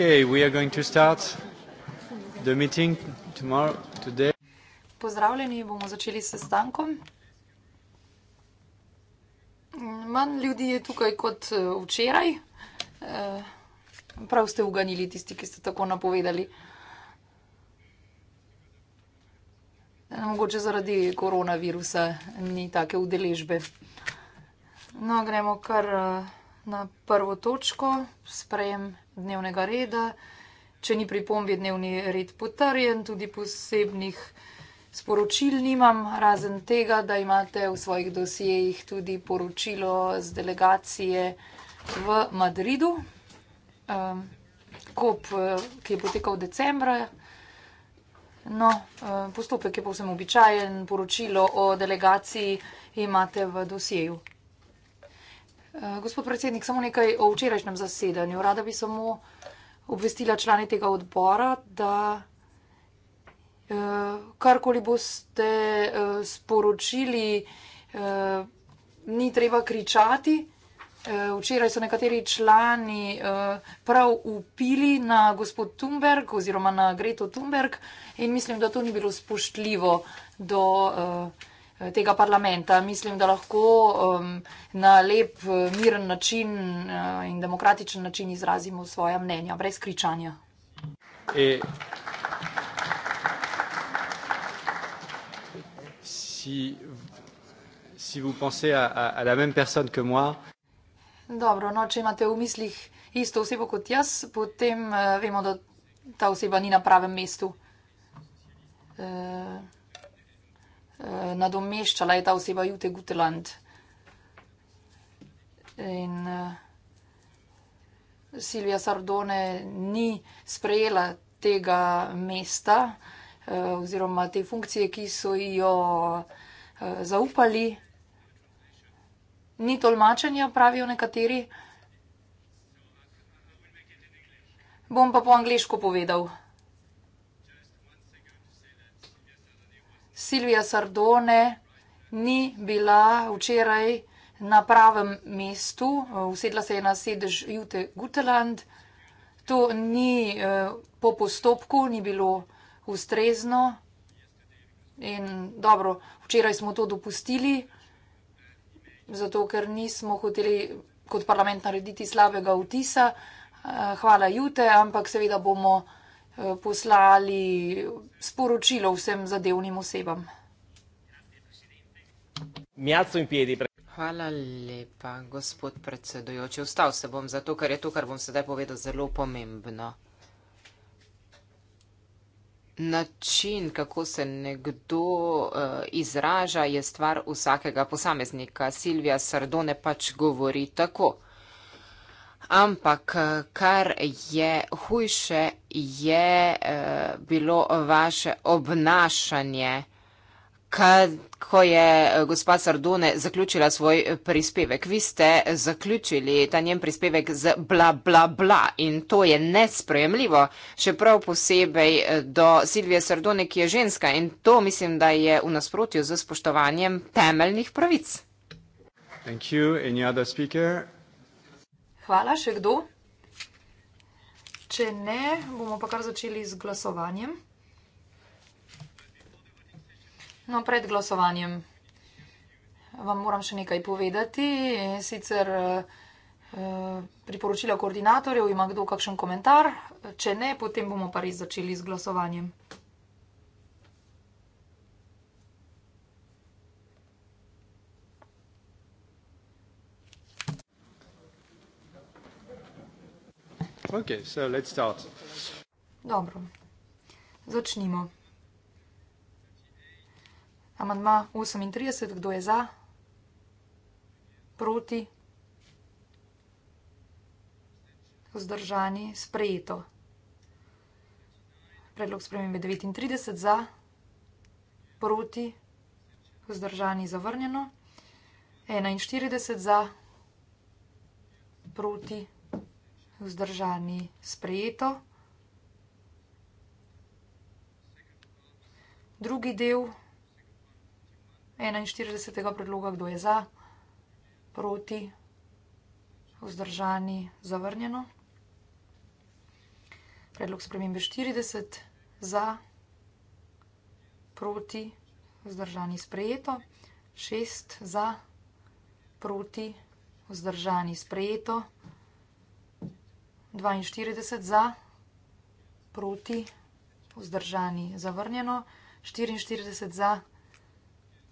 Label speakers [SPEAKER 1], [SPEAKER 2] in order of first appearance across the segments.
[SPEAKER 1] Okay, we are going to start the meeting tomorrow, today.
[SPEAKER 2] Pozdravljeni, bomo začeli s stankom. Manj ljudi je tukaj kot eh, včeraj. Eh, prav ste uganili tisti, ki ste tako napovedali. Eh, mogoče zaradi koronavirusa ni take udeležbe. No, gremo kar na prvo točko, sprejem dnevnega reda. Če ni pripomb, je dnevni red potrjen, tudi posebnih sporočil nimam, razen tega, da imate v svojih dosjejih tudi poročilo z delegacije v Madridu, um, kop, eh, ki je potekal v decembru. No, eh, postopek je povsem običajen, poročilo o delegaciji imate v dosjeju. Eh, gospod predsednik, samo nekaj o včerajšnjem zasedanju. Rada bi samo obvestila člani tega odbora, da eh, karkoli boste eh, sporočili, ni treba kričati. Včeraj so nekateri člani prav upili na gospod Thunberg oziroma na Greto Thunberg in mislim, da to ni bilo spoštljivo do tega parlamenta. Mislim, da lahko um, na lep, miren način uh, in demokratičen način izrazimo svoje mnenja, brez kričanja.
[SPEAKER 1] E... Si... Si vous pensez à, à, à la même personne que moi
[SPEAKER 2] Dobro, no, Če imate v mislih isto osebo kot jaz, potem uh, vemo, da ta oseba ni na pravem mestu. Uh... Eh, nadomeščala je ta oseba Jute Gutland. In eh, Silvija Sardone ni sprejela tega mesta eh, oziroma te funkcije, ki so jo zaupali. Ni tolmačenja, pravijo nekateri. Bom pa po angliško povedal. Silvija Sardone ni bila včeraj na pravem mestu, usedla se je na sedež Jute Guteland. To ni eh, po postopku, ni bilo ustrezno. In dobro, včeraj smo to dopustili, zato ker nismo hoteli kot parlament narediti slabega vtisa. Eh, hvala Jute, ampak seveda bomo. Eh, poslali sporočilo vsem zadevnim osebam.
[SPEAKER 3] Hvala lepa, gospod predsedujoči. Vstal se bom zato, ker je to, kar bom sedaj povedal, zelo pomembno. Način, kako se nekdo uh, izraža, je stvar vsakega posameznika. Silvija Sardone pač govori tako. Ampak eh, kar je hujše, je eh, bilo vaše obnašanje, ko je eh, gospa Sardone zaključila svoj prispevek. Vi ste zaključili ta njen prispevek z bla bla bla in to je nesprejemljivo, še prav posebej do Silvije Sardone, ki je ženska in to mislim, da je v nasprotju z spoštovanjem temeljnih pravic. Thank you,
[SPEAKER 1] any other speaker?
[SPEAKER 2] Hvala, še kdo? Če ne, bomo pa kar začeli z glasovanjem. No, pred glasovanjem vam moram še nekaj povedati. Sicer eh, priporočila koordinatorjev, ima kdo kakšen komentar? Če ne, potem bomo pa res začeli z glasovanjem.
[SPEAKER 1] Okay, so let's start.
[SPEAKER 2] Dobro, začnimo. Amandma 38, kdo je za? Proti? Vzdržani? Sprejeto. Predlog spremembe 39 za, proti, vzdržani zavrnjeno, 41 za, proti, vzdržani zavrnjeno vzdržani, sprejeto. Drugi del 41. predloga, kdo je za, proti, vzdržani, zavrnjeno. Predlog spremembe 40, za, proti, vzdržani, sprejeto. 6 za, proti, vzdržani, sprejeto. 42 za, proti, vzdržani, zavrnjeno. 44 za,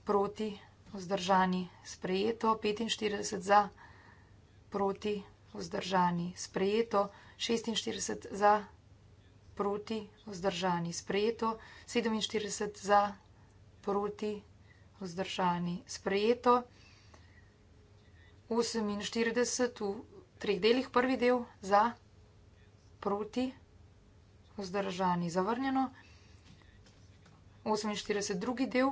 [SPEAKER 2] proti, vzdržani, sprejeto. 45 za, proti, vzdržani, sprejeto. 46 za, proti, vzdržani, sprejeto. 47 za, proti, vzdržani, sprejeto. 48 v treh delih, prvi del za, proti, vzdržani, zavrnjeno. 48. drugi del.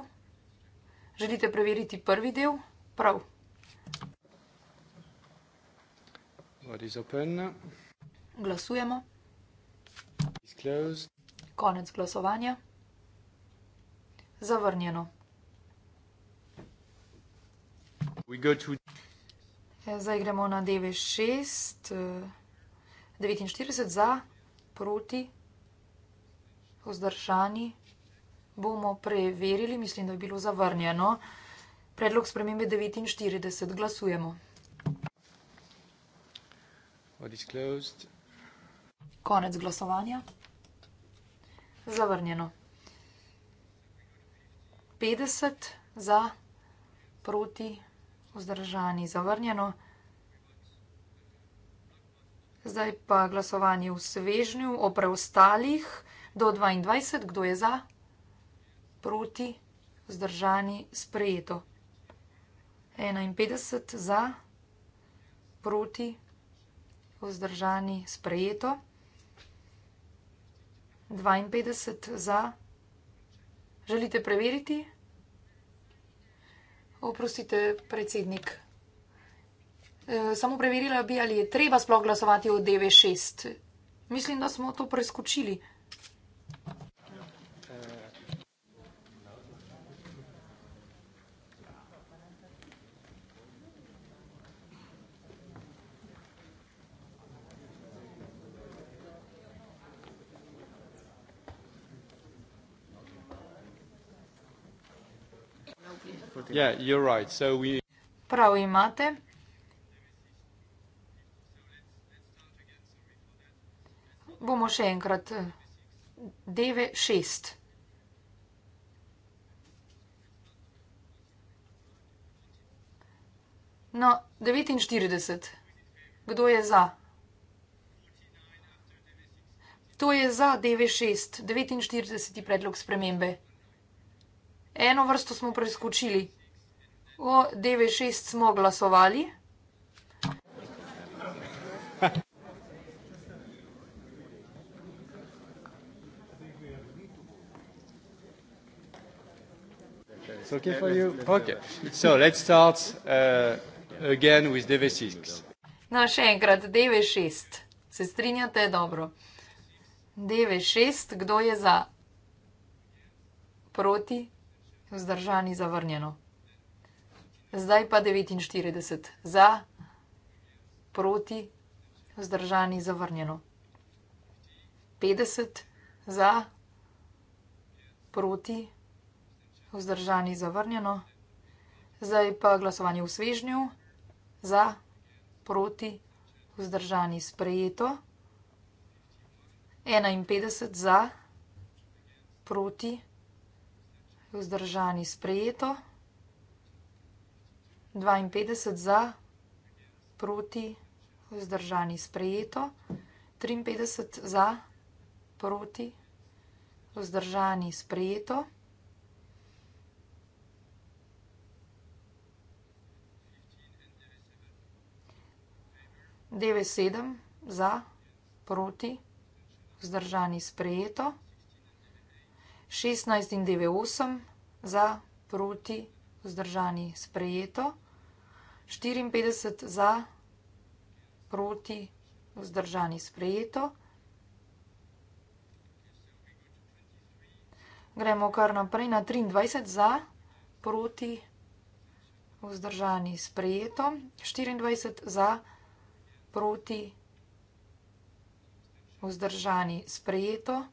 [SPEAKER 2] Želite preveriti prvi del? Prav. Glasujemo. Konec glasovanja. Zavrnjeno. Ja, zdaj gremo na DV6. 49 za, proti, vzdržani. Bomo preverili, mislim, da je bilo zavrnjeno. Predlog spremembe 49. Glasujemo. Konec glasovanja. Zavrnjeno. 50 za, proti, vzdržani. Zavrnjeno. Zdaj pa glasovanje v svežnju o preostalih do 22, kdo je za, proti, zdržani, sprejeto. 51 za, proti, vzdržani, sprejeto. 52 za, želite preveriti? Oprostite, predsednik. Eh, samo preverila bi, ali je treba sploh glasovati o DV6. Mislim, da smo to preskočili. Prav imate. bomo še enkrat. Eh, Deve šest. No, 49. Kdo je za? To je za DV6, 49. predlog spremembe. Eno vrsto smo preskočili. O DV6 smo glasovali.
[SPEAKER 4] It's okay yeah, for you. Okay.
[SPEAKER 1] So let's start uh, again with DV6.
[SPEAKER 2] No, še enkrat, DV6. Se strinjate dobro. DV6, kdo je za? Proti, vzdržani, zavrnjeno. Zdaj pa 49. Za, proti, vzdržani, zavrnjeno. 50 za, proti, vzdržani zavrnjeno. Zdaj pa glasovanje v svežnju za, proti, vzdržani sprejeto. 51 za, proti, vzdržani sprejeto. 52 za, proti, vzdržani sprejeto. 53 za, proti, vzdržani sprejeto. 53 za, proti, vzdržani sprejeto. DV7 za, proti, vzdržani sprejeto. 16 in DV8 za, proti, vzdržani sprejeto. 54 za, proti, vzdržani sprejeto. Gremo kar naprej na 23 za, proti, vzdržani sprejeto. 24 za, proti, vzdržani sprejeto proti, vzdržani, sprejeto,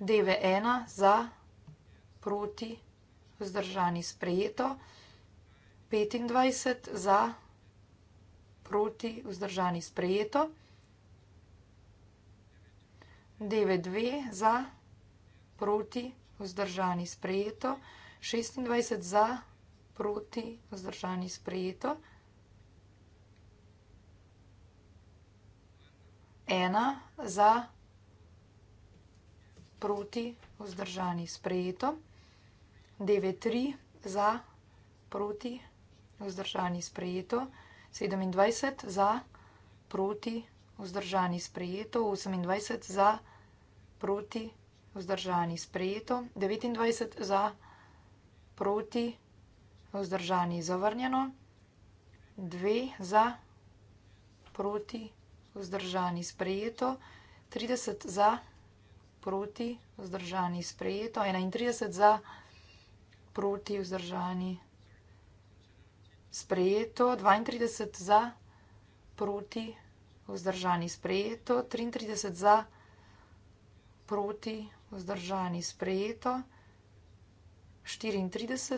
[SPEAKER 2] deve ena, za, proti, vzdržani, sprejeto, 25, za, proti, vzdržani, sprejeto, deve dve, za, proti, vzdržani, sprejeto, 26, za, proti, vzdržani, sprejeto, 26, za, proti, vzdržani, sprejeto, ena za, proti, vzdržani, sprejeto. devet tri za, proti, vzdržani, sprejeto. sedemindvajset za, proti, vzdržani, sprejeto. osemindvajset za, proti, vzdržani, sprejeto. devetindvajset za, proti, vzdržani, zavrnjeno. dve za, proti vzdržani, sprejeto, 30 za, proti, vzdržani, sprejeto, 31 za, proti, vzdržani, sprejeto, 32 za, proti, vzdržani, sprejeto, 33 za, proti, vzdržani, sprejeto, 34 za,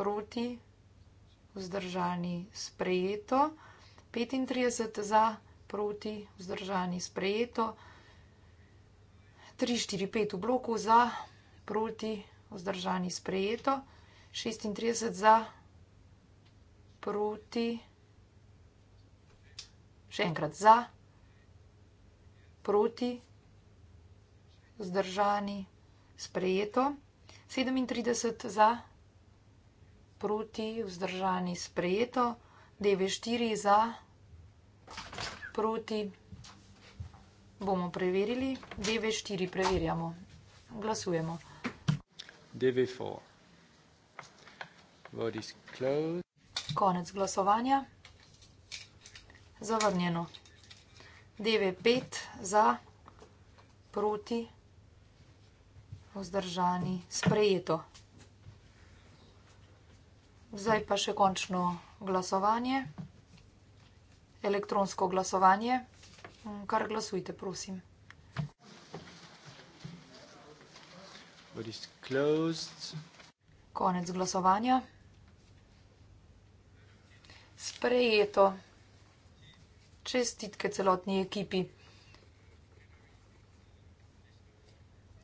[SPEAKER 2] proti, vzdržani, sprejeto vzdržani, sprejeto, 35 za, proti, vzdržani, sprejeto, 3, 4, 5 v bloku za, proti, vzdržani, sprejeto, 36 za, proti, še enkrat za, proti, vzdržani, sprejeto, 37 za, proti, proti, vzdržani, sprejeto. DV4 za, proti, bomo preverili. DV4 preverjamo. Glasujemo.
[SPEAKER 1] DV4. Vote is closed.
[SPEAKER 2] Konec glasovanja. Zavrnjeno. DV5 za, proti, vzdržani, sprejeto. Zdaj pa še končno glasovanje, elektronsko glasovanje. Mm, kar glasujte, prosim. Konec glasovanja. Sprejeto. Čestitke celotni ekipi.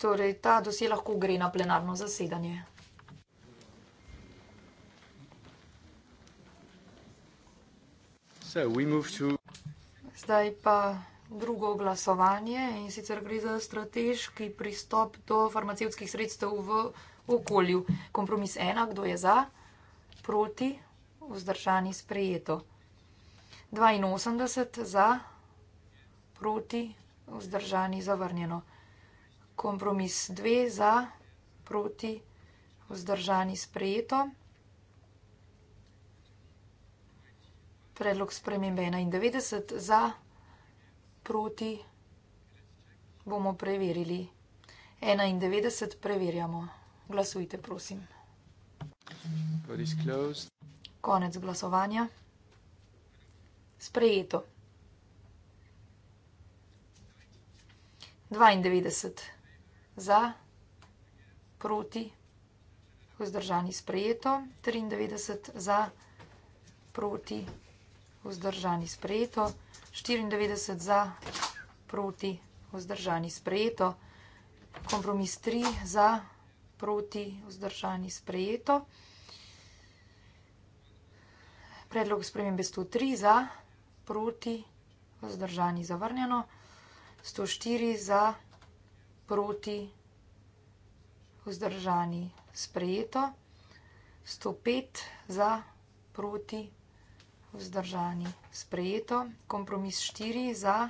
[SPEAKER 2] Torej, ta dosje lahko gre na plenarno zasedanje. Zdaj pa drugo glasovanje in sicer gre za strateški pristop do farmacevskih sredstev v okolju. Kompromis ena, kdo je za, proti, vzdržani sprejeto. 82 za, proti, vzdržani zavrnjeno. Kompromis dve za, proti, vzdržani sprejeto. Predlog spremembe 91 za, proti bomo preverili. 91 preverjamo. Glasujte, prosim. Konec glasovanja. Sprejeto. 92 za, proti, vzdržani sprejeto. 93 za, proti, vzdržani sprejeto vzdržani sprejeto, 94 za, proti, vzdržani sprejeto, kompromis 3 za, proti, vzdržani sprejeto, predlog spremembe 103 za, proti, vzdržani zavrnjeno, 104 za, proti, vzdržani sprejeto, 105 za, proti, vzdržani sprejeto, vzdržani. Sprejeto. Kompromis štiri za,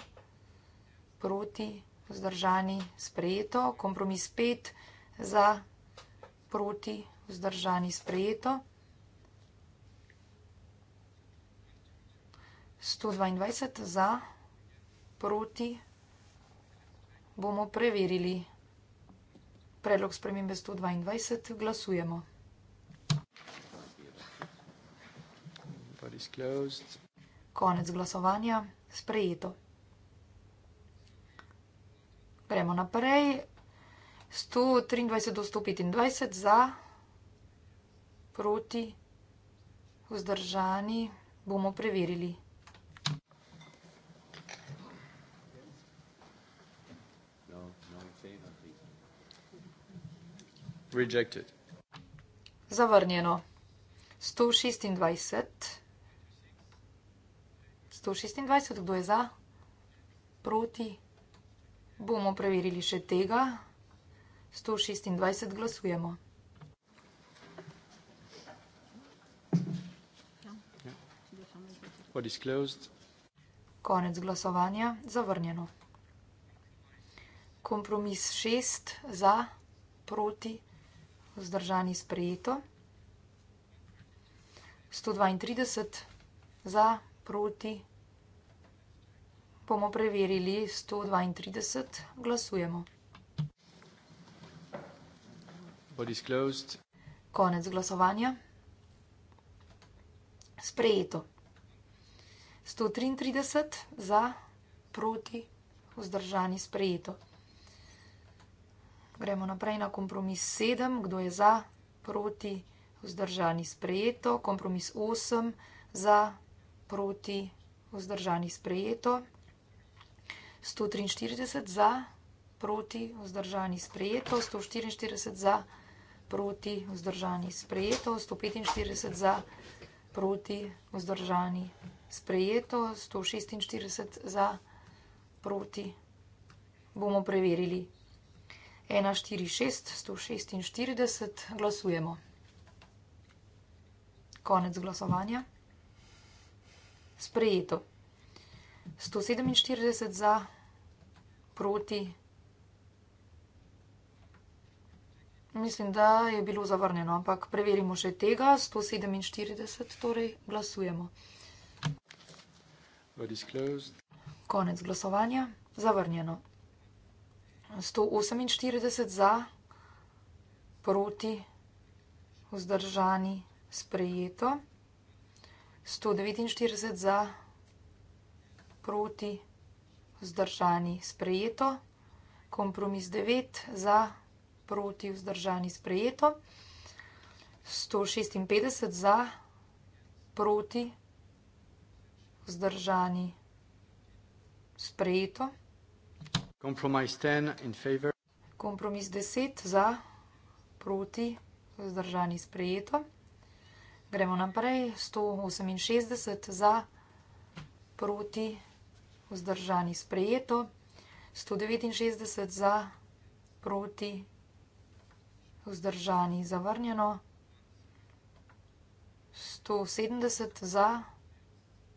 [SPEAKER 2] proti, vzdržani. Sprejeto. Kompromis pet za, proti, vzdržani. Sprejeto. 122 za, proti, bomo preverili. Predlog spremembe 122 glasujemo. Konec glasovanja. Sprejeto. Gremo naprej. 123 do 125 za, proti, vzdržani. Bomo preverili. Rejected. Zavrnjeno. 126. 126, kdo je za? Proti? Bomo preverili še tega. 126 glasujemo. Konec glasovanja, zavrnjeno. Kompromis 6 za, proti, vzdržani sprejeto. 132 za, proti, vzdržani sprejeto bomo preverili 132, glasujemo. Konec glasovanja. Sprejeto. 133 za, proti, vzdržani, sprejeto. Gremo naprej na kompromis 7, kdo je za, proti, vzdržani, sprejeto. Kompromis 8 za, proti, vzdržani, sprejeto. 143 za, proti, vzdržani, sprejeto, 144 za, proti, vzdržani, sprejeto, 145 za, proti, vzdržani, sprejeto, 146 za, proti, bomo preverili. 146, 146, glasujemo. Konec glasovanja. Sprejeto. 147 za, proti. Mislim, da je bilo zavrnjeno, ampak preverimo še tega. 147, torej glasujemo. Konec glasovanja. Zavrnjeno. 148 za, proti, vzdržani, sprejeto. 149 za proti, vzdržani, sprejeto. Kompromis 9 za, proti, vzdržani, sprejeto. 156 za, proti, vzdržani, sprejeto. Kompromis 10 za, proti, vzdržani, sprejeto. Gremo naprej. 168 za, proti, vzdržani, sprejeto vzdržani sprejeto, 169 za, proti, vzdržani zavrnjeno, 170 za,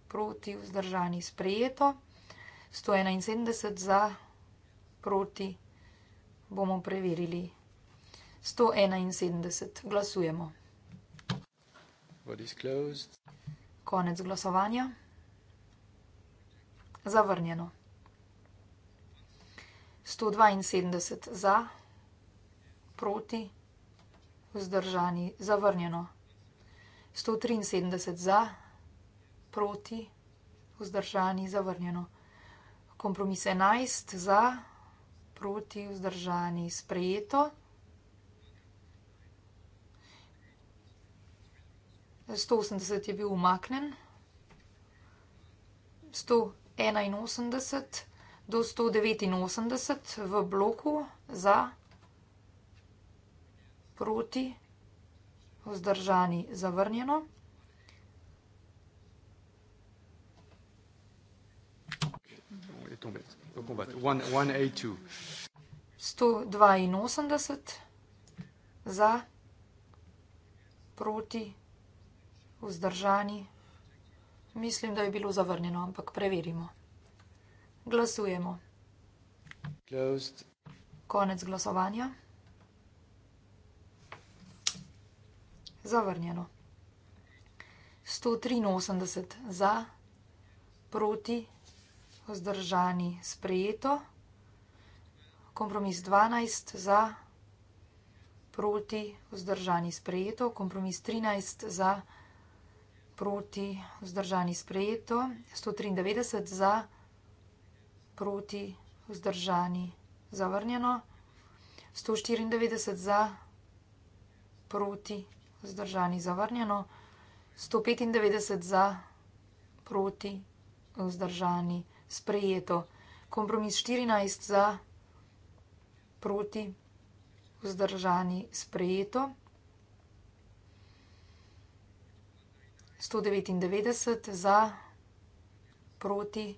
[SPEAKER 2] proti, vzdržani sprejeto, 171 za, proti, bomo preverili. 171. Glasujemo. Konec glasovanja. Zavrnjeno. 172 za, proti, vzdržani, zavrnjeno. 173 za, proti, vzdržani, zavrnjeno. Kompromis 11 za, proti, vzdržani, sprejeto. 180 je bil umaknen. 100. 81 do 189 v bloku za, proti, vzdržani, zavrnjeno. Sto dvainosemdeset za, proti, vzdržani, zavrnjeno. Mislim, da je bilo zavrnjeno, ampak preverimo. Glasujemo. Closed. Konec glasovanja. Zavrnjeno. 183 za, proti, vzdržani, sprejeto. Kompromis 12 za, proti, vzdržani, sprejeto. Kompromis 13 za, proti proti, vzdržani sprejeto, 193 za, proti, vzdržani zavrnjeno, 194 za, proti, vzdržani zavrnjeno, 195 za, proti, vzdržani sprejeto, kompromis 14 za, proti, vzdržani sprejeto. 199 za, proti,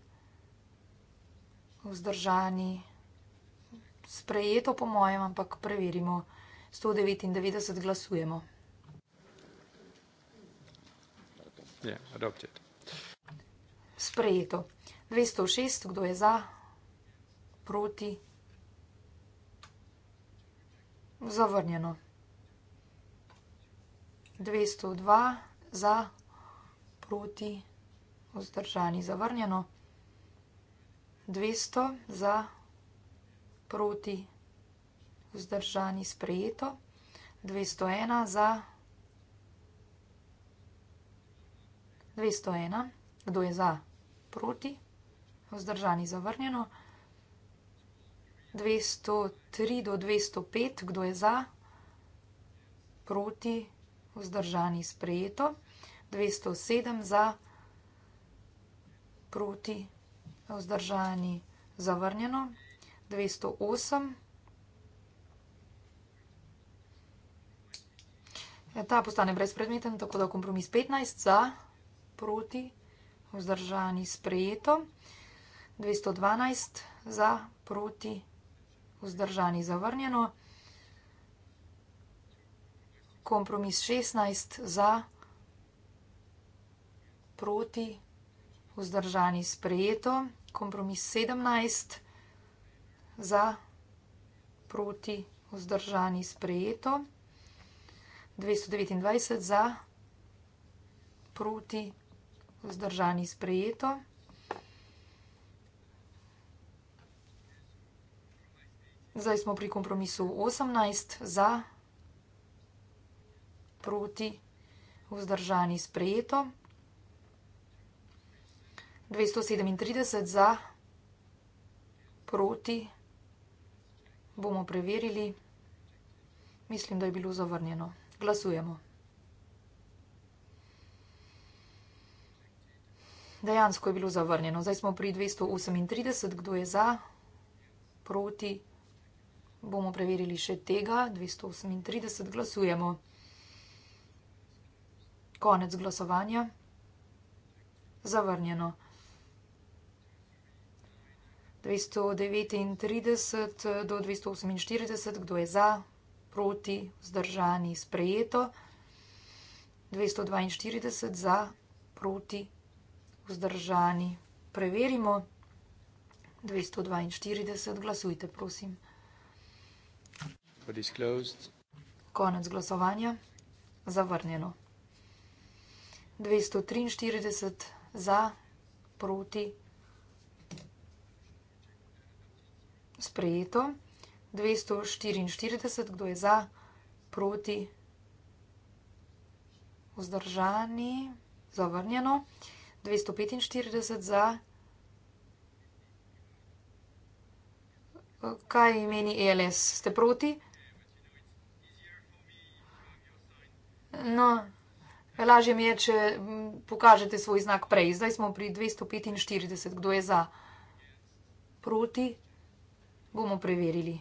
[SPEAKER 2] vzdržani. Sprejeto, po mojem, ampak preverimo. 199 glasujemo.
[SPEAKER 1] Yeah, ja,
[SPEAKER 2] Sprejeto. 206, kdo je za, proti, zavrnjeno. 202 za, proti, vzdržani, zavrnjeno. 200 za, proti, vzdržani, sprejeto. 201 za, 201, kdo je za, proti, vzdržani, zavrnjeno. 203 do 205, kdo je za, proti, vzdržani, sprejeto. 204. 207 za, proti, vzdržani, zavrnjeno, 208. Ja, ta postane brezpredmeten, tako da kompromis 15 za, proti, vzdržani, sprejeto, 212 za, proti, vzdržani, zavrnjeno, kompromis 16 za, proti, proti, vzdržani sprejeto, kompromis 17 za, proti, vzdržani sprejeto, 229 za, proti, vzdržani sprejeto. Zdaj smo pri kompromisu 18 za, proti, vzdržani sprejeto, 237 za, proti. Bomo preverili. Mislim, da je bilo zavrnjeno. Glasujemo. Dejansko je bilo zavrnjeno. Zdaj smo pri 238. Kdo je za, proti? Bomo preverili še tega. 238. Glasujemo. Konec glasovanja. Zavrnjeno. 239 eh, do 248, kdo je za, proti, vzdržani, sprejeto. 242 za, proti, vzdržani. Preverimo. 242, glasujte, prosim. Konec glasovanja. Zavrnjeno. 243 za, proti, vzdržani. sprejeto. 244, kdo je za, proti, vzdržani, zavrnjeno. 245 za, kaj meni ELS, ste proti? No, lažje mi je, če pokažete svoj znak prej. Zdaj smo pri 245, kdo je za, proti, vzdržani bomo preverili.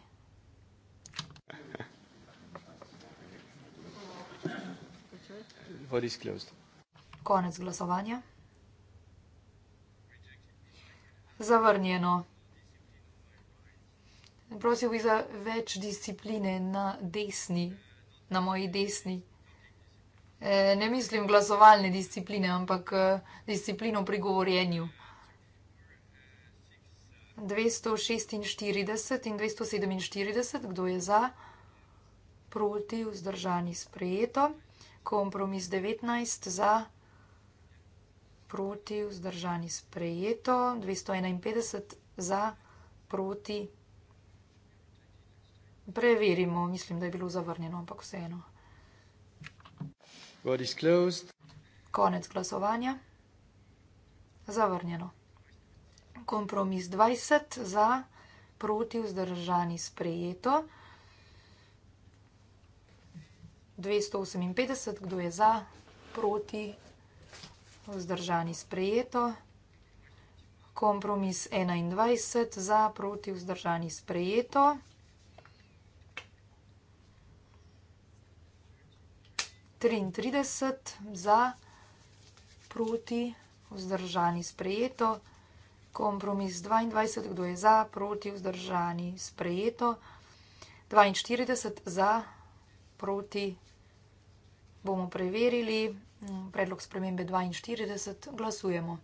[SPEAKER 2] Konec glasovanja. Zavrnjeno. Prosil bi za več discipline na desni, na moji desni. Eh, ne mislim glasovalne discipline, ampak eh, disciplino pri govorjenju. 246 in 247, kdo je za, proti, vzdržani, sprejeto. Kompromis 19 za, proti, vzdržani, sprejeto. 251 za, proti. Preverimo, mislim, da je bilo zavrnjeno, ampak vseeno. Konec glasovanja. Zavrnjeno kompromis 20 za, proti vzdržani sprejeto. 258, kdo je za, proti vzdržani sprejeto. Kompromis 21 za, proti vzdržani sprejeto. Trintrideset za, proti, vzdržani sprejeto kompromis 22, kdo je za, proti, vzdržani, sprejeto. 42 za, proti, bomo preverili. Predlog spremembe 42, glasujemo.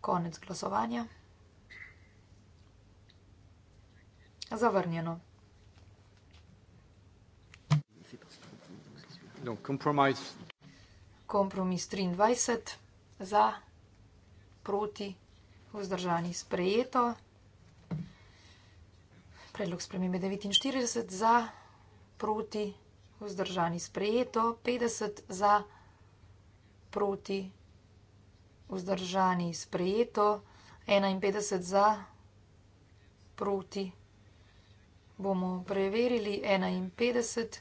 [SPEAKER 2] Konec glasovanja. Zavrnjeno. No, kompromis 23 za proti, vzdržani sprejeto. Predlog spremembe 49 za, proti, vzdržani sprejeto, 50 za, proti, vzdržani sprejeto, 51 za, proti. Bomo preverili 51.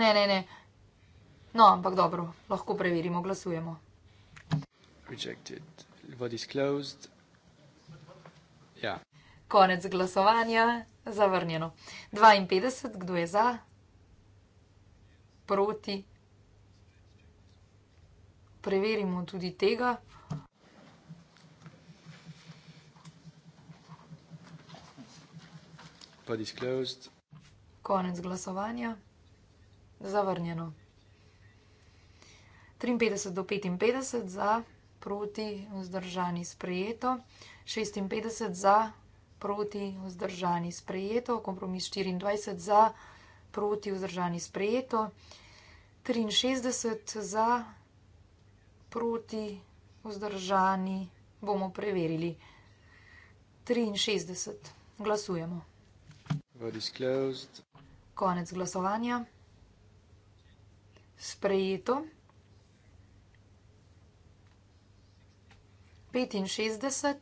[SPEAKER 2] Ne, ne, ne. No, ampak dobro, lahko preverimo, glasujemo
[SPEAKER 1] rejected. Vote is closed. Yeah.
[SPEAKER 2] Konec glasovanja. Zavrnjeno. 52, kdo je za? Proti. Preverimo tudi tega. Konec glasovanja. Zavrnjeno. 53 do 55 za proti, vzdržani sprejeto, 56 za, proti, vzdržani sprejeto, kompromis 24 za, proti, vzdržani sprejeto, 63 za, proti, vzdržani bomo preverili. 63. Glasujemo. Konec glasovanja. Sprejeto. petinšestdeset,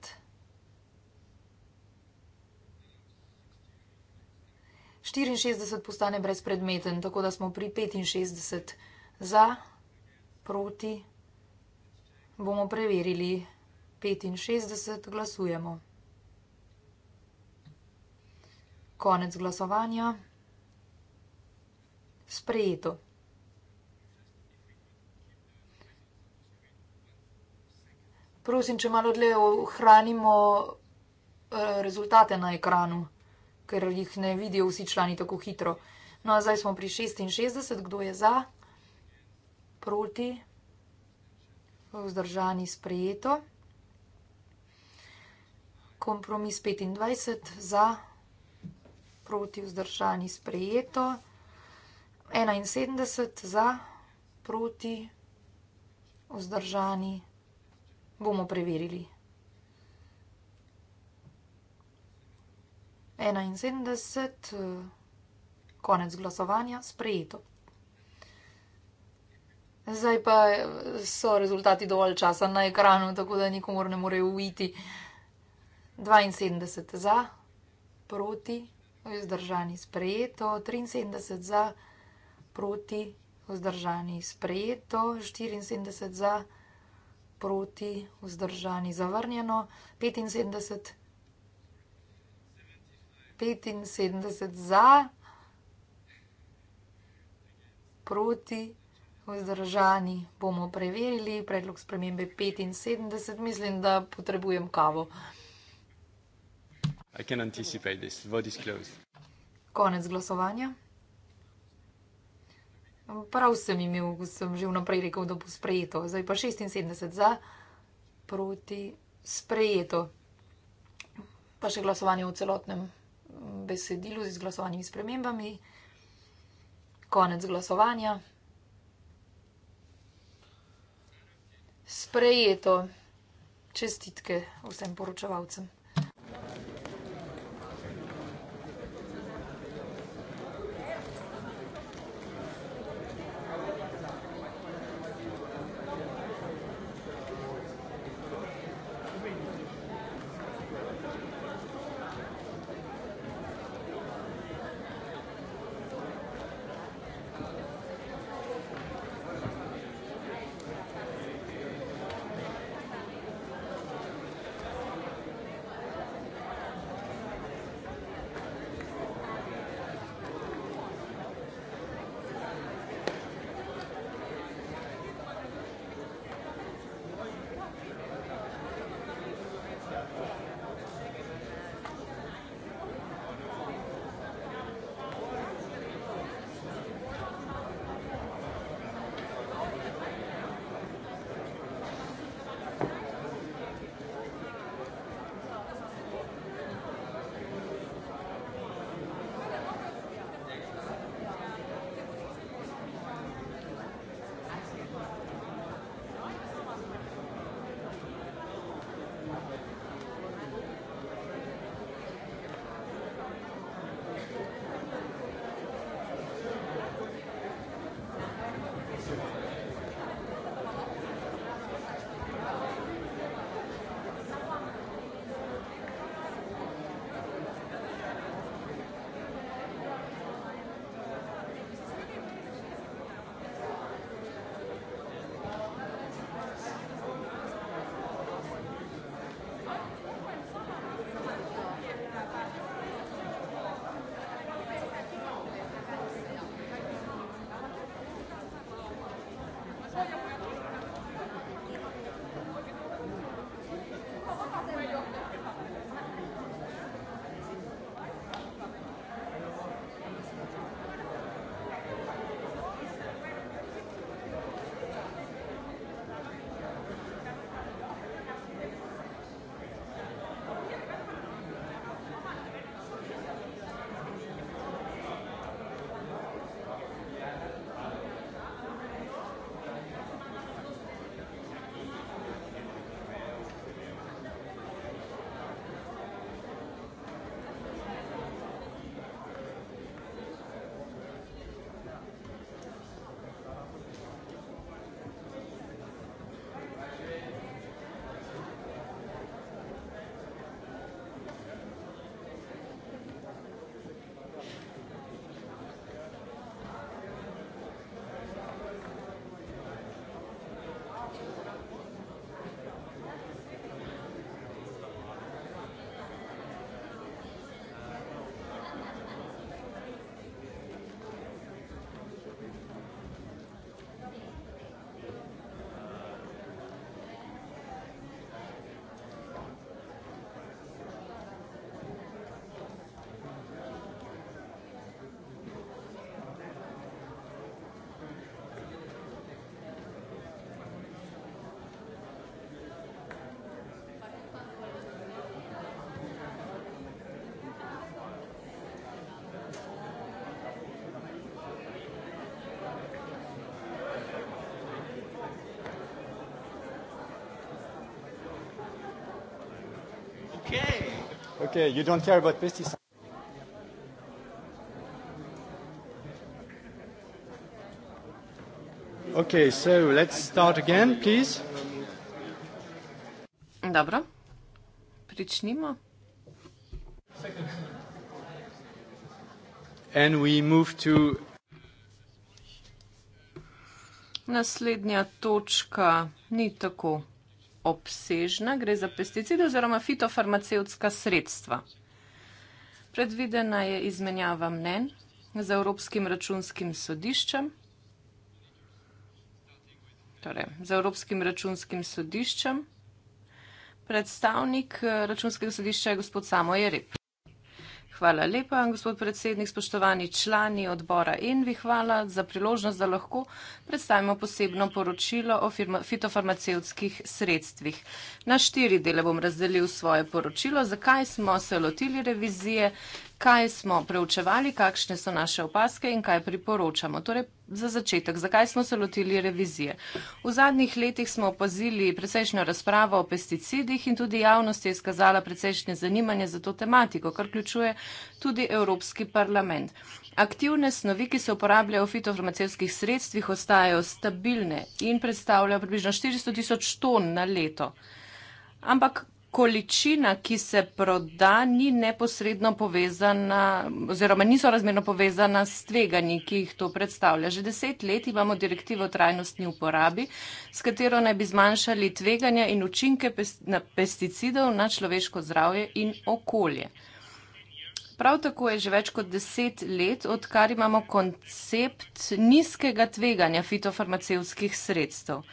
[SPEAKER 2] štiriinšestdeset postane brezpredmeten, tako da smo pri petinšestdeset za, proti, bomo preverili petinšestdeset, glasujemo. Konec glasovanja. Sprejeto. prosim, če malo dlje ohranimo eh, rezultate na ekranu, ker jih ne vidijo vsi člani tako hitro. No, zdaj smo pri 66, kdo je za, proti, vzdržani sprejeto, kompromis 25, za, proti, vzdržani sprejeto, 71, za, proti, vzdržani sprejeto. Bomo preverili. 71, eh, konec glasovanja, sprejeto. Zdaj pa eh, so rezultati dovolj časa na ekranu, tako da nikomor ne more uiti. 72 za, proti, vzdržani sprejeto, 73 za, proti, vzdržani sprejeto, 74 za, proti proti, vzdržani, zavrnjeno, 75, 75 za, proti, vzdržani, bomo preverili, predlog spremembe 75, mislim, da potrebujem kavo.
[SPEAKER 1] I can anticipate this. Vote is closed.
[SPEAKER 2] Konec glasovanja. Prav sem imel, sem že vnaprej rekel, da bo sprejeto. Zdaj pa 76 za, proti sprejeto. Pa še glasovanje v celotnem mm, besedilu z izglasovanimi spremembami. Konec glasovanja. Sprejeto. Čestitke vsem poročevalcem.
[SPEAKER 1] Okay, you don't care about pesticides.
[SPEAKER 5] Okay, so let's start again, please. Dobro. Pričnimo.
[SPEAKER 1] And we move to
[SPEAKER 5] Naslednja točka ni tako obsežna, gre za pesticide oziroma fitofarmacevtska sredstva. Predvidena je izmenjava mnen z Evropskim računskim sodiščem. Torej, z Evropskim računskim sodiščem. Predstavnik eh, računskega sodišča je gospod Samo Jerep. Hvala lepa, gospod predsednik, spoštovani člani odbora Envi, hvala za priložnost, da lahko predstavimo posebno poročilo o fitofarmacevskih sredstvih. Na štiri dele bom razdelil svoje poročilo, zakaj smo se lotili revizije, kaj smo preučevali, kakšne so naše opaske in kaj priporočamo. Torej, za začetek, zakaj smo se lotili revizije? V zadnjih letih smo opazili precejšnjo razpravo o pesticidih in tudi javnost je izkazala precejšnje zanimanje za to tematiko, kar ključuje tudi Evropski parlament. Aktivne snovi, ki se uporabljajo v fitofarmacevskih sredstvih, ostajajo stabilne in predstavljajo približno 400 tisoč ton na leto. Ampak količina, ki se proda, ni neposredno povezana oziroma niso razmerno povezana s tveganji, ki jih to predstavlja. Že deset let imamo direktivo o trajnostni uporabi, s katero naj bi zmanjšali tveganja in učinke pesticidov na človeško zdravje in okolje. Prav tako je že več kot deset let, odkar imamo koncept nizkega tveganja fitofarmacevskih sredstev.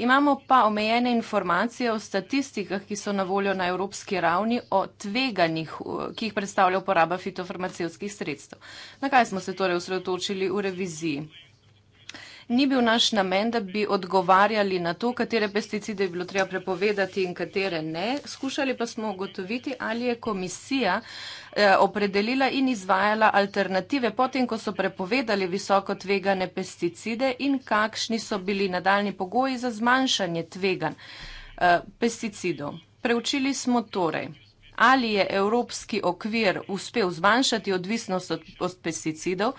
[SPEAKER 5] Imamo pa omejene informacije o statistikah, ki so na voljo na evropski ravni o tveganjih, ki jih predstavlja uporaba fitofarmacevskih sredstev. Na kaj smo se torej osredotočili v reviziji? ni bil naš namen, da bi odgovarjali na to, katere pesticide je bilo treba prepovedati in katere ne. Skušali pa smo ugotoviti, ali je komisija eh, opredelila in izvajala alternative potem, ko so prepovedali visoko tvegane pesticide in kakšni so bili nadaljni pogoji za zmanjšanje tvegan eh, pesticidov. Preučili smo torej, ali je evropski okvir uspel zmanjšati odvisnost od pesticidov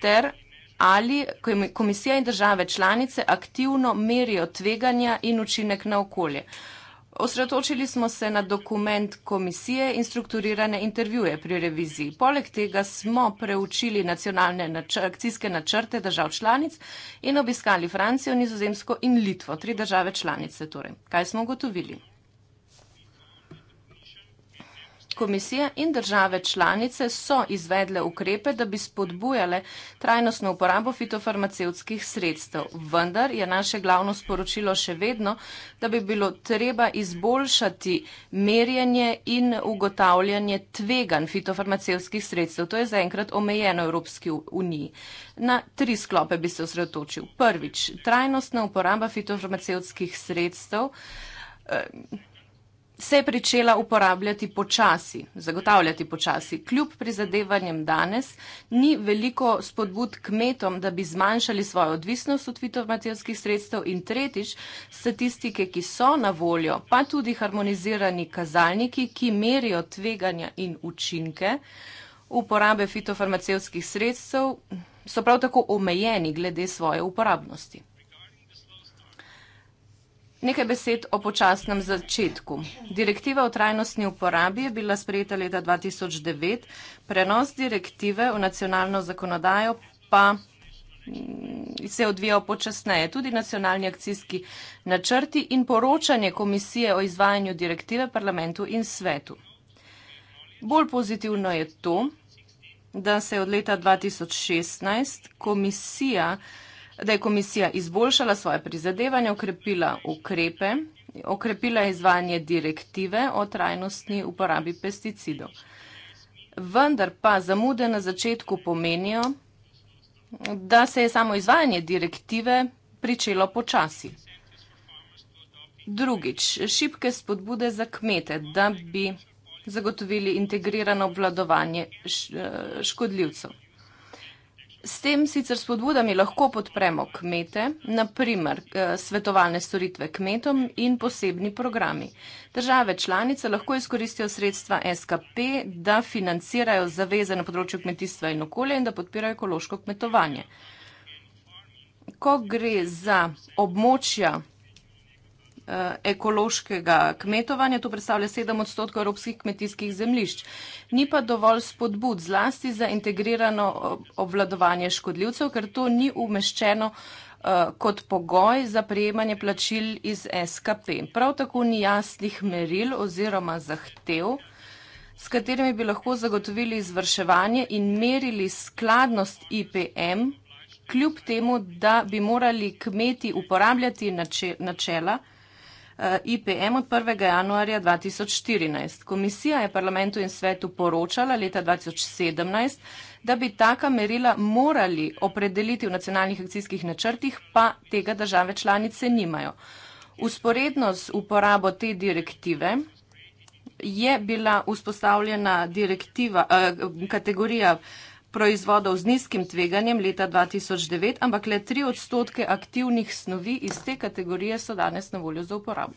[SPEAKER 5] ter ali komisija in države članice aktivno merijo tveganja in učinek na okolje. Osredotočili smo se na dokument komisije in strukturirane intervjuje pri reviziji. Poleg tega smo preučili nacionalne načr akcijske načrte držav članic in obiskali Francijo, Nizozemsko in Litvo, tri države članice. Torej, kaj smo ugotovili? Komisija in države članice so izvedle ukrepe, da bi spodbujale trajnostno uporabo fitofarmacevskih sredstev. Vendar je naše glavno sporočilo še vedno, da bi bilo treba izboljšati merjenje in ugotavljanje tveganj fitofarmacevskih sredstev. To je zaenkrat omejeno Evropski uniji. Na tri sklope bi se osredotočil. Prvič, trajnostna uporaba fitofarmacevskih sredstev. Eh, se je pričela uporabljati počasi, zagotavljati počasi. Kljub prizadevanjem danes ni veliko spodbud kmetom, da bi zmanjšali svojo odvisnost od fitomaterskih sredstev in tretjič, statistike, ki so na voljo, pa tudi harmonizirani kazalniki, ki merijo tveganja in učinke uporabe fitofarmacevskih sredstev, so prav tako omejeni glede svoje uporabnosti. Nekaj besed o počasnem začetku. Direktiva o trajnostni uporabi je bila sprejeta leta 2009, prenos direktive v nacionalno zakonodajo pa mm, se je odvijal počasneje. Tudi nacionalni akcijski načrti in poročanje komisije o izvajanju direktive parlamentu in svetu. Bolj pozitivno je to, da se je od leta 2016 komisija da je komisija izboljšala svoje prizadevanje, okrepila ukrepe, okrepila izvajanje direktive o trajnostni uporabi pesticidov. Vendar pa zamude na začetku pomenijo, da se je samo izvajanje direktive pričelo počasi. Drugič, šibke spodbude za kmete, da bi zagotovili integrirano obvladovanje škodljivcev. S tem sicer spodbudami lahko podpremo kmete, naprimer eh, svetovalne storitve kmetom in posebni programi. Države članice lahko izkoristijo sredstva SKP, da financirajo zaveze na področju kmetijstva in okolja in da podpirajo ekološko kmetovanje. Ko gre za območja uh, ekološkega kmetovanja, to predstavlja 7 odstotkov evropskih kmetijskih zemlišč. Ni pa dovolj spodbud zlasti za integrirano eh, obvladovanje škodljivcev, ker to ni umeščeno eh, kot pogoj za prejemanje plačil iz SKP. Prav tako ni jasnih meril oziroma zahtev, s katerimi bi lahko zagotovili izvrševanje in merili skladnost IPM, kljub temu, da bi morali kmeti uporabljati načela, Eh, IPM od 1. januarja 2014. Komisija je parlamentu in svetu poročala leta 2017, da bi taka merila morali opredeliti v nacionalnih akcijskih načrtih, pa tega države članice nimajo. Usporedno s uporabo te direktive je bila vzpostavljena direktiva, eh, kategorija eh, proizvodov z nizkim tveganjem leta 2009, ampak le tri odstotke aktivnih snovi iz te kategorije so danes na voljo za uporabo.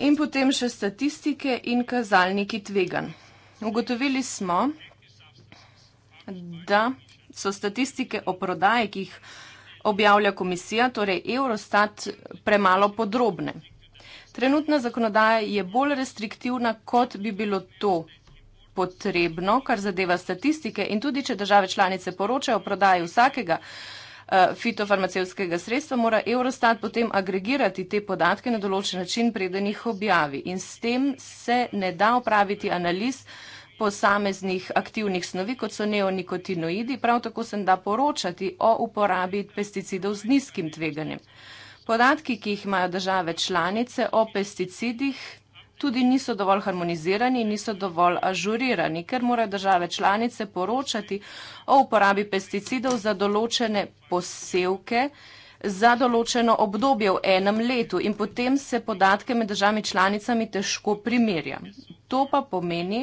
[SPEAKER 5] In potem še statistike in kazalniki tveganj. Ugotovili smo, da so statistike o prodaji, ki jih objavlja komisija, torej Eurostat, premalo podrobne. Trenutna zakonodaja je bolj restriktivna, kot bi bilo to potrebno, kar zadeva statistike in tudi, če države članice poročajo o prodaji vsakega eh, fitofarmacevskega sredstva, mora Eurostat potem agregirati te podatke na določen način, preden jih objavi. In s tem se ne da upraviti analiz posameznih aktivnih snovi, kot so neonikotinoidi, prav tako se da poročati o uporabi pesticidov z nizkim tveganjem. Podatki, ki jih imajo države članice o pesticidih, tudi niso dovolj harmonizirani, niso dovolj ažurirani, ker morajo države članice poročati o uporabi pesticidov za določene posevke za določeno obdobje v enem letu in potem se podatke med državami članicami težko primerja. To pa pomeni,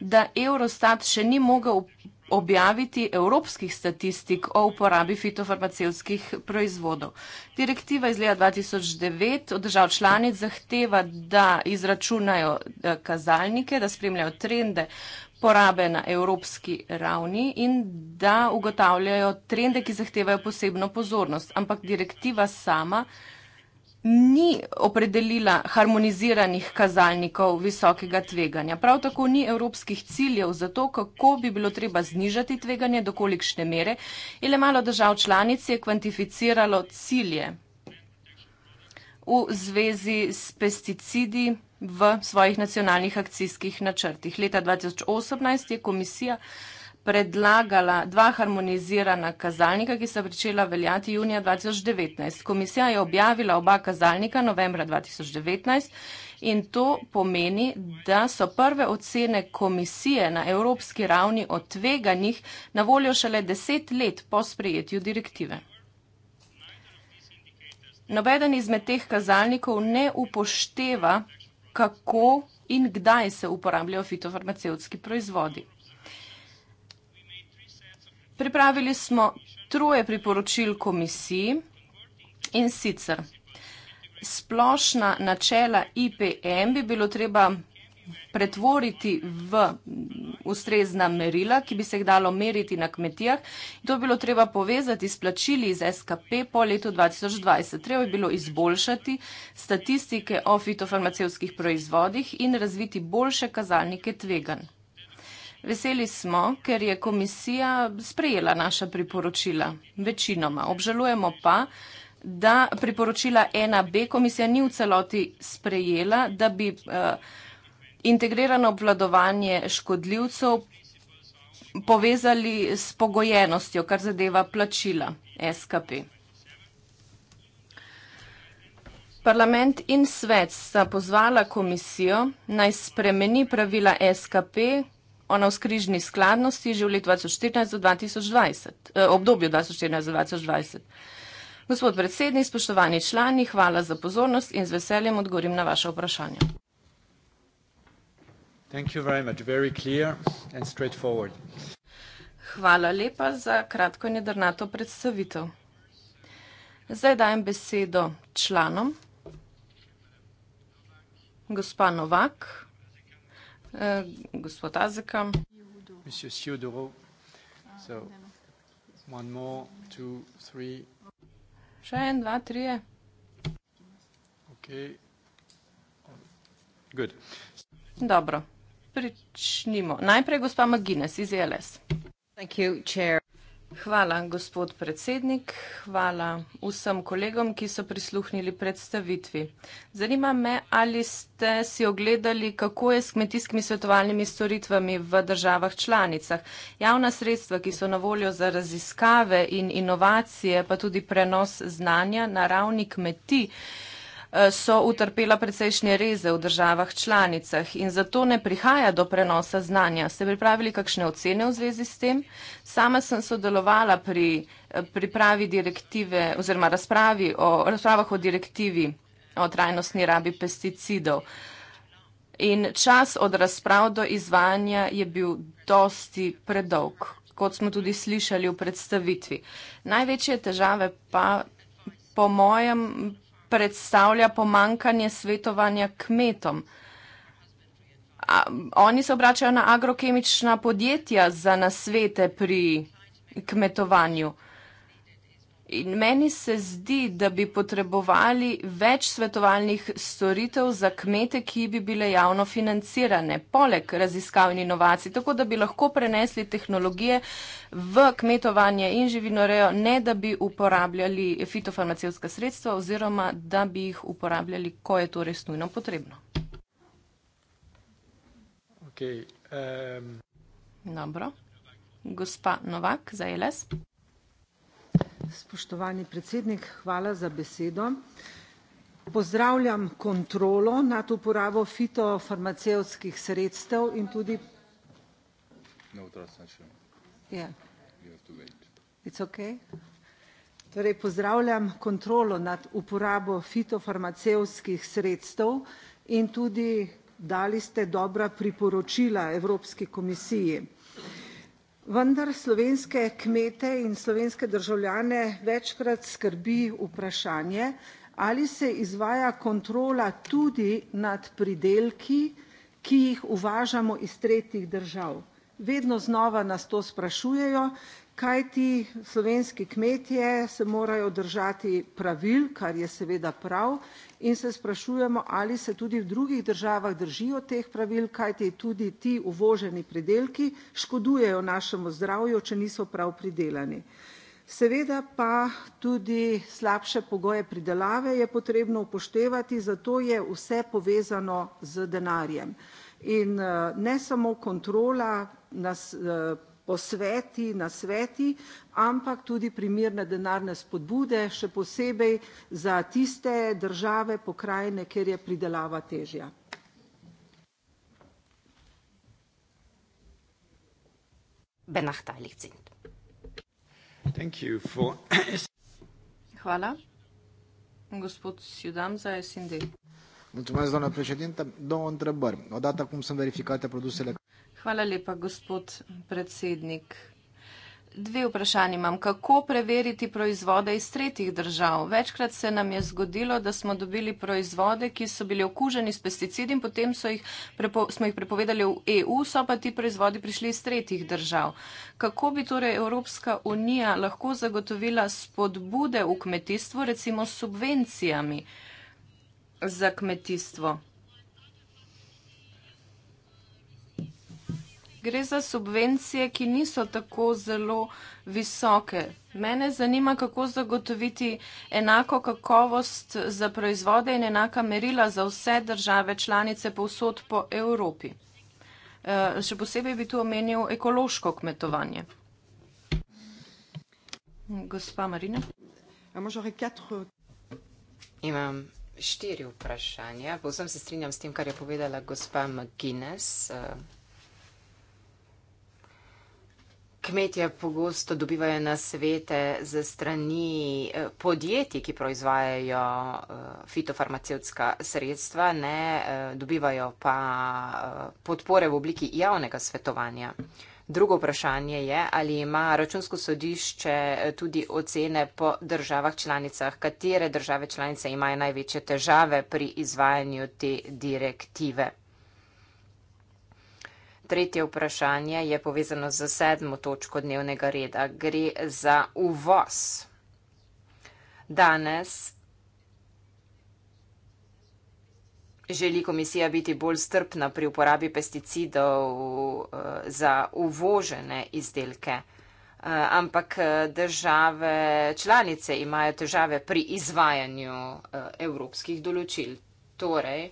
[SPEAKER 5] da Eurostat še ni mogel objaviti evropskih statistik o uporabi fitofarmacevskih proizvodov. Direktiva iz leta 2009 od držav članic zahteva, da izračunajo eh, kazalnike, da spremljajo trende porabe na evropski ravni in da ugotavljajo trende, ki zahtevajo posebno pozornost. Ampak direktiva sama ni opredelila harmoniziranih kazalnikov visokega tveganja. Prav tako ni evropskih ciljev za to, kako bi bilo treba znižati tveganje, dokolikšne mere. Ile malo držav članic je kvantificiralo cilje v zvezi s pesticidi v svojih nacionalnih akcijskih načrtih. Leta 2018 je komisija predlagala dva harmonizirana kazalnika, ki sta pričela veljati junija 2019. Komisija je objavila oba kazalnika novembra 2019 in to pomeni, da so prve ocene komisije na evropski ravni o tveganjih na voljo šele deset let po sprejetju direktive. Nobeden izmed teh kazalnikov ne upošteva, kako in kdaj se uporabljajo fitofarmacevtski proizvodi. Pripravili smo troje priporočil komisiji in sicer splošna načela IPM bi bilo treba pretvoriti v ustrezna merila, ki bi se jih dalo meriti na kmetijah. To bi bilo treba povezati s plačili iz SKP po letu 2020. Treba bi bilo izboljšati statistike o fitofarmacevskih proizvodih in razviti boljše kazalnike tveganj. Veseli smo, ker je komisija sprejela naša priporočila, večinoma. Obžalujemo pa, da priporočila 1b komisija ni v celoti sprejela, da bi uh, integrirano obvladovanje škodljivcev povezali s pogojenostjo, kar zadeva plačila SKP. Parlament in svet sta pozvala komisijo naj spremeni pravila SKP, ona v skrižni skladnosti že v letu 2014 do 2020, eh, obdobju 2014 do 2020. Gospod predsednik, spoštovani člani, hvala za pozornost in z veseljem odgovorim na vaše vprašanje. Hvala lepa za kratko in jedrnato predstavitev. Zdaj dajem besedo članom. Gospa Novak. Eh, gospod Azeka. Še en, dva, trije.
[SPEAKER 1] Okay. Good.
[SPEAKER 5] Dobro, pričnimo. Najprej gospa McGuinness iz ELS. Thank you, chair. Hvala, gospod predsednik. Hvala vsem kolegom, ki so prisluhnili predstavitvi. Zanima me, ali ste si ogledali, kako je s kmetijskimi svetovalnimi storitvami v državah članicah. Javna sredstva, ki so na voljo za raziskave in inovacije, pa tudi prenos znanja na ravni kmetij. Eh, so utrpela precejšnje reze v državah članicah in zato ne prihaja do prenosa znanja. Ste pripravili kakšne ocene v zvezi s tem? Sama sem sodelovala pri eh, pripravi direktive oziroma o, razpravah o direktivi o trajnostni rabi pesticidov. In čas od razprav do izvajanja je bil dosti predolg, kot smo tudi slišali v predstavitvi. Največje težave pa, po mojem predstavlja pomankanje svetovanja kmetom. Oni se obračajo na agrokemična podjetja za nasvete pri kmetovanju. In meni se zdi, da bi potrebovali več svetovalnih storitev za kmete, ki bi bile javno financirane, poleg raziskav in inovacij, tako da bi lahko prenesli tehnologije v kmetovanje in živinorejo, ne da bi uporabljali fitofarmacevska sredstva oziroma da bi jih uporabljali, ko je to res nujno potrebno.
[SPEAKER 1] Okay, um...
[SPEAKER 4] Dobro. Gospa Novak za LS. Spoštovani predsednik, hvala za besedo. Pozdravljam kontrolo nad uporabo fitofarmacevtskih sredstev in tudi... No, ja. Torej pozdravljam kontrolo nad uporabo fitofarmacevtskih sredstev in tudi dali ste dobra priporočila Evropski komisiji. Vendar slovenske kmete in slovenske državljane večkrat skrbi vprašanje, ali se izvaja kontrola tudi nad pridelki, ki jih uvažamo iz tretjih držav. Vedno znova nas to sprašujejo, kajti slovenski kmetje se morajo držati pravil, kar je seveda prav, in se sprašujemo, ali se tudi v drugih državah držijo teh pravil, kajti tudi ti uvoženi pridelki škodujejo našemu zdravju, če niso prav pridelani. Seveda pa tudi slabše pogoje pridelave je potrebno upoštevati, zato je vse povezano z denarjem. In eh, ne samo kontrola nas, eh, posveti, nasveti, ampak tudi primerne denarne spodbude, še posebej za tiste države, pokrajine, kjer je pridelava težja.
[SPEAKER 5] Hvala. Gospod Sjudam za SND.
[SPEAKER 1] Mulțumesc, doamnă președintă. Două întrebări. Odată cum sunt verificate produsele
[SPEAKER 5] Hvala lepa, gospod predsednik. Dve vprašanje imam. Kako preveriti proizvode iz tretjih držav? Večkrat se nam je zgodilo, da smo dobili proizvode, ki so bili okuženi s pesticidi in potem jih prepo, smo jih prepovedali v EU, so pa ti proizvodi prišli iz tretjih držav. Kako bi torej Evropska unija lahko zagotovila spodbude v kmetijstvu, recimo s subvencijami za kmetijstvo? Gre za subvencije, ki niso tako zelo visoke. Mene zanima, kako zagotoviti enako kakovost za proizvode in enaka merila za vse države članice povsod po Evropi. Eh, še posebej bi tu omenil ekološko kmetovanje. Gospa
[SPEAKER 3] Marina. Imam štiri vprašanja. Povsem se strinjam s tem, kar je povedala gospa McGuinness. Eh, Kmetje pogosto dobivajo na svete ze strani eh, podjetij, ki proizvajajo eh, fitofarmacevtska sredstva, ne eh, dobivajo pa podpore v obliki javnega svetovanja. Drugo vprašanje je, ali ima računsko sodišče tudi ocene po državah članicah, katere države članice imajo največje težave pri izvajanju te direktive. Tretje vprašanje je povezano z sedmo točko dnevnega reda. Gre za uvoz. Danes želi komisija biti bolj strpna pri uporabi pesticidov eh, za uvožene izdelke, eh, ampak eh, države članice imajo težave pri izvajanju evropskih določil. Torej,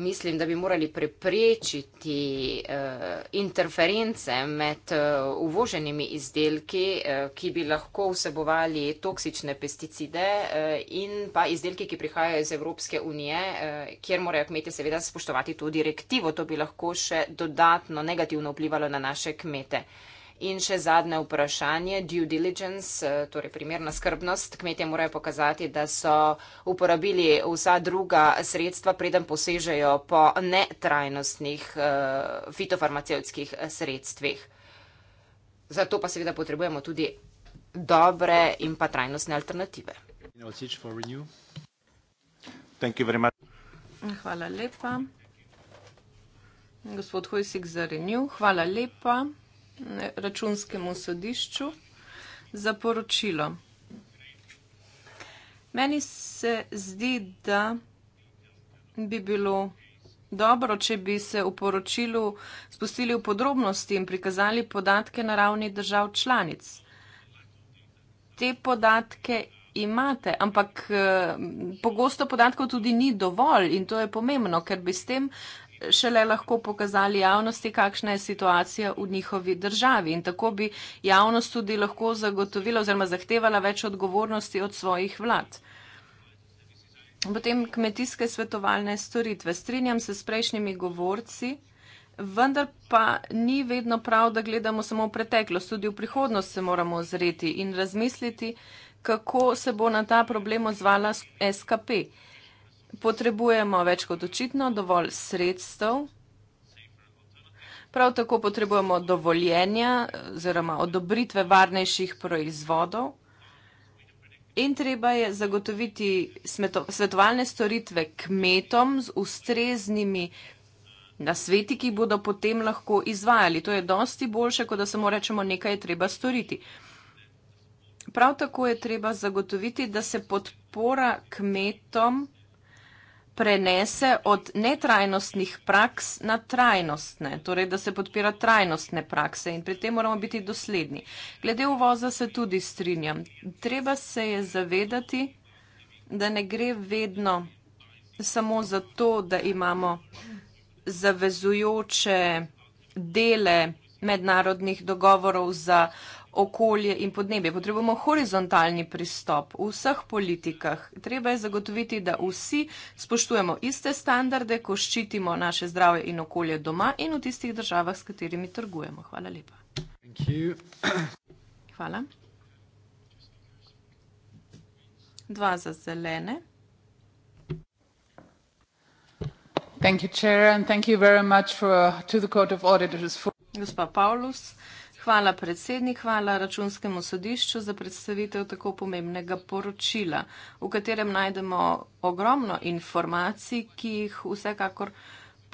[SPEAKER 3] mislim, da bi morali preprečiti uh, interference med uh, uvoženimi izdelki, uh, ki bi lahko vsebovali toksične pesticide uh, in pa izdelki, ki prihajajo iz Evropske unije, uh, kjer morajo kmete seveda spoštovati to direktivo. To bi lahko še dodatno negativno vplivalo na naše kmete. Uh, In še zadnje vprašanje, due diligence, eh, torej primerna skrbnost. Kmetje morajo pokazati, da so uporabili vsa druga sredstva, preden posežejo po netrajnostnih uh, eh, fitofarmacevskih sredstvih. Zato pa seveda potrebujemo tudi dobre in pa trajnostne alternative. Hvala lepa.
[SPEAKER 5] Gospod Hojsik za renew. Hvala lepa računskemu sodišču za poročilo. Meni se zdi, da bi bilo dobro, če bi se v poročilu spustili v podrobnosti in prikazali podatke na ravni držav članic. Te podatke imate, ampak eh, pogosto podatkov tudi ni dovolj in to je pomembno, ker bi s tem šele lahko pokazali javnosti, kakšna je situacija v njihovi državi. In tako bi javnost tudi lahko zagotovila oziroma zahtevala več odgovornosti od svojih vlad. Potem kmetijske svetovalne storitve. Strinjam se s prejšnjimi govorci, vendar pa ni vedno prav, da gledamo samo v preteklost. Tudi v prihodnost se moramo ozreti in razmisliti, kako se bo na ta problem odzvala SKP potrebujemo več kot očitno dovolj sredstev. Prav tako potrebujemo dovoljenja oziroma odobritve varnejših proizvodov in treba je zagotoviti svetovalne storitve kmetom z ustreznimi nasveti, ki bodo potem lahko izvajali. To je dosti boljše, kot da samo rečemo, nekaj je treba storiti. Prav tako je treba zagotoviti, da se podpora kmetom prenese od netrajnostnih praks na trajnostne, torej da se podpira trajnostne prakse in pri tem moramo biti dosledni. Glede uvoza se tudi strinjam. Treba se je zavedati, da ne gre vedno samo za to, da imamo zavezujoče dele mednarodnih dogovorov za okolje in podnebje. Potrebujemo horizontalni pristop v vseh politikah. Treba je zagotoviti, da vsi spoštujemo iste standarde, ko ščitimo naše zdrave in okolje doma in v tistih državah, s katerimi trgujemo. Hvala lepa. Hvala. Dva za zelene. Thank you, Chair, and thank you very much for, to the Court of Auditors. For... Gospa Paulus. Hvala predsednik, hvala računskemu sodišču za predstavitev tako pomembnega poročila, v katerem najdemo ogromno informacij, ki jih vsekakor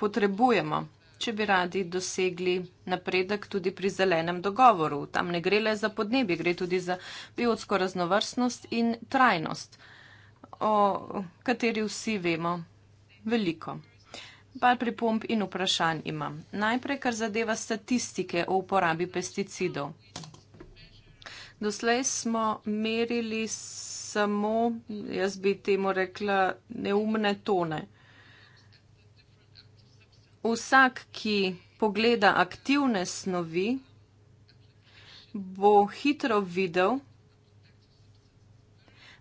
[SPEAKER 5] potrebujemo, če bi radi dosegli napredek tudi pri zelenem dogovoru. Tam ne gre le za podnebje, gre tudi za biotsko raznovrstnost in trajnost, o kateri vsi vemo veliko. Par pripomb in vprašanj imam. Najprej, kar zadeva statistike o uporabi pesticidov. Doslej smo merili samo, jaz bi temu rekla, neumne tone. Vsak, ki pogleda aktivne snovi, bo hitro videl,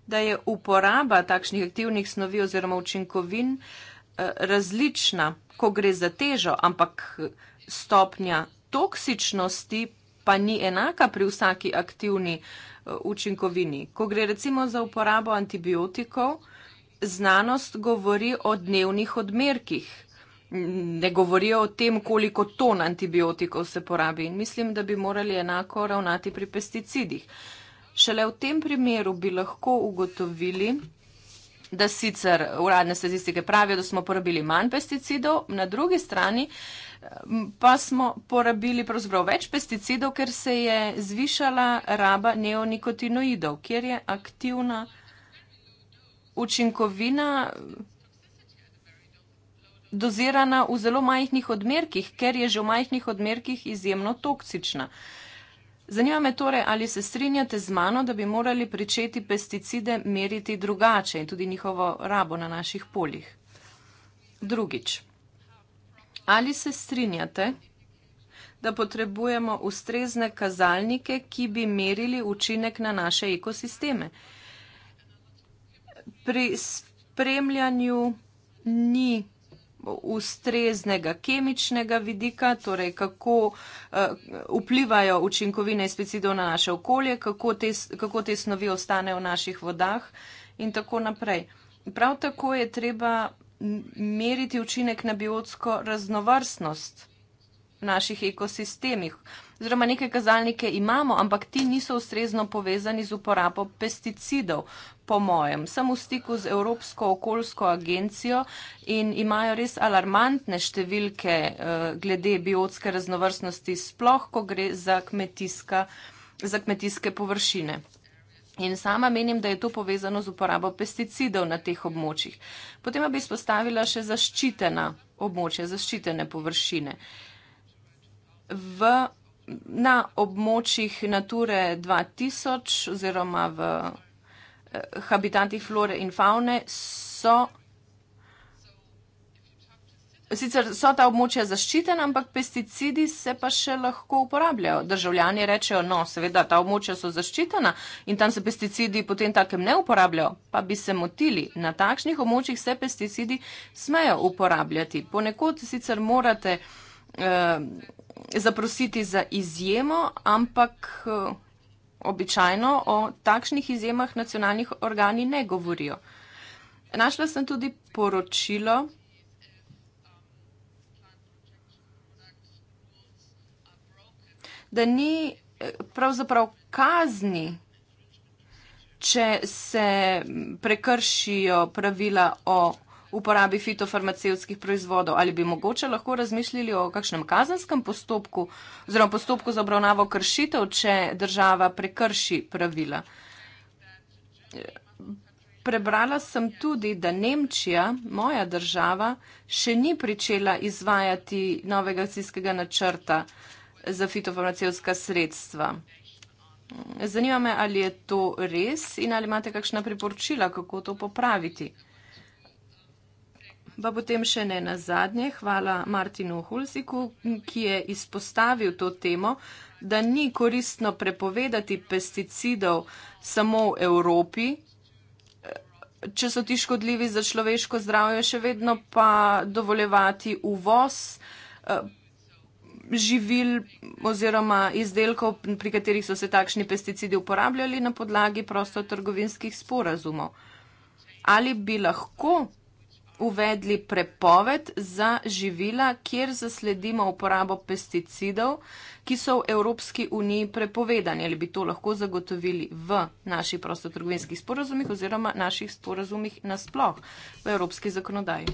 [SPEAKER 5] da je uporaba takšnih aktivnih snovi oziroma učinkovin, uh, Eh, različna, ko gre za težo, ampak stopnja toksičnosti pa ni enaka pri vsaki aktivni eh, učinkovini. Ko gre recimo za uporabo antibiotikov, znanost govori o dnevnih odmerkih. Ne govorijo o tem, koliko ton antibiotikov se porabi in mislim, da bi morali enako ravnati pri pesticidih. Šele v tem primeru bi lahko ugotovili, da sicer uradne statistike pravijo, da smo porabili manj pesticidov, na drugi strani pa smo porabili pravzaprav več pesticidov, ker se je zvišala raba neonikotinoidov, kjer je aktivna učinkovina dozirana v zelo majhnih odmerkih, ker je že v majhnih odmerkih izjemno toksična. Zanima me torej, ali se strinjate z mano, da bi morali pričeti pesticide meriti drugače in tudi njihovo rabo na naših poljih. Drugič, ali se strinjate, da potrebujemo ustrezne kazalnike, ki bi merili učinek na naše ekosisteme? Pri spremljanju ni ustreznega kemičnega vidika, torej kako eh, vplivajo učinkovine iz pesticidov na naše okolje, kako te, kako te snovi ostanejo v naših vodah in tako naprej. Prav tako je treba meriti učinek na biotsko raznovrstnost v naših ekosistemih oziroma neke kazalnike imamo, ampak ti niso ustrezno povezani z uporabo pesticidov, po mojem. Sem v stiku z Evropsko okoljsko agencijo in imajo res alarmantne številke uh, glede biotske raznovrstnosti, sploh, ko gre za, za kmetijske površine. In sama menim, da je to povezano z uporabo pesticidov na teh območjih. Potem pa bi spostavila še zaščitena območja, zaščitene površine. V na območjih Nature 2000 oziroma v eh, habitatih flore in faune so Sicer so ta območja zaščitena, ampak pesticidi se pa še lahko uporabljajo. Državljani rečejo, no, seveda, ta območja so zaščitena in tam se pesticidi potem takem ne uporabljajo, pa bi se motili. Na takšnih območjih se pesticidi smejo uporabljati. Ponekod sicer morate. Eh, zaprositi za izjemo, ampak eh, običajno o takšnih izjemah nacionalnih organi ne govorijo. Našla sem tudi poročilo. da ni eh, pravzaprav kazni, če se prekršijo pravila o uporabi fitofarmacevskih proizvodov, ali bi mogoče lahko razmišljali o kakšnem kazenskem postopku oziroma postopku za obravnavo kršitev, če država prekrši pravila. Prebrala sem tudi, da Nemčija, moja država, še ni pričela izvajati novega akcijskega načrta za fitofarmacevska sredstva. Zanima me, ali je to res in ali imate kakšna priporočila, kako to popraviti. Pa potem še ne na zadnje, hvala Martinu Hulsiku, ki je izpostavil to temo, da ni koristno prepovedati pesticidov samo v Evropi, če so ti škodljivi za človeško zdravje, še vedno pa dovoljevati uvoz eh, živil oziroma izdelkov, pri katerih so se takšni pesticidi uporabljali na podlagi prostotrgovinskih sporazumov. Ali bi lahko uvedli prepoved za živila, kjer zasledimo uporabo pesticidov, ki so v Evropski uniji prepovedani, ali bi to lahko zagotovili v naših prostotrgovinskih sporazumih oziroma naših sporazumih nasploh v evropski zakonodaji.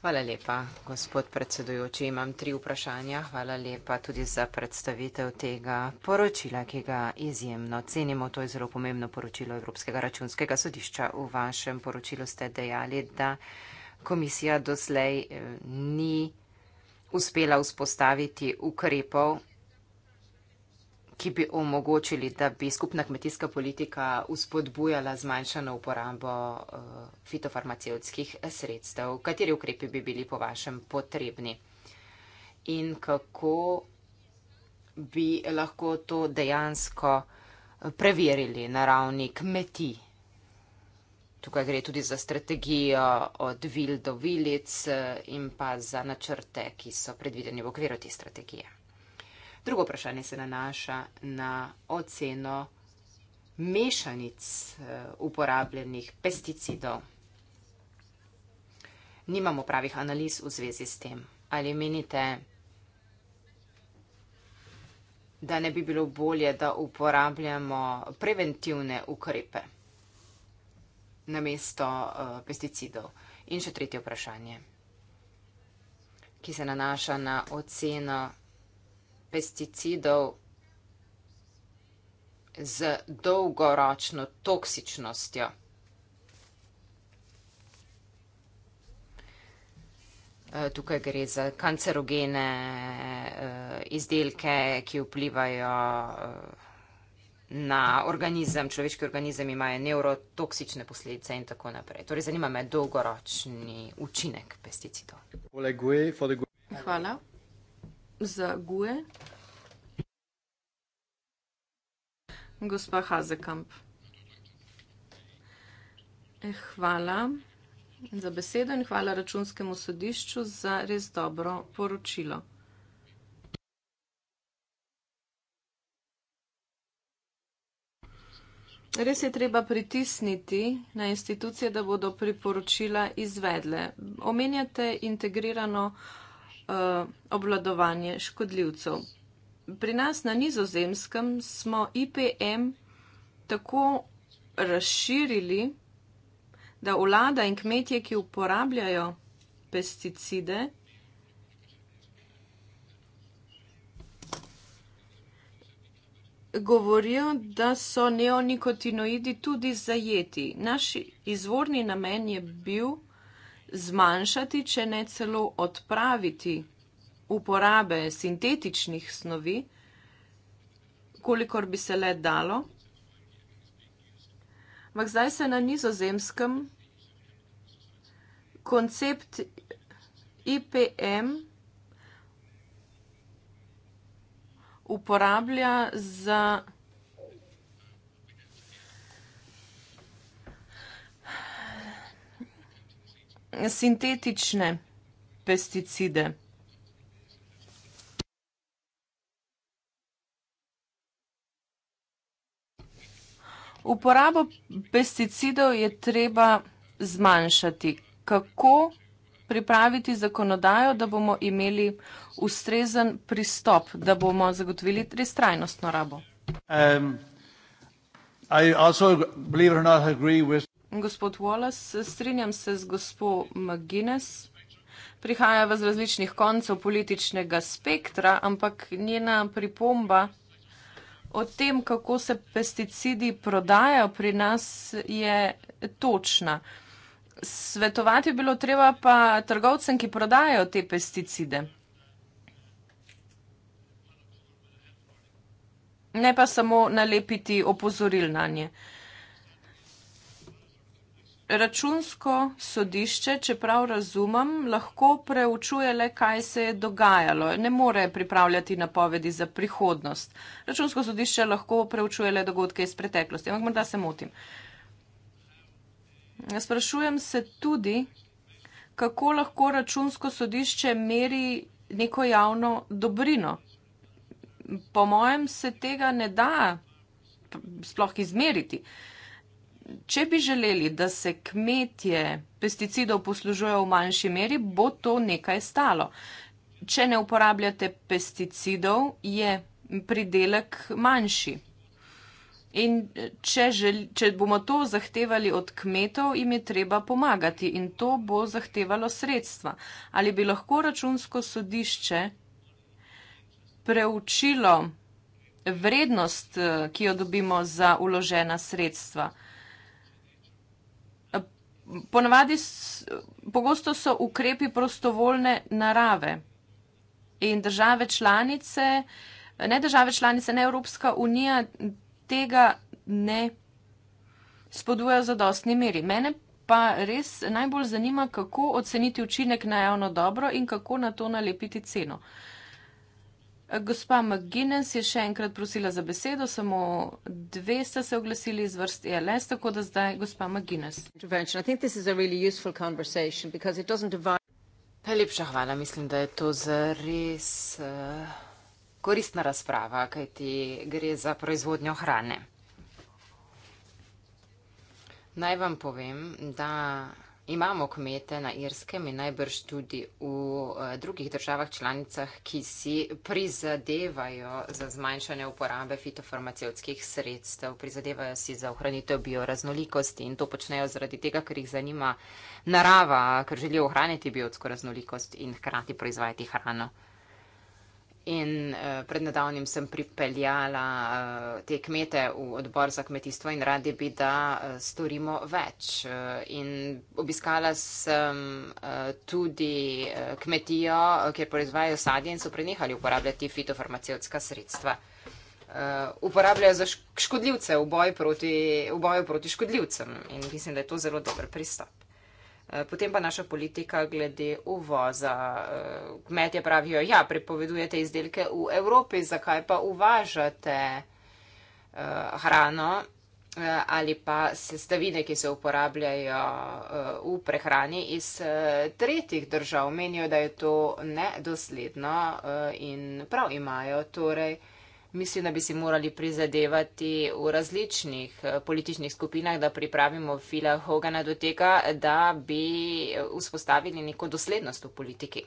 [SPEAKER 3] Hvala lepa, gospod predsedujoči. Imam tri vprašanja. Hvala lepa tudi za predstavitev tega poročila, ki ga izjemno cenimo. To je zelo pomembno poročilo Evropskega računskega sodišča. V vašem poročilu ste dejali, da komisija doslej eh, ni uspela vzpostaviti ukrepov ki bi omogočili, da bi skupna kmetijska politika uspodbujala zmanjšano uporabo eh, fitofarmacevskih sredstev? Kateri ukrepi bi bili po vašem potrebni? In kako bi lahko to dejansko preverili na ravni kmetij? Tukaj gre tudi za strategijo od vil do vilic eh, in pa za načrte, ki so predvideni v okviru te strategije. Drugo vprašanje se nanaša na oceno mešanic eh, uporabljenih pesticidov. Nimamo pravih analiz v zvezi s tem. Ali menite, da ne bi bilo bolje, da uporabljamo preventivne ukrepe na mesto eh, pesticidov? In še tretje vprašanje, ki se nanaša na oceno pesticidov z dolgoročno toksičnostjo. Eh, tukaj gre za kancerogene eh, izdelke, ki vplivajo eh, na organizem, človeški organizem imajo neurotoksične posledice in tako naprej. Torej zanima me dolgoročni učinek pesticidov.
[SPEAKER 5] Hvala za GUE. Gospa Hazekamp. Eh, hvala za besedo in hvala računskemu sodišču za res dobro poročilo. Res je treba pritisniti na institucije, da bodo priporočila izvedle. Omenjate integrirano Eh, obvladovanje škodljivcev. Pri nas na nizozemskem smo IPM tako razširili, da vlada in kmetje, ki uporabljajo pesticide, govorijo, da so neonikotinoidi tudi zajeti. Naš izvorni namen je bil, zmanjšati, če ne celo odpraviti uporabe sintetičnih snovi, kolikor bi se le dalo. Ampak zdaj se na nizozemskem koncept IPM uporablja za sintetične pesticide. Uporabo pesticidov je treba zmanjšati. Kako pripraviti zakonodajo, da bomo imeli ustrezen pristop, da bomo zagotovili tristrajnostno rabo?
[SPEAKER 1] Um, I also, believe it or not, agree with...
[SPEAKER 5] Gospod Wallace, strinjam se z gospod McGuinness. Prihaja v različnih koncev političnega spektra, ampak njena pripomba o tem, kako se pesticidi prodajajo pri nas, je točna. Svetovati je bilo treba pa trgovcem, ki prodajajo te pesticide. Ne pa samo nalepiti opozoril na nje računsko sodišče, če prav razumem, lahko preučuje le, kaj se je dogajalo. Ne more pripravljati napovedi za prihodnost. Računsko sodišče lahko preučuje le dogodke iz preteklosti. Ampak morda se motim. Sprašujem se tudi, kako lahko računsko sodišče meri neko javno dobrino. Po mojem se tega ne da sploh izmeriti. Uh, če bi želeli, da se kmetje pesticidov poslužujejo v manjši meri, bo to nekaj stalo. Če ne uporabljate pesticidov, je pridelek manjši. In če, žel, če bomo to zahtevali od kmetov, jim je treba pomagati in to bo zahtevalo sredstva. Ali bi lahko računsko sodišče preučilo vrednost, eh, ki jo dobimo za uložena sredstva? ponavadi, pogosto so ukrepi prostovoljne narave in države članice, ne države članice, ne Evropska unija tega ne spodbuja za dostni meri. Mene pa res najbolj zanima, kako oceniti učinek na javno dobro in kako na to nalepiti ceno. Uh, Gospa McGuinness je še enkrat prosila za besedo, samo dve ste se oglasili iz vrst ELS, tako da zdaj gospa McGuinness.
[SPEAKER 3] Najlepša hvala, mislim, da je to zares uh, koristna razprava, kajti gre za proizvodnjo hrane. Naj vam povem, da imamo kmete na Irskem in najbrž tudi v eh, drugih državah članicah, ki si prizadevajo za zmanjšanje uporabe fitofarmacevskih sredstev, prizadevajo si za ohranitev bioraznolikosti in to počnejo zaradi tega, ker jih zanima narava, ker želijo ohraniti biotsko raznolikost in hkrati proizvajati hrano in uh, eh, prednedavnim sem pripeljala uh, te kmete v odbor za kmetijstvo in radi bi, da uh, storimo več. Uh, in obiskala sem uh, tudi uh, kmetijo, uh, kjer proizvajajo sadje in so prenehali uporabljati fitofarmacevtska sredstva. Uh, uporabljajo za škodljivce v boju proti, proti škodljivcem in mislim, da je to zelo dober pristop. Eh, potem pa naša politika glede uvoza. Eh, kmetje pravijo, ja, prepovedujete izdelke v Evropi, zakaj pa uvažate eh, hrano ali pa sestavine, ki se uporabljajo v prehrani iz tretjih držav. Menijo, da je to nedosledno in prav imajo. Torej, Mislim, da bi si morali prizadevati v različnih eh, političnih skupinah, da pripravimo Fila Hogana do tega, da bi vzpostavili neko doslednost v politiki.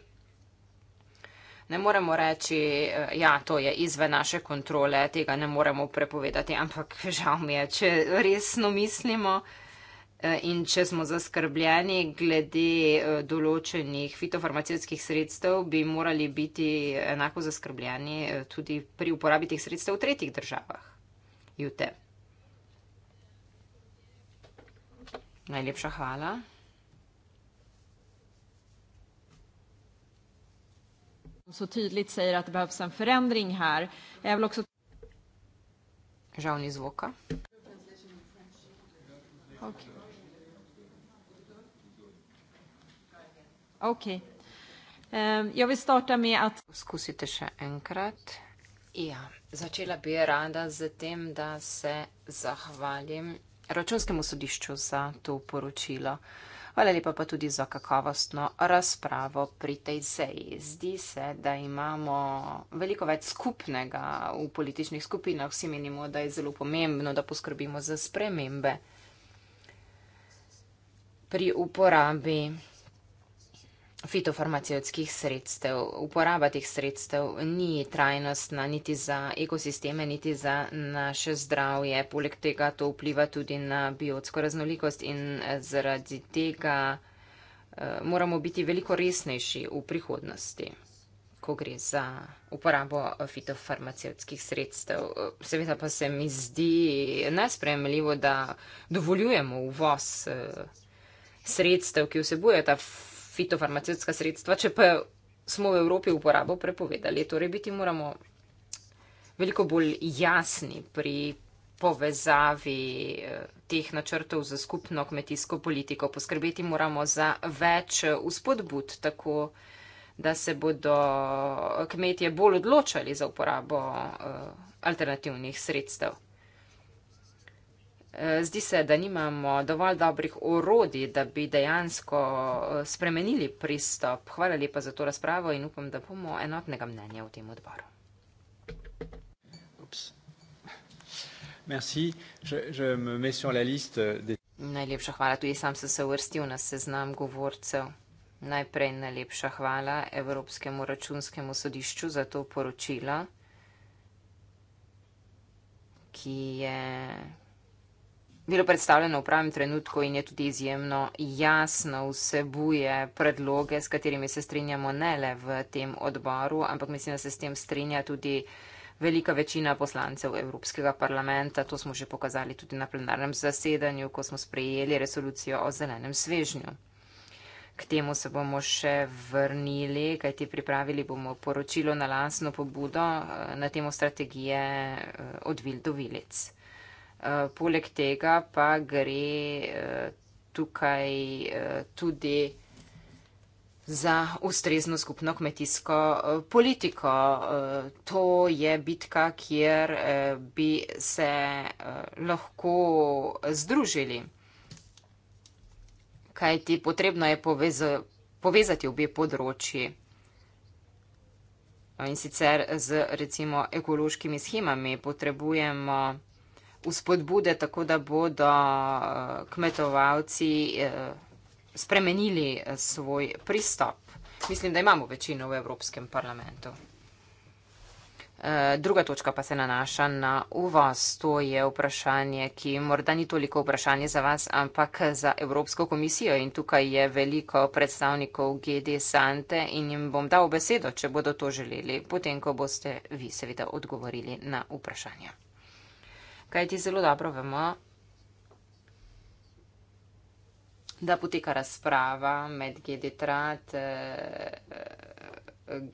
[SPEAKER 3] Ne moremo reči, da eh, ja, to je izven naše kontrole, tega ne moremo prepovedati, ampak žal mi je, če resno mislimo, In če smo zaskrbljeni glede eh, določenih fitofarmacijskih sredstev, bi morali biti eh, enako zaskrbljeni eh, tudi pri uporabi teh sredstev v tretjih državah. Jute. Najlepša hvala. So tydlit sejra, da behövs en förändring här. Jeg vil også... Žal ni zvoka. Okay. Okej. Okay. Um, jaz bi starta mi, da. Poskusite še enkrat. Ja. Začela bi rada z tem, da se zahvalim računskemu sodišču za to poročilo. Hvala lepa pa tudi za kakovostno razpravo pri tej seji. Zdi se, da imamo veliko več skupnega v političnih skupinah. Vsi menimo, da je zelo pomembno, da poskrbimo za spremembe pri uporabi fitofarmacevskih sredstev. Uporaba teh sredstev ni trajnostna niti za ekosisteme, niti za naše zdravje. Poleg tega to vpliva tudi na biotsko raznolikost in eh, zaradi tega eh, moramo biti veliko resnejši v prihodnosti, ko gre za uporabo eh, fitofarmacevskih sredstev. Seveda pa se mi zdi nespremljivo, da dovoljujemo uvoz sredstev, ki vsebuje ta fitofarmacijska sredstva, če pa smo v Evropi uporabo prepovedali. Torej, biti moramo veliko bolj jasni pri povezavi eh, teh načrtov za skupno kmetijsko politiko. Poskrbeti moramo za več uspodbud, eh, tako da se bodo eh, kmetje bolj odločali za uporabo alternativnih sredstev. Zdi se, da nimamo dovolj dobrih orodij, da bi dejansko eh, spremenili pristop. Hvala lepa za to razpravo in upam, da bomo enotnega mnenja v tem odboru.
[SPEAKER 1] Je, je la liste de...
[SPEAKER 3] Najlepša hvala. Tudi sam sem se uvrstil na seznam govorcev. Najprej najlepša hvala Evropskemu računskemu sodišču za to poročilo, ki je bilo predstavljeno v pravem trenutku in je tudi izjemno jasno vsebuje predloge, s katerimi se strinjamo ne le v tem odboru, ampak mislim, da se s tem strinja tudi velika večina poslancev Evropskega parlamenta. To smo že pokazali tudi na plenarnem zasedanju, ko smo sprejeli resolucijo o zelenem svežnju. K temu se bomo še vrnili, kajti pripravili bomo poročilo na lasno pobudo eh, na temo strategije eh, od vil do vilic. Eh, poleg tega pa gre eh, tukaj eh, tudi za ustrezno skupno kmetijsko politiko. To je bitka, kjer bi se lahko združili. Kaj ti potrebno je povezati obe področji? No, in sicer z recimo ekološkimi schemami potrebujemo vzpodbude, tako da bodo eh, kmetovalci eh, spremenili eh, svoj pristop. Mislim, da imamo večino v Evropskem parlamentu. Druga točka pa se nanaša na uvoz. To je vprašanje, ki morda ni toliko vprašanje za vas, ampak za Evropsko komisijo. In tukaj je veliko predstavnikov GD Sante in jim bom dal besedo, če bodo to želeli, potem, ko boste vi seveda odgovorili na vprašanje. Kaj ti zelo dobro vemo, da poteka razprava med GD Trat, eh,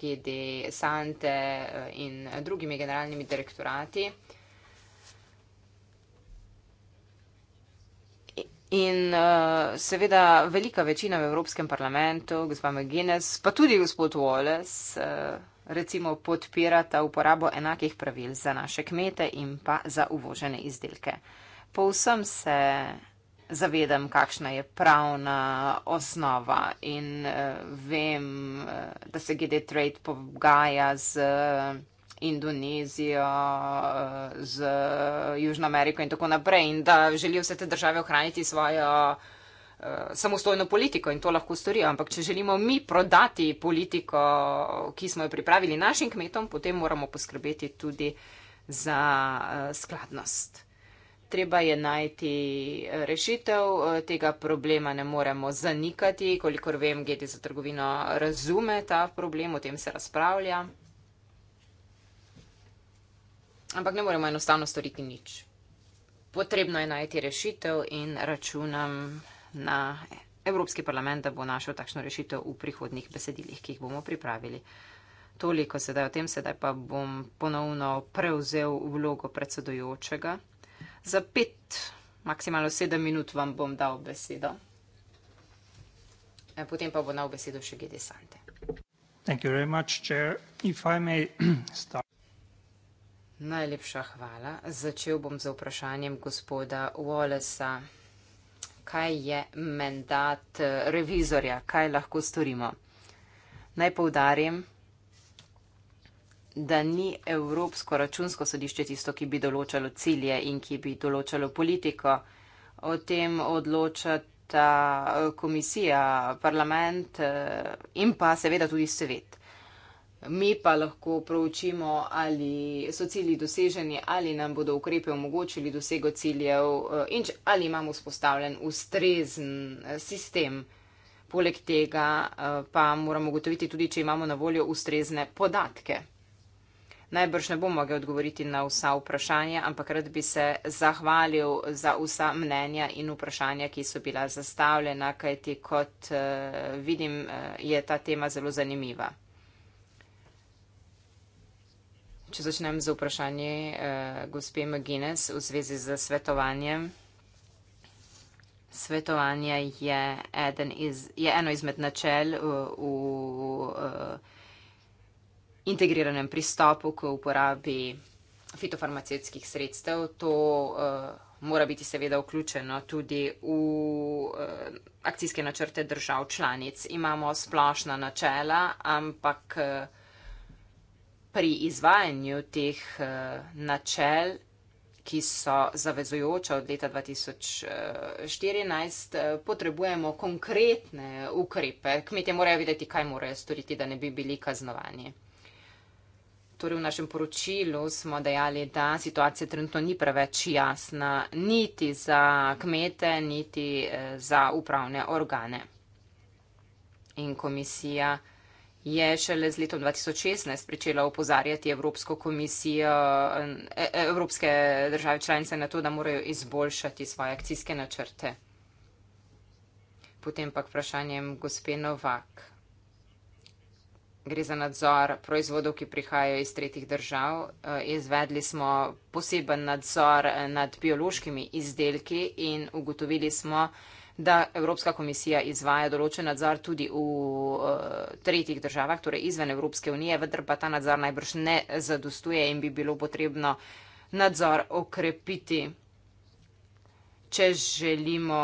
[SPEAKER 3] GD Sante eh, in drugimi generalnimi direktorati. In uh, seveda velika večina v Evropskem parlamentu, gospa McGuinness, pa tudi gospod Wallace, uh, recimo podpirata uporabo enakih pravil za naše kmete in pa za uvožene izdelke. Povsem se zavedam, kakšna je pravna osnova in eh, vem, eh, da se GD Trade pogaja z eh, Indonezijo, z Južno Ameriko in tako naprej in da želijo vse te države ohraniti svojo samostojno politiko in to lahko storijo. Ampak, če želimo mi prodati politiko, ki smo jo pripravili našim kmetom, potem moramo poskrbeti tudi za eh, skladnost. Treba je najti eh, rešitev, eh, tega problema ne moremo zanikati. Kolikor vem, GD za trgovino razume ta problem, o tem se razpravlja. Ampak ne moremo enostavno storiti nič. Potrebno je najti rešitev in računam na Evropski parlament, da bo našel takšno rešitev v prihodnih besedilih, ki jih bomo pripravili. Toliko sedaj o tem, sedaj pa bom ponovno prevzel vlogo predsedujočega. Za pet, maksimalno sedem minut vam bom dal besedo. E, potem pa bo na besedo še Gede Sante. Najlepša hvala. Začel bom z vprašanjem gospoda Wallacea kaj je mandat eh, revizorja, kaj lahko storimo. Naj povdarim, da ni Evropsko računsko sodišče tisto, ki bi določalo cilje in ki bi določalo politiko. O tem odločata eh, komisija, parlament eh, in pa seveda tudi svet mi pa lahko proučimo, ali so cilji doseženi, ali nam bodo ukrepe omogočili dosego ciljev eh, in ali imamo vzpostavljen ustrezen eh, sistem. Poleg tega eh, pa moramo ugotoviti tudi, če imamo na voljo ustrezne podatke. Najbrž ne bom mogel odgovoriti na vsa vprašanja, ampak rad bi se zahvalil za vsa mnenja in vprašanja, ki so bila zastavljena, kajti kot vidim, je ta tema zelo zanimiva. Če začnem z vprašanji eh, gospe Magines v zvezi z svetovanjem. Svetovanje je, eden iz, je eno izmed načel eh, v, v, eh, v integriranem pristopu k uporabi fitofarmacijskih sredstev. To uh, mora biti seveda vključeno tudi v uh, akcijske načrte držav članic. Imamo splošna načela, ampak. Uh, pri izvajanju teh eh, načel, ki so zavezojoča od leta 2014, eh, eh, potrebujemo konkretne ukrepe. Kmetje morajo videti, kaj morajo storiti, da ne bi bili kaznovani. Torej v našem poročilu smo dejali, da situacija trenutno ni preveč jasna niti za kmete, niti za upravne organe. In komisija je šele z letom 2016 pričela upozarjati Evropsko komisijo, e, e, evropske države članice na to, da morajo izboljšati svoje akcijske načrte. Potem pa k vprašanjem gospe Novak. Gre za nadzor proizvodov, ki prihajajo iz tretjih držav. E, izvedli smo poseben nadzor nad biološkimi izdelki in ugotovili smo, da Evropska komisija izvaja določen nadzor tudi v uh, tretjih državah, torej izven Evropske unije, vendar pa ta nadzor najbrž ne zadostuje in bi bilo potrebno nadzor okrepiti, če želimo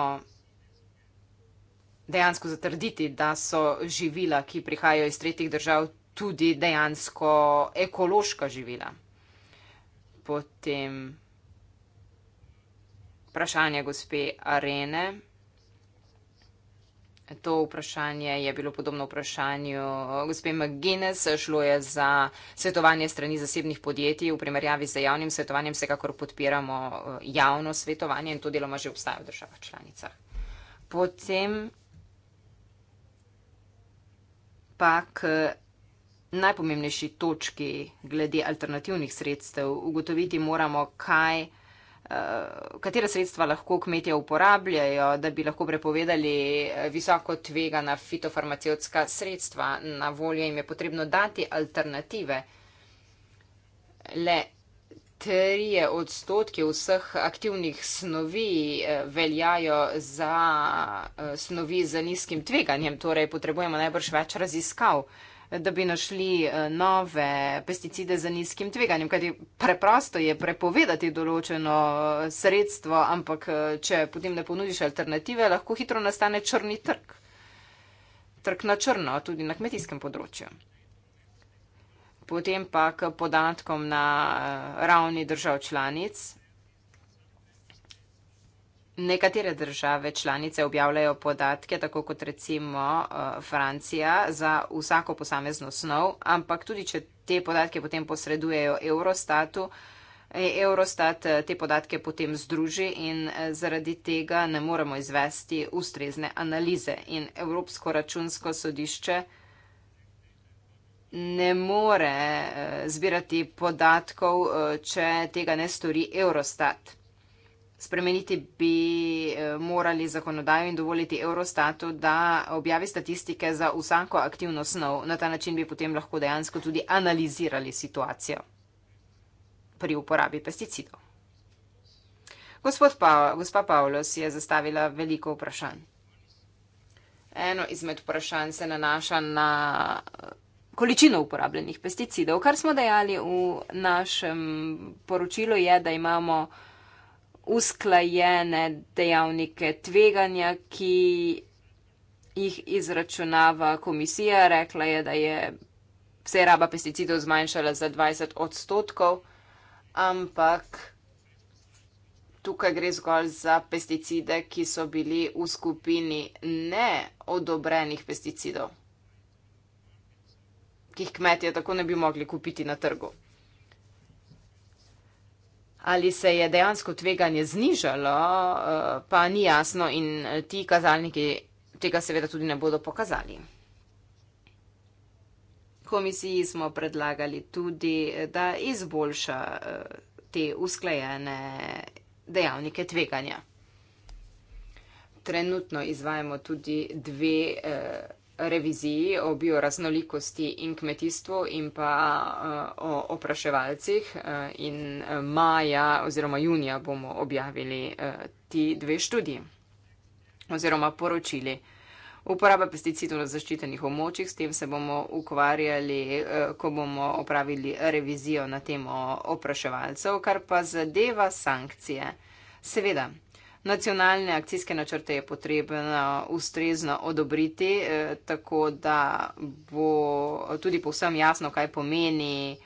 [SPEAKER 3] dejansko zatrditi, da so živila, ki prihajajo iz tretjih držav, tudi dejansko ekološka živila. Potem vprašanje gospe Arene. To vprašanje je bilo podobno vprašanju eh, gospe McGuinness. Šlo je za svetovanje strani zasebnih podjetij. V primerjavi z javnim svetovanjem vsekakor podpiramo eh, javno svetovanje in to deloma že obstaja v državah članicah. Potem pa k najpomembnejši točki glede alternativnih sredstev. Ugotoviti moramo, kaj. Eh, katera sredstva lahko kmetje uporabljajo, da bi lahko prepovedali eh, visoko tvegana fitofarmacijska sredstva. Na voljo jim je potrebno dati alternative. Le trije odstotki vseh aktivnih snovi eh, veljajo za snovi z nizkim tveganjem, torej potrebujemo najbrž več raziskav da bi našli eh, nove pesticide za nizkim tveganjem, kajti preprosto je prepovedati določeno eh, sredstvo, ampak eh, če potem ne ponudiš alternative, lahko hitro nastane črni trg. Trg na črno, tudi na kmetijskem področju. Potem pa k podatkom na ravni držav članic. Nekatere države članice objavljajo podatke, tako kot recimo uh, Francija, za vsako posamezno snov, ampak tudi če te podatke potem posredujejo Eurostatu, eh, Eurostat eh, te podatke potem združi in zaradi tega ne moremo izvesti ustrezne analize. In Evropsko računsko sodišče ne more zbirati podatkov, če tega ne stori Eurostat spremeniti bi eh, morali zakonodajo in dovoliti Eurostatu, da objavi statistike za vsako aktivno snov. Na ta način bi potem lahko dejansko tudi analizirali situacijo pri uporabi pesticidov. Gospod pa, gospa Pavlos je zastavila veliko vprašanj. Eno izmed vprašanj se nanaša na eh, količino uporabljenih pesticidov. Kar smo dejali v našem poročilu je, da imamo usklajene dejavnike tveganja, ki jih izračunava komisija. Rekla je, da je vse raba pesticidov zmanjšala za 20 odstotkov, ampak tukaj gre zgolj za pesticide, ki so bili v skupini neodobrenih pesticidov, ki jih kmetje tako ne bi mogli kupiti na trgu ali se je dejansko tveganje znižalo, eh, pa ni jasno in eh, ti kazalniki tega seveda tudi ne bodo pokazali. Komisiji smo predlagali tudi, eh, da izboljša te usklajene dejavnike tveganja. Trenutno izvajamo tudi dve. Eh, reviziji, o bioraznolikosti in kmetijstvu in pa uh, o opraševalcih. Uh, in eh, maja oziroma junija bomo objavili uh, ti dve študiji oziroma poročili. Uporaba pesticidov na zaščitenih območjih, s tem se bomo ukvarjali, ko bomo opravili revizijo na temo opraševalcev, kar pa zadeva sankcije. Seveda, nacionalne akcijske načrte je potrebno ustrezno odobriti, eh, tako da bo tudi povsem jasno, kaj pomeni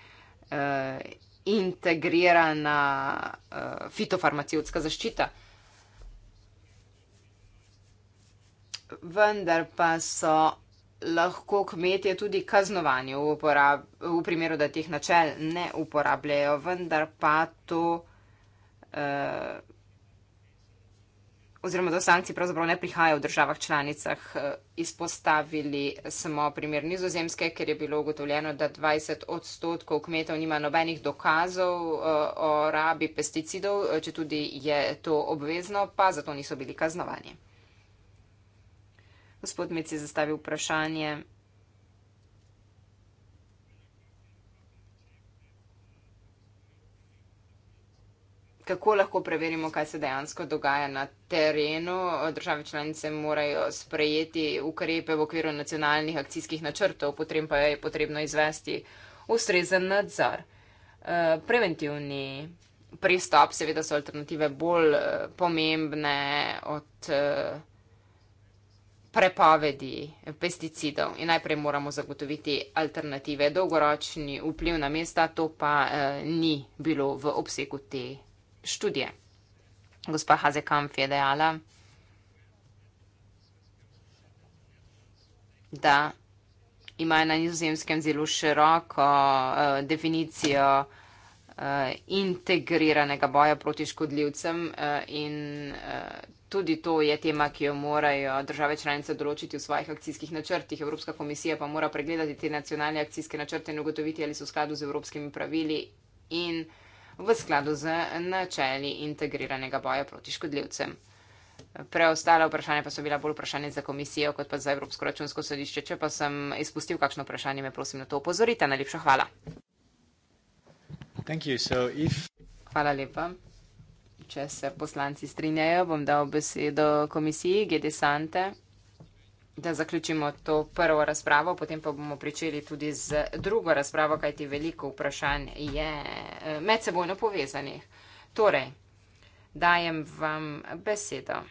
[SPEAKER 3] eh, integrirana eh, fitofarmacijska zaščita. Vendar pa so lahko kmetje tudi kaznovani v, uporab, v primeru, da teh načel ne uporabljajo, vendar pa to. Uh, oziroma do sankcij pravzaprav ne prihaja v državah članicah, eh, izpostavili samo primer nizozemske, ker je bilo ugotovljeno, da 20 odstotkov kmetov nima nobenih dokazov eh, o rabi pesticidov, eh, če tudi je to obvezno, pa zato niso bili kaznovani. Gospod Mec je zastavil vprašanje. kako lahko preverimo, kaj se dejansko dogaja na terenu. Države članice morajo sprejeti ukrepe v okviru nacionalnih akcijskih načrtov, potem pa je potrebno izvesti ustrezen nadzor. Eh, preventivni pristop, seveda so alternative bolj eh, pomembne od eh, prepovedi pesticidov in najprej moramo zagotoviti alternative. Dolgoročni vpliv na mesta, to pa eh, ni bilo v obsegu te študije. Gospa Hazekamp je dejala, da imajo na nizozemskem zelo široko uh, definicijo uh, integriranega boja proti škodljivcem uh, in uh, tudi to je tema, ki jo morajo države članice določiti v svojih akcijskih načrtih. Evropska komisija pa mora pregledati te nacionalne akcijske načrte in ugotoviti, ali so v skladu z evropskimi pravili in uh, v skladu z načeli integriranega boja proti škodljivcem. Preostale vprašanja pa so bila bolj vprašanja za komisijo, kot pa za Evropsko računsko sodišče. Če pa sem izpustil kakšno vprašanje, me prosim na to upozorite. Najlepša hvala. So if... Hvala lepa. Če se poslanci strinjajo, bom dal besedo komisiji Gede Sante. Da zaključimo to prvo razpravo, potem pa bomo pričeli tudi z drugo razpravo, kajti veliko vprašanj je eh, medsebojno povezanih. Torej, dajem vam besedo,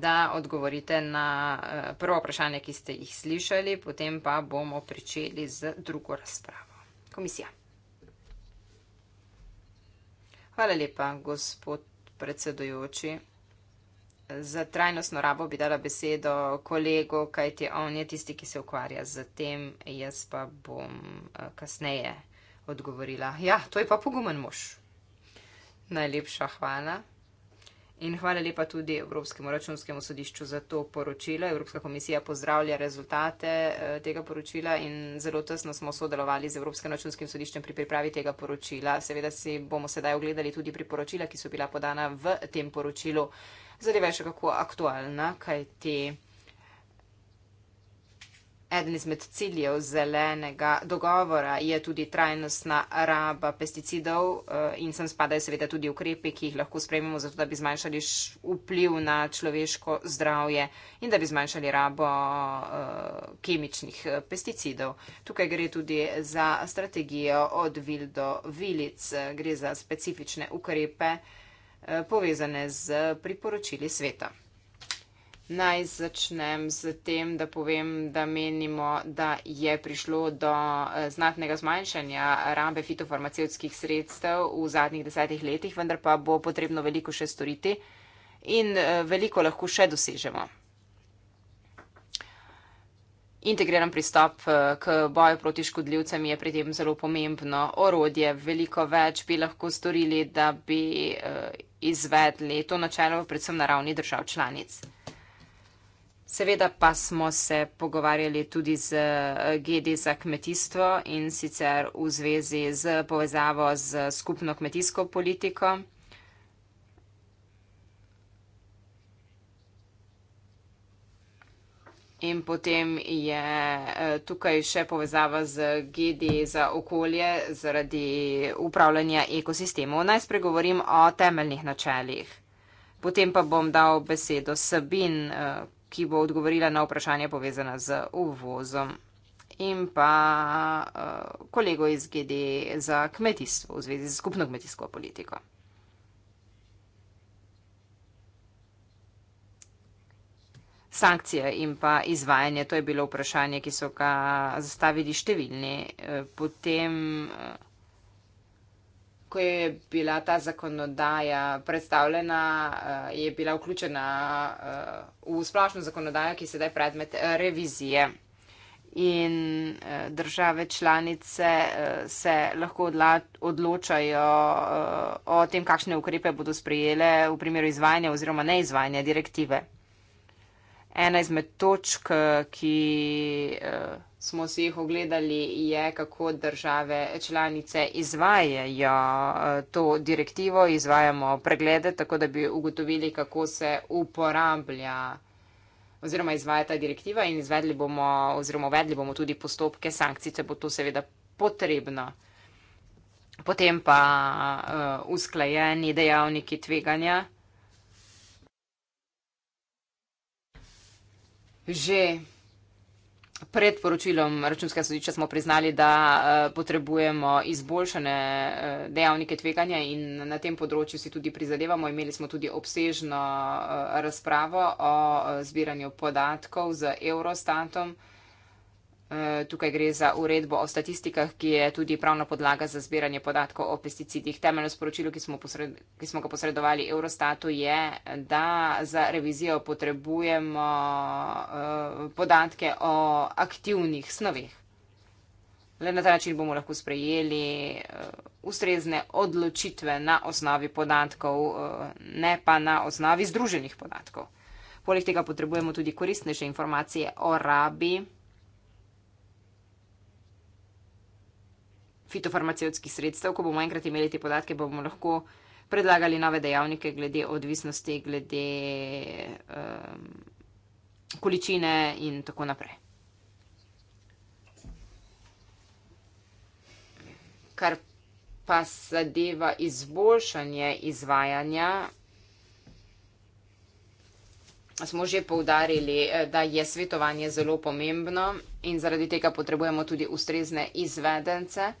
[SPEAKER 3] da odgovorite na eh, prvo vprašanje, ki ste jih slišali, potem pa bomo pričeli z drugo razpravo. Komisija. Hvala lepa, gospod predsedujoči za trajnostno rabo bi dala besedo kolegu, kajti on je tisti, ki se ukvarja z tem, jaz pa bom eh, kasneje odgovorila. Ja, to je pa pogumen mož. Najlepša hvala. In hvala lepa tudi Evropskemu računskemu sodišču za to poročilo. Evropska komisija pozdravlja rezultate eh, tega poročila in zelo tesno smo sodelovali z Evropskim računskim sodiščem pri pripravi tega poročila. Seveda si bomo sedaj ogledali tudi priporočila, ki so bila podana v tem poročilu. Zadeva je še kako aktualna, kaj ti. Te... Eden izmed ciljev zelenega dogovora je tudi trajnostna raba pesticidov eh, in sem spadajo seveda tudi ukrepe, ki jih lahko sprejmemo, zato da bi zmanjšali vpliv na človeško zdravje in da bi zmanjšali rabo eh, kemičnih eh, pesticidov. Tukaj gre tudi za strategijo od vil do vilic, gre za specifične ukrepe povezane z priporočili sveta. Naj začnem z tem, da povem, da menimo, da je prišlo do eh, znatnega zmanjšanja rabe fitofarmacevskih sredstev v zadnjih desetih letih, vendar pa bo potrebno veliko še storiti in eh, veliko lahko še dosežemo. Integriran pristop eh, k boju proti škodljivcem je pri tem zelo pomembno orodje. Veliko več bi lahko storili, da bi izvedli to načelo predvsem na ravni držav članic. Seveda pa smo se pogovarjali tudi z eh, GD za kmetijstvo in sicer v zvezi z povezavo z skupno kmetijsko politiko. In potem je eh, tukaj še povezava z GD za okolje zaradi upravljanja ekosistemov. Naj spregovorim o temeljnih načeljih. Potem pa bom dal besedo Sabin, eh, ki bo odgovorila na vprašanje povezana z uvozom in pa uh, kolego iz GD za kmetijstvo v zvezi z skupno kmetijsko politiko. Sankcije in pa izvajanje, to je bilo vprašanje, ki so ga zastavili številni. Eh, potem. Uh, ko je bila ta zakonodaja predstavljena, eh, je bila vključena eh, v splošno zakonodajo, ki je sedaj predmet eh, revizije. In države članice se lahko odločajo o tem, kakšne ukrepe bodo sprejele v primeru izvajanja oziroma neizvajanja direktive. Ena izmed točk, ki smo si jih ogledali, je, kako države članice izvajajo eh, to direktivo, izvajamo preglede, tako da bi ugotovili, kako se uporablja oziroma izvaja ta direktiva in izvedli bomo oziroma uvedli bomo tudi postopke sankcij, če bo to seveda potrebno. Potem pa uh, usklajeni dejavniki tveganja. Že Pred poročilom računskega sodišča smo priznali, da eh, potrebujemo izboljšane eh, dejavnike tveganja in na tem področju si tudi prizadevamo. Imeli smo tudi obsežno eh, razpravo o zbiranju podatkov z Eurostatom. Eh, tukaj gre za uredbo o statistikah, ki je tudi pravna podlaga za zbiranje podatkov o pesticidih. Temeljno sporočilo, ki smo, posred, ki smo ga posredovali Eurostatu, je, da za revizijo potrebujemo eh, podatke o aktivnih snovih. Le na ta način bomo lahko sprejeli eh, ustrezne odločitve na osnovi podatkov, ne pa na osnovi združenih podatkov. Poleg tega potrebujemo tudi koristnejše informacije o rabi. fitofarmacevtskih sredstev, ko bomo enkrat imeli te podatke, bomo lahko predlagali nove dejavnike glede odvisnosti, glede um, količine in tako naprej. Kar pa zadeva izboljšanje izvajanja, smo že poudarili, eh, da je svetovanje zelo pomembno in zaradi tega potrebujemo tudi ustrezne izvedence.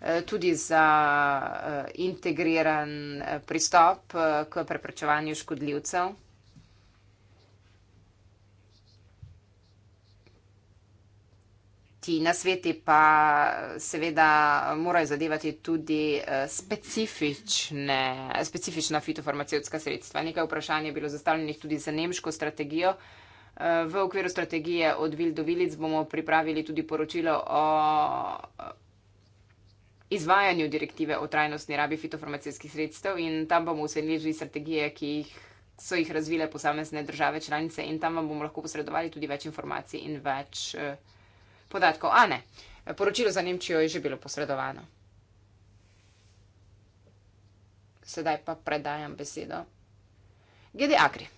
[SPEAKER 3] Eh, tudi za eh, integriran eh, pristop k preprečevanju škodljivcev. Ti nasveti pa seveda morajo zadevati tudi specifične, specifična fitofarmacevtska sredstva. Nekaj vprašanj je bilo zastavljenih tudi za nemško strategijo. V okviru strategije od Vildovilic bomo pripravili tudi poročilo o izvajanju direktive o trajnostni rabi fitofarmacijskih sredstev in tam bomo usvedli že strategije, ki jih so jih razvile posamezne države članice in tam vam bomo lahko posredovali tudi več informacij in več eh, podatkov. A ne, poročilo za Nemčijo je že bilo posredovano. Sedaj pa predajam besedo. Gede Akri.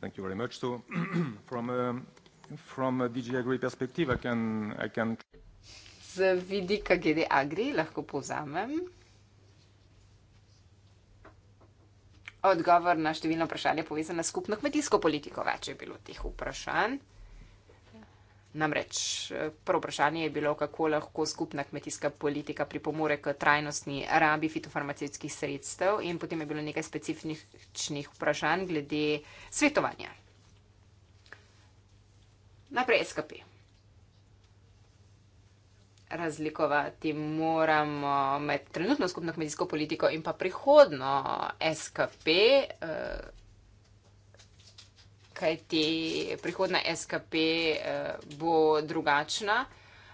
[SPEAKER 1] Thank you very much. So, from, um, from a DG Agri perspective, I can, I can
[SPEAKER 3] vidika glede Agri lahko povzamem? Odgovor na številno vprašanje je povezan s skupno kmetijsko politiko. Več je bilo teh vprašanj. Namreč prvo vprašanje je bilo, kako lahko skupna kmetijska politika pripomore k trajnostni rabi fitofarmacijskih sredstev in potem je bilo nekaj specifičnih vprašanj glede svetovanja. Naprej SKP razlikovati moramo med trenutno skupno kmetijsko politiko in pa prihodno SKP, eh, kajti prihodna SKP eh, bo drugačna,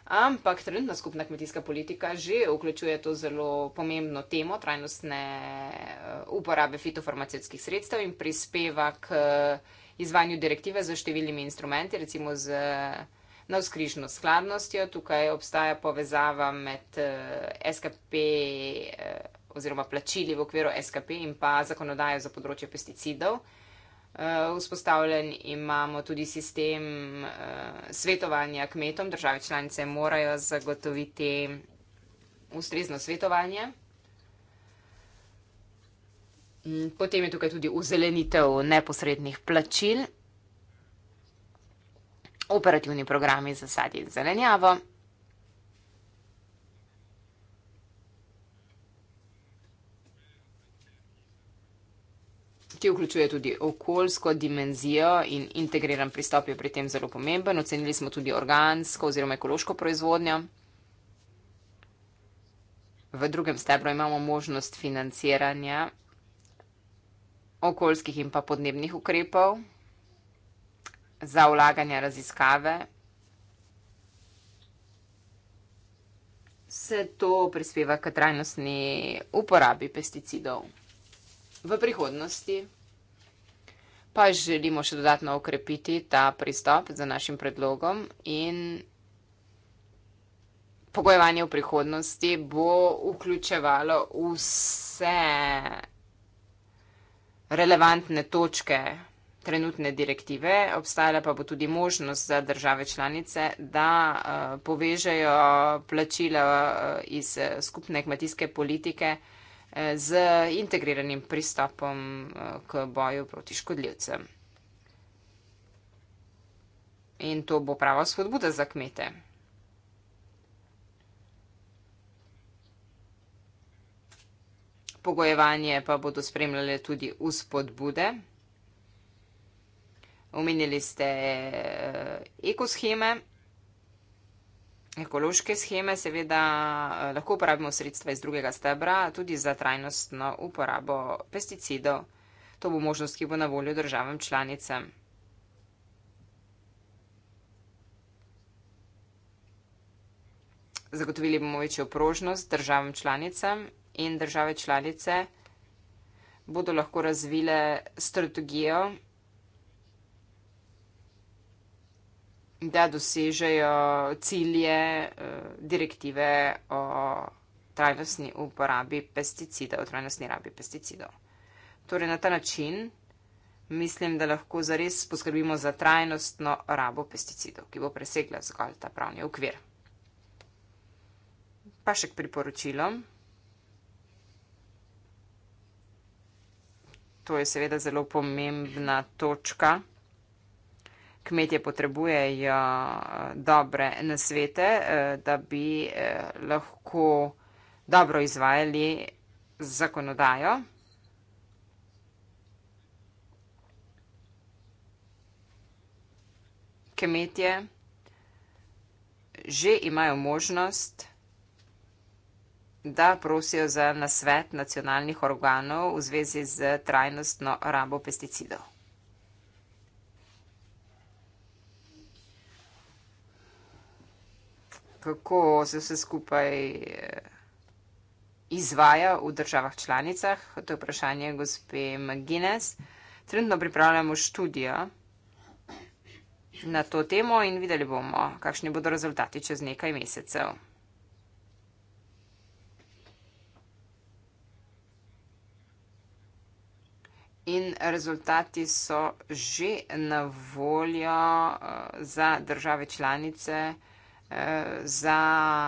[SPEAKER 3] ampak trenutna skupna kmetijska politika že vključuje to zelo pomembno temo trajnostne eh, uporabe fitofarmacijskih sredstev in prispeva k izvanju direktive z številnimi instrumenti, recimo z na vzkrižno skladnostjo. Tukaj obstaja povezava med eh, SKP eh, oziroma plačili v okviru SKP in pa zakonodajo za področje pesticidov. Eh, vzpostavljen imamo tudi sistem svetovanja kmetom. Države članice morajo zagotoviti ustrezno svetovanje. Potem je tukaj tudi uzelenitev neposrednih plačil operativni programi za sadje in zelenjavo. Ki vključuje tudi okoljsko dimenzijo in integriran pristop je pri tem zelo pomemben. Ocenili smo tudi organsko oziroma ekološko proizvodnjo. V drugem stebru imamo možnost financiranja okoljskih in pa podnebnih ukrepov za vlaganje raziskave. Vse to prispeva k trajnostni uporabi pesticidov. V prihodnosti pa želimo še dodatno okrepiti ta pristop z našim predlogom in pogojevanje v prihodnosti bo vključevalo vse relevantne točke trenutne direktive, obstajala pa bo tudi možnost za države članice, da eh, povežejo plačila eh, iz eh, skupne kmetijske politike z integriranim pristopom k boju proti škodljivcem. In to bo prava spodbuda za kmete. Pogojevanje pa bodo spremljale tudi vzpodbude omenili ste eh, ekosheme, ekološke scheme, seveda eh, lahko uporabimo sredstva iz drugega stebra tudi za trajnostno uporabo pesticidov. To bo možnost, ki bo na voljo državam članicam. Zagotovili bomo večjo prožnost državam članicam in države članice bodo lahko razvile strategijo da dosežejo cilje eh, direktive o trajnostni uporabi pesticidov, o trajnostni rabi pesticidov. Torej, na ta način mislim, da lahko zares poskrbimo za trajnostno rabo pesticidov, ki bo presegla zgolj ta pravni okvir. Pa še k priporočilom. To je seveda zelo pomembna točka kmetje potrebujejo eh, dobre nasvete, eh, da bi eh, lahko dobro izvajali zakonodajo. Kmetje že imajo možnost da prosijo za nasvet nacionalnih organov v zvezi z trajnostno rabo pesticidov. kako se vse skupaj eh, izvaja v državah članicah. To je vprašanje gospe McGuinness. Trenutno pripravljamo študijo na to temo in videli bomo, kakšni bodo rezultati čez nekaj mesecev. In rezultati so že na voljo eh, za države članice za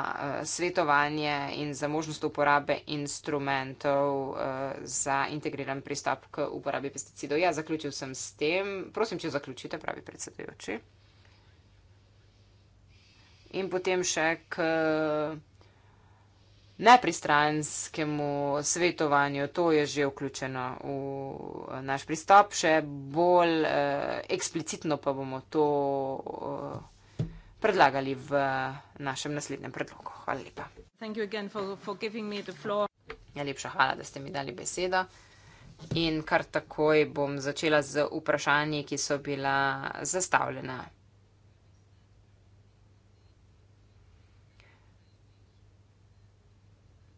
[SPEAKER 3] eh, svetovanje in za možnost uporabe instrumentov eh, za integriran pristop k uporabi pesticidov. Ja, zaključil sem s tem. Prosim, če zaključite, pravi predsedujoči. In potem še k nepristranskemu svetovanju. To je že vključeno v eh, naš pristop. Še bolj eksplicitno pa bomo to. Uh, predlagali v našem naslednjem predlogu. Hvala lepa. Najlepša ja, hvala, da ste mi dali besedo. In kar takoj bom začela z vprašanji, ki so bila zastavljena.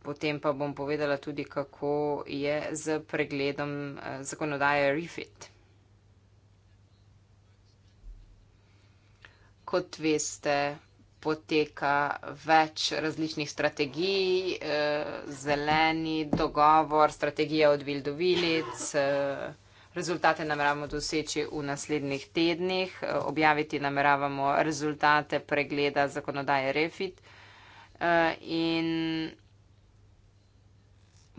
[SPEAKER 3] Potem pa bom povedala tudi, kako je z pregledom eh, zakonodaje REFIT. kot veste, poteka več različnih strategij, eh, zeleni dogovor, strategija od vil do vilic. Eh, rezultate nameravamo doseči v naslednjih tednih, eh, objaviti nameravamo rezultate pregleda zakonodaje Refit in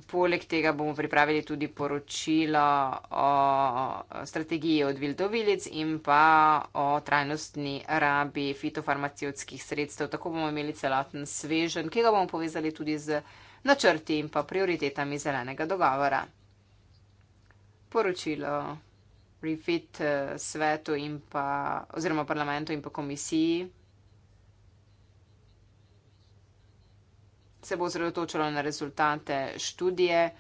[SPEAKER 3] Poleg tega bomo pripravili tudi poročilo o strategiji od vildovilic in pa o trajnostni rabi fitofarmacijskih sredstev. Tako bomo imeli celoten svežen, ki ga bomo povezali tudi z načrti in pa prioritetami zelenega dogovora. Poročilo refit eh, svetu in pa oziroma parlamentu in pa komisiji. se bo zredotočilo na rezultate študije.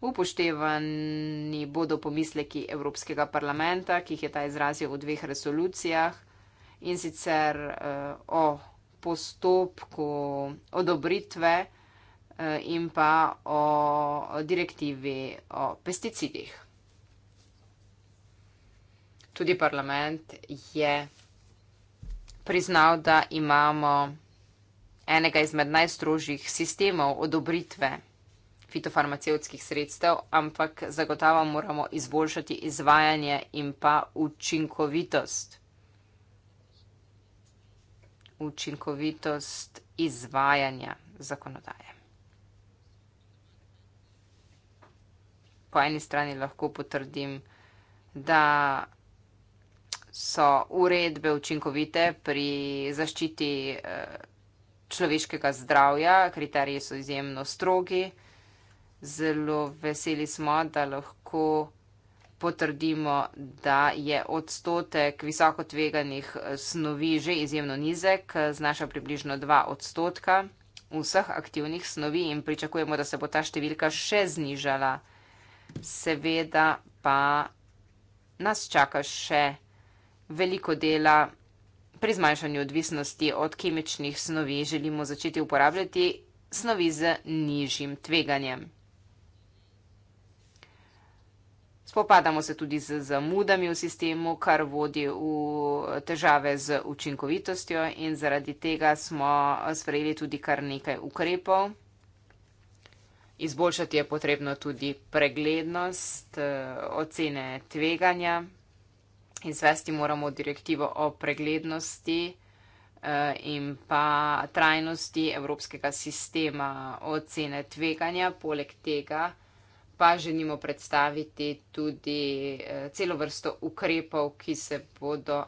[SPEAKER 3] Upoštevani bodo pomisleki Evropskega parlamenta, ki jih je ta izrazil v dveh resolucijah in sicer eh, o postopku odobritve eh, in pa o direktivi o pesticidih. Tudi parlament je priznal, da imamo enega izmed najstrožjih sistemov odobritve fitofarmacevskih sredstev, ampak zagotavo moramo izboljšati izvajanje in pa učinkovitost. Učinkovitost izvajanja zakonodaje. Po eni strani lahko potrdim, da so uredbe učinkovite pri zaščiti eh, človeškega zdravja, kriteriji so izjemno strogi. Zelo veseli smo, da lahko potrdimo, da je odstotek visoko tveganih eh, snovi že izjemno nizek, eh, znaša približno 2 odstotka vseh aktivnih snovi in pričakujemo, da se bo ta številka še znižala. Seveda pa nas čaka še veliko dela pri zmanjšanju odvisnosti od kemičnih snovi želimo začeti uporabljati snovi z nižjim tveganjem. Spopadamo se tudi z zamudami v sistemu, kar vodi v težave z učinkovitostjo in zaradi tega smo sprejeli tudi kar nekaj ukrepov. Izboljšati je potrebno tudi preglednost eh, ocene tveganja izvesti moramo direktivo o preglednosti eh, in pa trajnosti evropskega sistema ocene tveganja. Poleg tega pa želimo predstaviti tudi eh, celo vrsto ukrepov, ki se bodo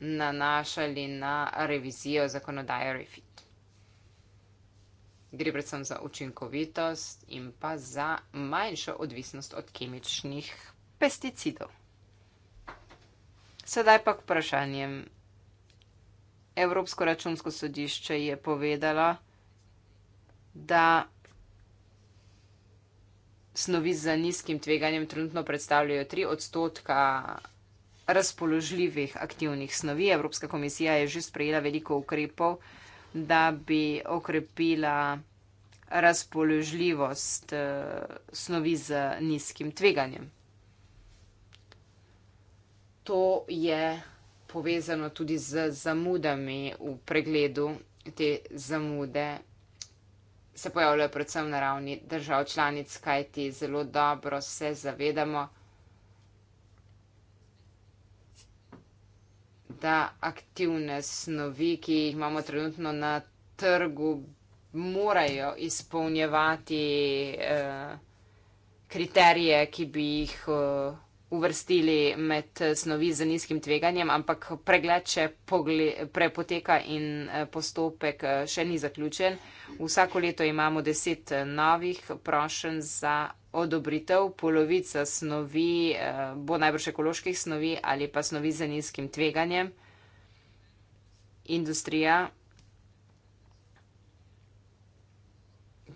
[SPEAKER 3] nanašali na revizijo zakonodaje REFIT. Gre predvsem za učinkovitost in pa za manjšo odvisnost od kemičnih pesticidov. Sedaj pa k vprašanjem. Evropsko računsko sodišče je povedalo, da snovi z nizkim tveganjem trenutno predstavljajo 3 odstotka razpoložljivih aktivnih snovi. Evropska komisija je že sprejela veliko ukrepov, da bi okrepila razpoložljivost eh, snovi z nizkim tveganjem to je povezano tudi z zamudami v pregledu. Te zamude se pojavljajo predvsem na ravni držav članic, kajti zelo dobro se zavedamo, da aktivne snovi, ki jih imamo trenutno na trgu, morajo izpolnjevati eh, kriterije, ki bi jih. Eh, uvrstili med snovi z nizkim tveganjem, ampak pregled še prepoteka in eh, postopek eh, še ni zaključen. Vsako leto imamo deset eh, novih prošen za odobritev, polovica snovi bo najbrž ekoloških snovi ali pa snovi z nizkim tveganjem. Industrija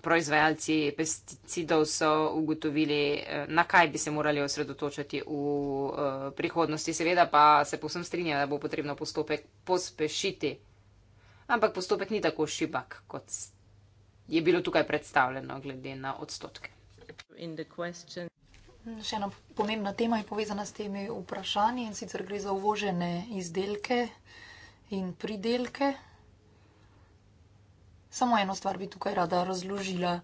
[SPEAKER 3] proizvajalci pesticidov so ugotovili, eh, na kaj bi se morali osredotočiti v eh, prihodnosti. Seveda pa se povsem strinja, da bo potrebno postopek pospešiti. Ampak postopek ni tako šibak, kot je bilo tukaj predstavljeno, glede na odstotke.
[SPEAKER 2] Še ena pomembna tema je povezana s temi vprašanji in sicer gre za uvožene izdelke in pridelke. Samo eno stvar bi tukaj rada razložila.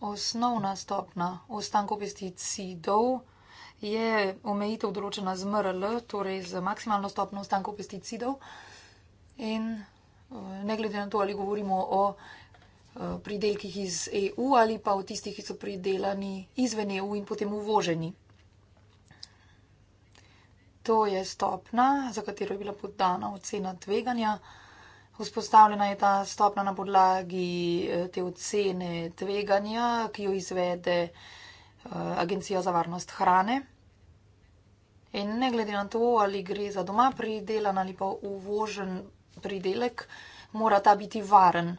[SPEAKER 2] Osnovna stopna ostankov pestic sidov je omejitev določena z MRL, torej z maksimalno stopno ostankov pestic sidov. In eh, ne glede na to, ali govorimo o eh, pridelkih iz EU ali pa o tistih, ki so pridelani izven EU in potem uvoženi. To je stopna, za katero je bila podana ocena tveganja. Vzpostavljena je ta stopna na podlagi eh, te ocene tveganja, ki jo izvede eh, Agencija za varnost hrane. In ne glede na to, ali gre za doma pridelan ali pa uvožen pridelek, mora ta biti varen.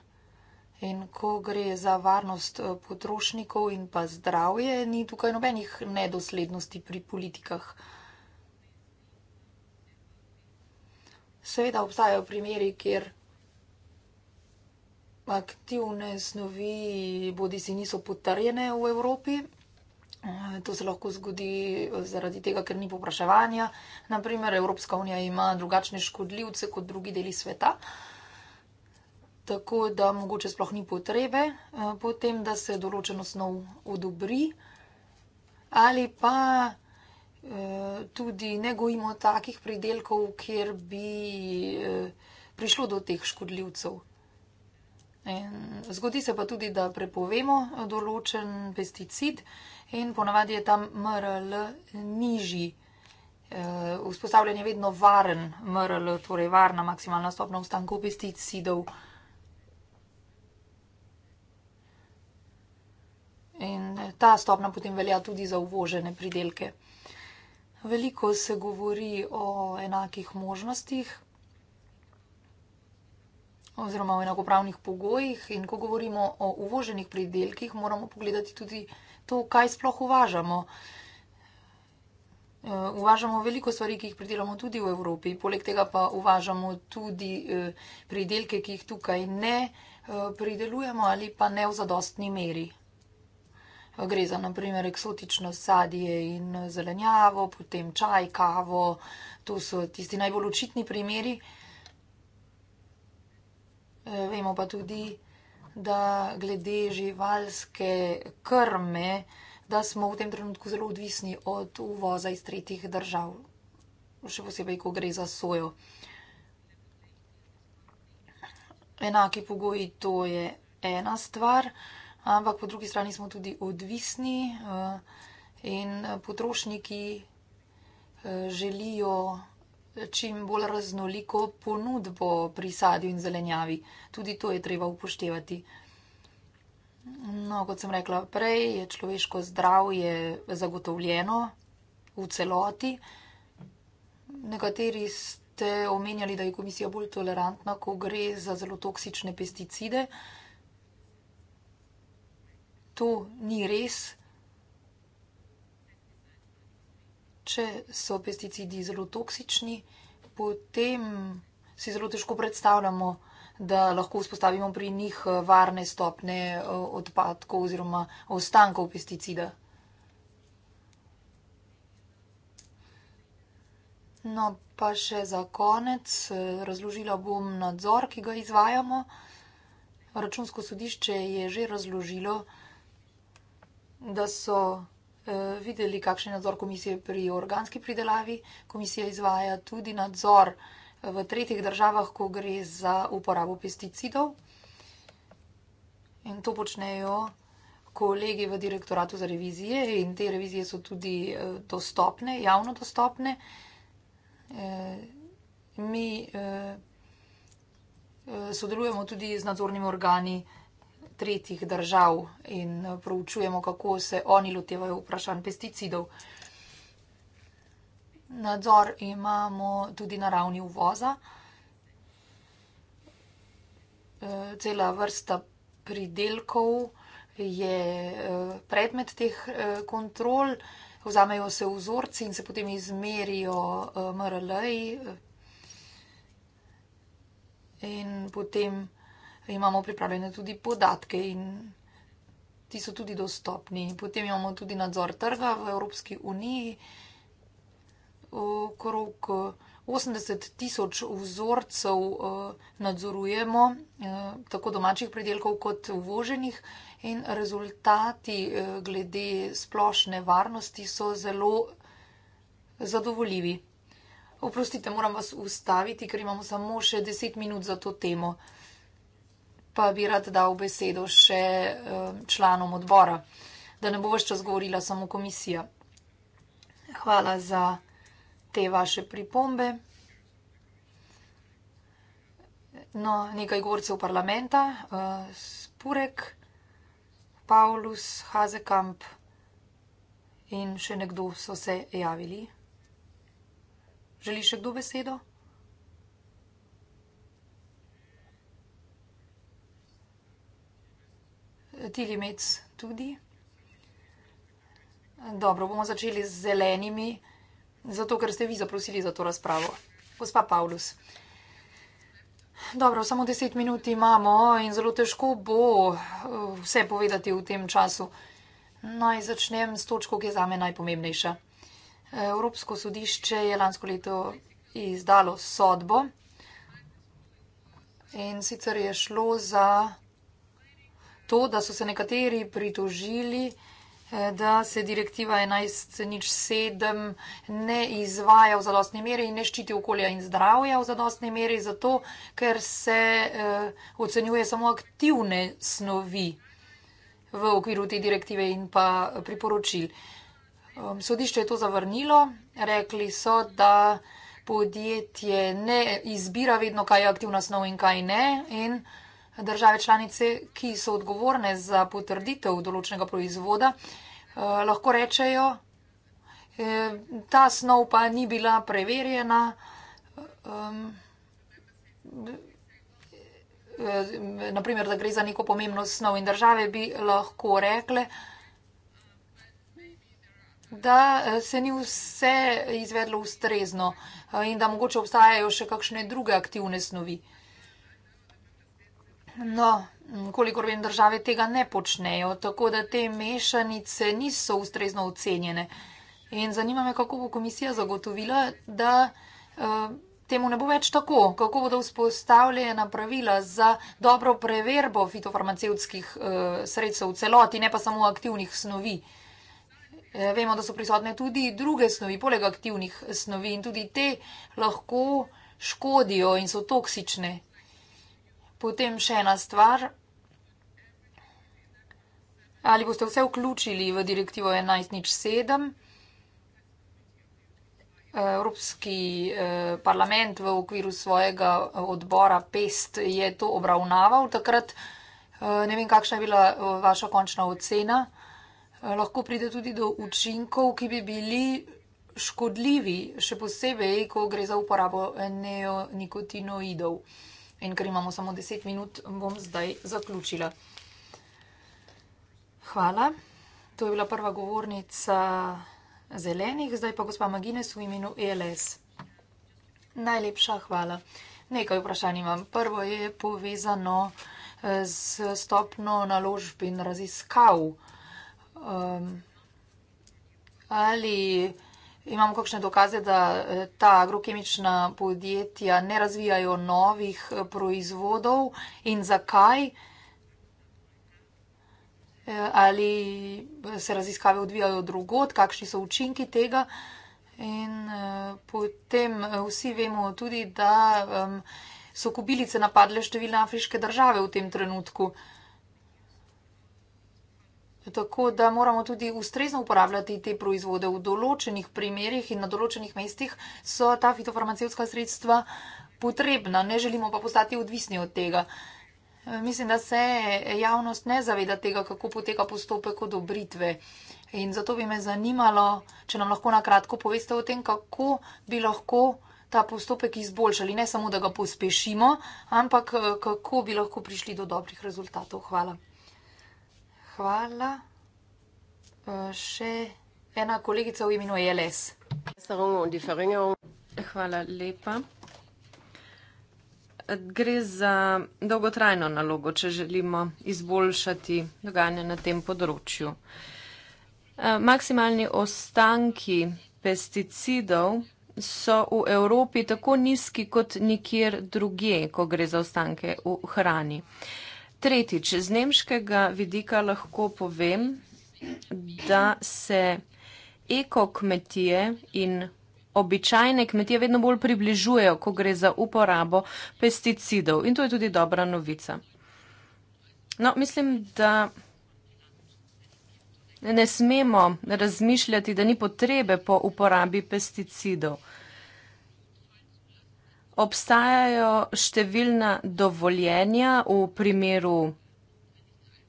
[SPEAKER 2] In ko gre za varnost eh, potrošnikov in pa zdravje, ni tukaj nobenih nedoslednosti pri politikah. Seveda obstajajo primeri, kjer aktivne snovi bodi si niso potrjene v Evropi. To se lahko zgodi eh, zaradi tega, ker ni popraševanja. Naprimer, Evropska unija ima drugačne škodljivce kot drugi deli sveta, tako da mogoče sploh ni potrebe eh, potem, da se določeno snov odobri ali pa eh, tudi ne gojimo takih pridelkov, kjer bi prišlo do teh škodljivcev. In zgodi se pa tudi, da prepovemo določen pesticid in ponavadi je tam MRL nižji. E, vzpostavljen je vedno varen MRL, torej varna maksimalna stopna ustanka pesticidov. In ta stopna potem velja tudi za uvožene pridelke. Veliko se govori o enakih možnostih oziroma v enakopravnih pogojih. In ko govorimo o uvoženih pridelkih, moramo pogledati tudi to, kaj sploh uvažamo. Eh, uvažamo veliko stvari, ki jih pridelamo tudi v Evropi, poleg tega pa uvažamo tudi eh, pridelke, ki jih tukaj ne eh, pridelujemo ali pa ne v zadostni meri. Gre za naprimer eksotično sadje in zelenjavo, potem čaj, kavo, to so tisti najbolj očitni primeri. Eh, vemo pa tudi, da glede živalske krme, da smo v tem trenutku zelo odvisni od uvoza iz tretjih držav, še posebej, ko gre za sojo. Enaki pogoji, to je ena stvar, ampak po drugi strani smo tudi odvisni eh, in eh, potrošniki želijo čim bolj raznoliko ponudbo pri sadju in zelenjavi. Tudi to je treba upoštevati. No, kot sem rekla prej, je človeško zdravje zagotovljeno v celoti. Nekateri ste omenjali, da je komisija bolj tolerantna, ko gre za zelo toksične pesticide. To ni res. če so pesticidi zelo toksični, potem si zelo težko predstavljamo, da lahko vzpostavimo pri njih eh, varne stopne eh, odpadkov oziroma ostankov pesticida. No, pa še za konec eh, razložila bom nadzor, ki ga izvajamo. Računsko sodišče je že razložilo, da so Eh, videli, kakšen nadzor komisije pri organski pridelavi. Komisija izvaja tudi nadzor eh, v tretjih državah, ko gre za uporabo pesticidov. In to počnejo kolegi v direktoratu za revizije in te revizije so tudi eh, dostopne, javno dostopne. Mi sodelujemo tudi z nadzornimi organi tretjih držav in eh, proučujemo, kako se oni lotevajo vprašanj pesticidov. Nadzor imamo tudi na ravni uvoza. Eh, cela vrsta pridelkov je eh, predmet teh kontrol. Vzamejo se vzorci in se potem izmerijo MRL-ji. In potem imamo pripravljene tudi podatke in ti so tudi dostopni. Potem imamo tudi nadzor trga v Evropski uniji. Okrog 80 eh, tisoč vzorcev eh, nadzorujemo, eh, tako domačih predelkov kot uvoženih in rezultati glede splošne varnosti so zelo zadovoljivi. Oprostite, moram vas ustaviti, ker imamo samo še 10 minut za to temo pa bi rad dal besedo še eh, članom odbora, da ne bo vse čas govorila samo komisija. Hvala za te vaše pripombe. No, nekaj govorcev parlamenta, eh, Spurek, Paulus, Hazekamp in še nekdo so se javili. Želi še kdo besedo? tilimec tudi. Dobro, bomo začeli z zelenimi, zato ker ste vi zaprosili za to razpravo. Gospa Pavlus. Dobro, samo deset minut imamo in zelo težko bo eh, vse povedati v tem času. Naj začnem s točko, ki je zame najpomembnejša. Evropsko sodišče je lansko leto izdalo sodbo in sicer je šlo za to, da so se nekateri pritožili, eh, da se direktiva 1107 ne izvaja v zadostni meri in ne ščiti okolja in zdravja v zadostni meri, zato ker se eh, ocenjuje samo aktivne snovi v okviru te direktive in pa priporočil. Um, sodišče je to zavrnilo, rekli so, da podjetje ne izbira vedno, kaj je aktivna snov in kaj ne. In države članice, ki so odgovorne za potrditev določenega proizvoda, eh, lahko rečejo, eh, ta snov pa ni bila preverjena. Ehm, eh, Naprimer, da gre za neko pomembno snov in države bi lahko rekle, da se ni vse izvedlo ustrezno in da mogoče obstajajo še kakšne druge aktivne snovi. No, kolikor vem, države tega ne počnejo, tako da te mešanice niso ustrezno ocenjene. In zanima me, kako bo komisija zagotovila, da eh, temu ne bo več tako, kako bodo vzpostavljena pravila za dobro preverbo fitofarmacevskih eh, sredstev v celoti, ne pa samo aktivnih snovi. Eh, vemo, da so prisotne tudi druge snovi, poleg aktivnih snovi in tudi te lahko škodijo in so toksične. Potem še ena stvar. Ali boste vse vključili v direktivo 11.07? Evropski eh, parlament v okviru svojega eh, odbora PEST je to obravnaval. Takrat eh, ne vem, kakšna je bila vaša končna ocena. Lahko pride tudi do učinkov, ki bi bili škodljivi, še posebej, ko gre za uporabo neonikotinoidov in ker imamo samo 10 minut, bom zdaj zaključila. Hvala. To je bila prva govornica zelenih, zdaj pa gospa Magines v imenu ELS. Najlepša hvala. Nekaj vprašanj imam. Prvo je povezano z eh, stopno naložb in raziskav. Um, ali imamo kakšne dokaze, da eh, ta agrokemična podjetja ne razvijajo novih eh, proizvodov in zakaj? Eh, ali se raziskave odvijajo drugot, kakšni so učinki tega? In potem vsi vemo tudi, da ehm, so kubilice napadle številne afriške države v tem trenutku. Tako da moramo tudi ustrezno uporabljati te proizvode v določenih primerjih in na določenih mestih so ta fitofarmacevska sredstva potrebna, ne želimo pa postati odvisni od tega. E, mislim, da se javnost ne zaveda tega, kako poteka postopek odobritve. In zato bi me zanimalo, če nam lahko nakratko poveste o tem, kako bi lahko ta postopek izboljšali. Ne samo, da ga pospešimo, ampak e, kako bi lahko prišli do dobrih rezultatov. Hvala. Hvala. E, še ena kolegica v imenu ELS. Hvala lepa.
[SPEAKER 5] Gre za dolgotrajno nalogo, če želimo izboljšati dogajanje na tem področju. E, maksimalni ostanki pesticidov so v Evropi tako nizki kot nikjer druge, ko gre za ostanke v hrani. Uh, Tretjič, z nemškega vidika lahko povem, da se ekokmetije in običajne kmetije vedno bolj približujejo, ko gre za uporabo pesticidov. In to je tudi dobra novica. No, mislim, da ne smemo razmišljati, da ni potrebe po uporabi pesticidov obstajajo številna dovoljenja v primeru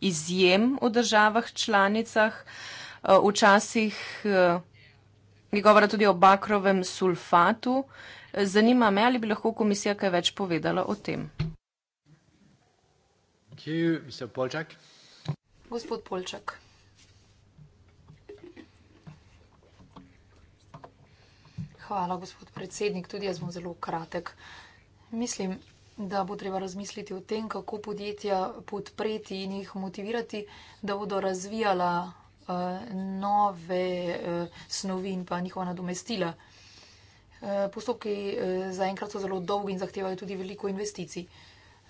[SPEAKER 5] izjem v državah članicah. Eh, včasih eh, je govora tudi o bakrovem sulfatu. Zanima me, ali bi lahko komisija kaj več povedala o tem.
[SPEAKER 2] Gospod Polčak. Hvala, gospod predsednik. Tudi jaz bom zelo kratek. Mislim, da bo treba razmisliti o tem, kako podjetja podpreti in jih motivirati, da bodo razvijala uh, nove uh, snovi in pa njihova nadomestila. Eh, postopki zaenkrat so zelo dolgi in zahtevajo tudi veliko investicij.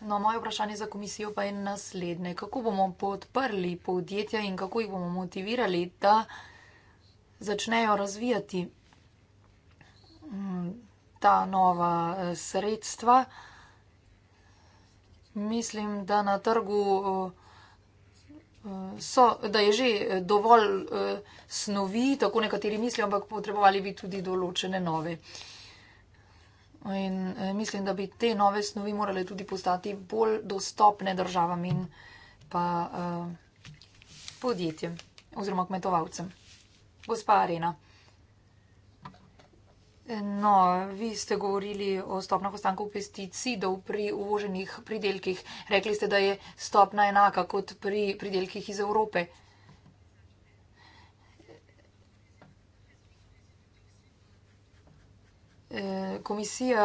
[SPEAKER 2] No, moje vprašanje za komisijo pa je naslednje. Kako bomo podprli podjetja in kako jih bomo motivirali, da začnejo razvijati Mm, ta nova eh, sredstva. Mislim, da na trgu eh, eh, so, da je že dovolj snovi, tako nekateri mislijo, ampak potrebovali bi tudi določene nove. In mislim, da bi te nove snovi morale tudi postati bolj dostopne državam in pa podjetjem oziroma kmetovalcem. Gospa Arena. No, vi ste govorili o stopnah ostankov pesticidov pri uvoženih pridelkih. Rekli ste, da je stopna enaka kot pri pridelkih iz Evrope. E, komisija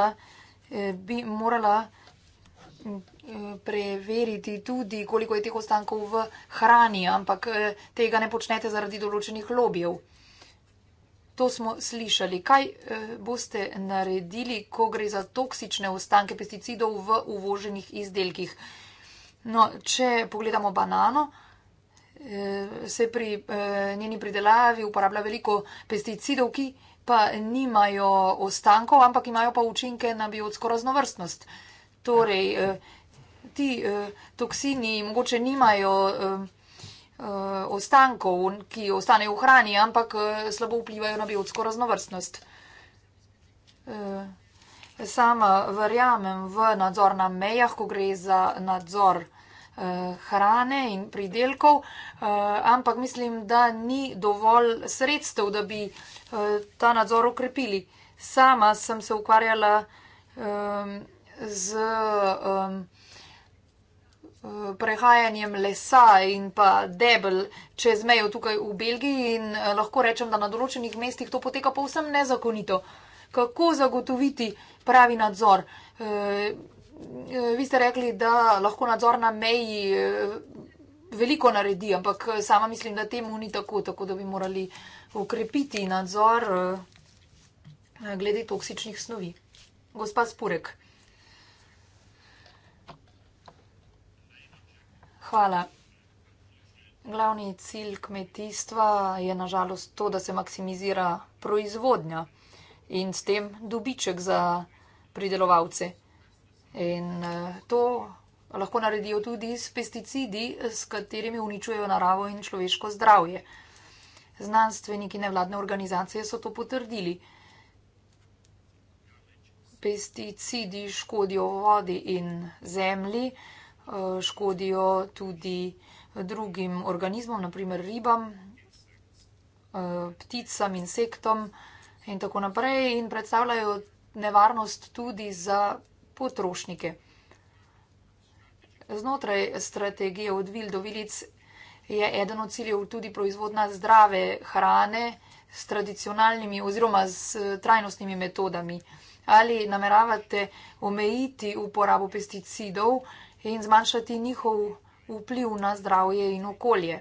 [SPEAKER 2] e, bi morala e, preveriti tudi, koliko je teh ostankov v hrani, ampak tega ne počnete zaradi določenih lobijev. To smo slišali. Kaj eh, boste naredili, ko gre za toksične ostanke pesticidov v uvoženih izdelkih? No, če pogledamo banano, eh, se pri eh, njeni pridelavi uporablja veliko pesticidov, ki pa nimajo ostankov, ampak imajo pa učinke na biotsko raznovrstnost. Torej, ti toksini mogoče nimajo uh, ostankov, ki ostanejo v hrani, ampak uh, slabo vplivajo na biotsko raznovrstnost. Uh, sama verjamem v nadzor na mejah, ko gre za nadzor hrane in pridelkov, ampak mislim, da ni dovolj sredstev, da bi ta nadzor okrepili. Sama sem se ukvarjala z Eh, prehajanjem lesa in pa debel čez mejo tukaj v Belgiji in eh, lahko rečem, da na določenih mestih to poteka povsem nezakonito. Kako zagotoviti pravi nadzor? Eh, vi ste rekli, da lahko nadzor na meji veliko naredi, ampak sama mislim, da temu ni tako, tako da bi morali ukrepiti nadzor glede toksičnih snovi. Gospa Spurek. Hvala. Glavni cilj kmetijstva je nažalost to, da se maksimizira proizvodnja in s tem dobiček za pridelovalce. In eh, to lahko naredijo tudi s pesticidi, s katerimi uničujejo naravo in človeško zdravje. Znanstveniki nevladne organizacije so to potrdili. Pesticidi škodijo vodi in zemlji. Eh, škodijo tudi drugim organizmom, naprimer ribam, eh, pticam, insektom in tako naprej in predstavljajo nevarnost tudi za potrošnike. Znotraj strategije od vil do vilic je eden od ciljev tudi proizvodna zdrave hrane s tradicionalnimi oziroma s trajnostnimi metodami. Ali nameravate omejiti uporabo pesticidov, in zmanjšati njihov vpliv na zdravje in okolje.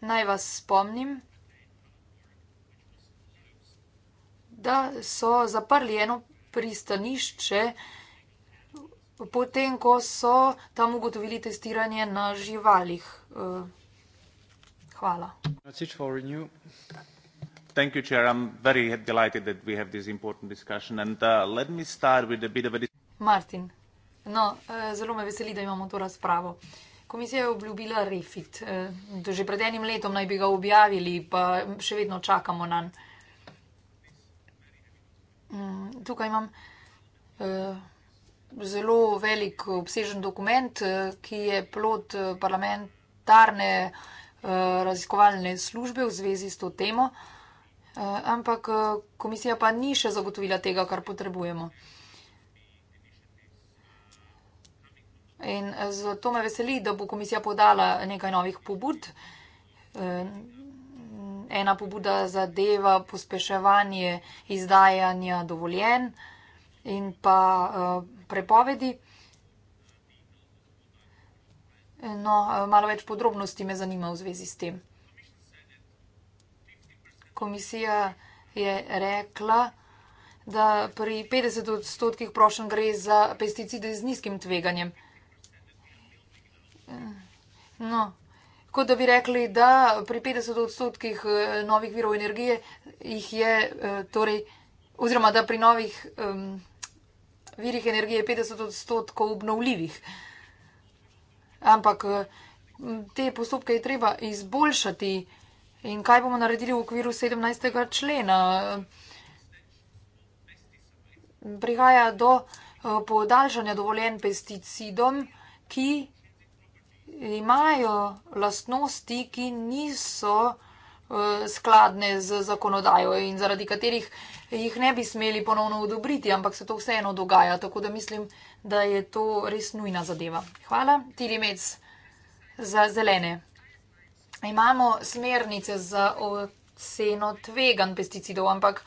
[SPEAKER 2] Naj vas spomnim, da so zaprli eno pristanišče, potem ko so tam ugotovili testiranje na živalih. Eh, hvala. Thank you, Chair. I'm very delighted that we have this important discussion. And uh, let me start with a bit of a. Martin. No, e, zelo me veseli, da imamo to razpravo. Komisija je obljubila refit. E, že pred enim letom naj bi ga objavili, pa še vedno čakamo na njega. Mm, tukaj imam e, zelo velik, obsežen dokument, ki je plot parlamentarne raziskovalne službe v zvezi s to temo, ampak komisija pa ni še zagotovila tega, kar potrebujemo. In eh, zato me veseli, da bo komisija podala nekaj novih pobud. Eh, ena pobuda zadeva pospeševanje izdajanja dovoljen in pa eh, prepovedi. No, malo več podrobnosti me zanima v zvezi s tem. Komisija je rekla, da pri 50 odstotkih prošen gre za pesticide z nizkim tveganjem. No, kot da bi rekli, da pri 50 odstotkih eh, novih virov energije jih je, eh, torej, oziroma da pri novih um, virih energije je 50 odstotkov obnovljivih. Ampak te postopke je treba izboljšati in kaj bomo naredili v okviru 17. člena? Prihaja do eh, podaljšanja dovoljen pesticidom, ki imajo lastnosti, ki niso eh, skladne z zakonodajo in zaradi katerih jih ne bi smeli ponovno odobriti, ampak se to vseeno dogaja. Tako da mislim, da je to res nujna zadeva. Hvala, Tilimec, za zelene. Imamo smernice za oceno tvegan pesticidov, ampak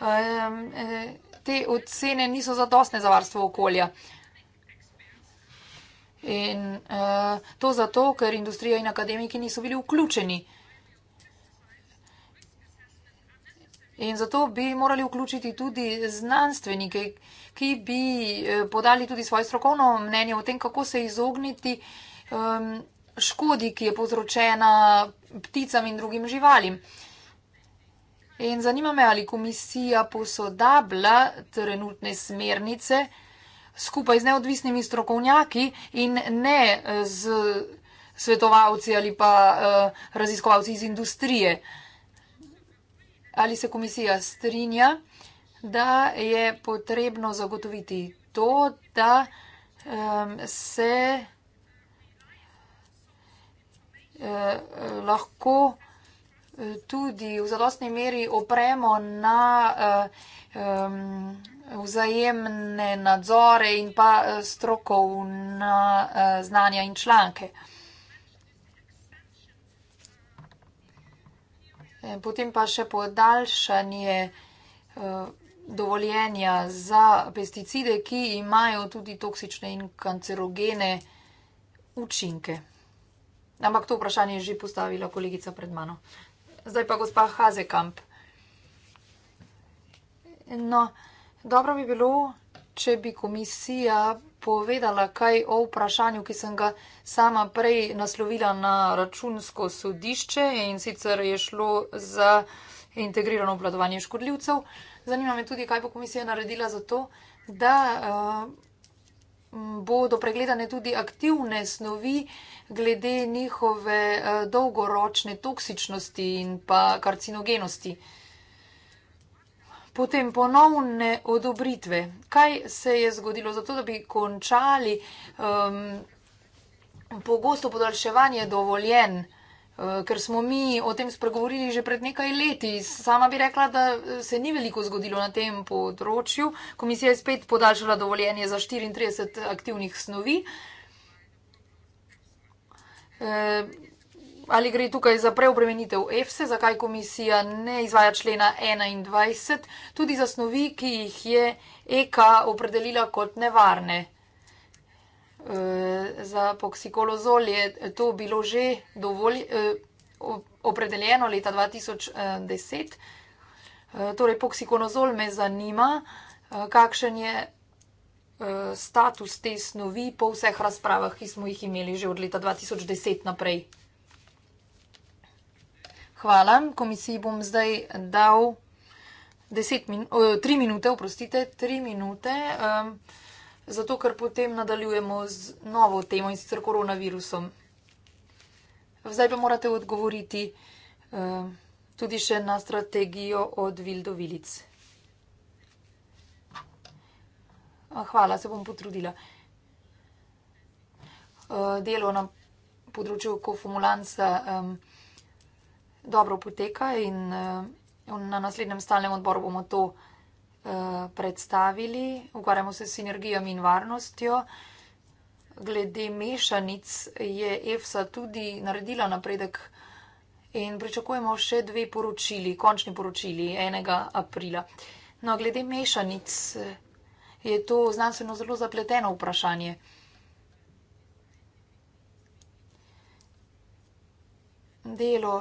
[SPEAKER 2] eh, eh, te ocene niso zadostne za varstvo okolja. In uh, to zato, ker industrija in akademiki niso bili vključeni. In zato bi morali vključiti tudi znanstvenike, ki bi eh, podali tudi svoje strokovno mnenje o tem, kako se izogniti um, škodi, ki je povzročena pticam in drugim živalim. In zanima me, ali komisija posodablja trenutne smernice skupaj z neodvisnimi strokovnjaki in ne eh, z svetovalci ali pa eh, raziskovalci iz industrije. Ali se komisija strinja, da je potrebno zagotoviti to, da se eh, lahko tudi v zadostni meri opremo na vzajemne nadzore in pa eh, strokovna eh, znanja in članke. Eh, potem pa še podaljšanje dovoljenja za pesticide, ki imajo tudi toksične in kancerogene učinke. Ampak to vprašanje je že postavila kolegica pred mano. Zdaj pa gospa Hazekamp. No, Dobro bi bilo, če bi komisija povedala kaj o vprašanju, ki sem ga sama prej naslovila na računsko sodišče in sicer je šlo za integrirano obladovanje škodljivcev. Zanima me tudi, kaj bo komisija naredila za to, da eh, bodo pregledane tudi aktivne snovi glede njihove eh, dolgoročne toksičnosti in pa karcinogenosti potem ponovne odobritve. Kaj se je zgodilo zato, da bi končali um, pogosto podaljševanje dovoljen? Uh, ker smo mi o tem spregovorili že pred nekaj leti. Sama bi rekla, da se ni veliko zgodilo na tem področju. Komisija je spet podaljšala dovoljenje za 34 aktivnih snovi. Uh, ali gre tukaj za preobremenitev EFSE, zakaj komisija ne izvaja člena 21, tudi za snovi, ki jih je EK opredelila kot nevarne. E, za poksikolozol je to bilo že dovolj, e, opredeljeno leta 2010. E, e, torej, poksikolozol me zanima, e, kakšen je e, status te snovi po vseh razpravah, ki smo jih imeli že od leta 2010 naprej. Hvala. Komisiji bom zdaj dal deset minut, tri minute, oprostite, tri minute, um, zato ker potem nadaljujemo z novo temo in sicer koronavirusom. Zdaj pa morate odgovoriti um, tudi še na strategijo od Vildovilic. Hvala, se bom potrudila. Uh, delo na področju koformulanca. Um, dobro poteka in eh, na naslednjem stalnem odboru bomo to eh, predstavili. Ukvarjamo se s sinergijami in varnostjo. Glede mešanic je EFSA tudi naredila napredek in pričakujemo še dve poročili, končni poročili 1. aprila. No, glede mešanic eh, je to znanstveno zelo zapleteno vprašanje. Delo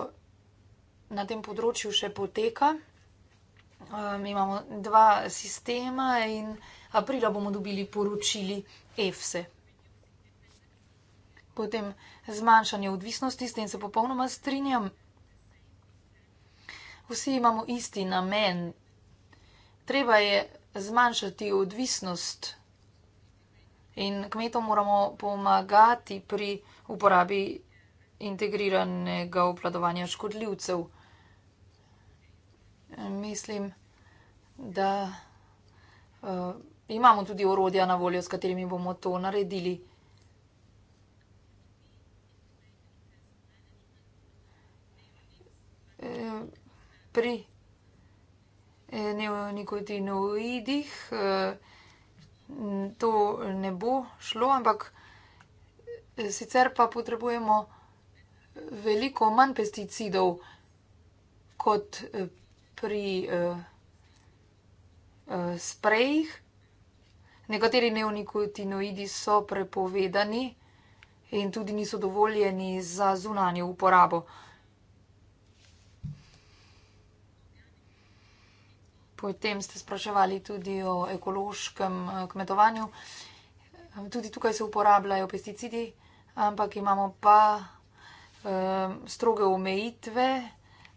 [SPEAKER 2] na tem področju še poteka. Mi imamo dva sistema in aprila bomo dobili poročili EFSE. Potem zmanjšanje odvisnosti, s tem se popolnoma strinjam. Vsi imamo isti namen. Treba je zmanjšati odvisnost in kmetom moramo pomagati pri uporabi integriranega obladovanja škodljivcev mislim, da uh, imamo tudi orodja na voljo, s katerimi bomo to naredili. Eh, pri eh, neonikotinoidih to ne bo šlo, ampak sicer pa potrebujemo veliko manj pesticidov kot pri uh, uh, sprejih. Nekateri neonikotinoidi so prepovedani in tudi niso dovoljeni za zunanje uporabo. Potem ste spraševali tudi o ekološkem eh, kmetovanju. Tudi tukaj se uporabljajo pesticidi, ampak imamo pa um, stroge omejitve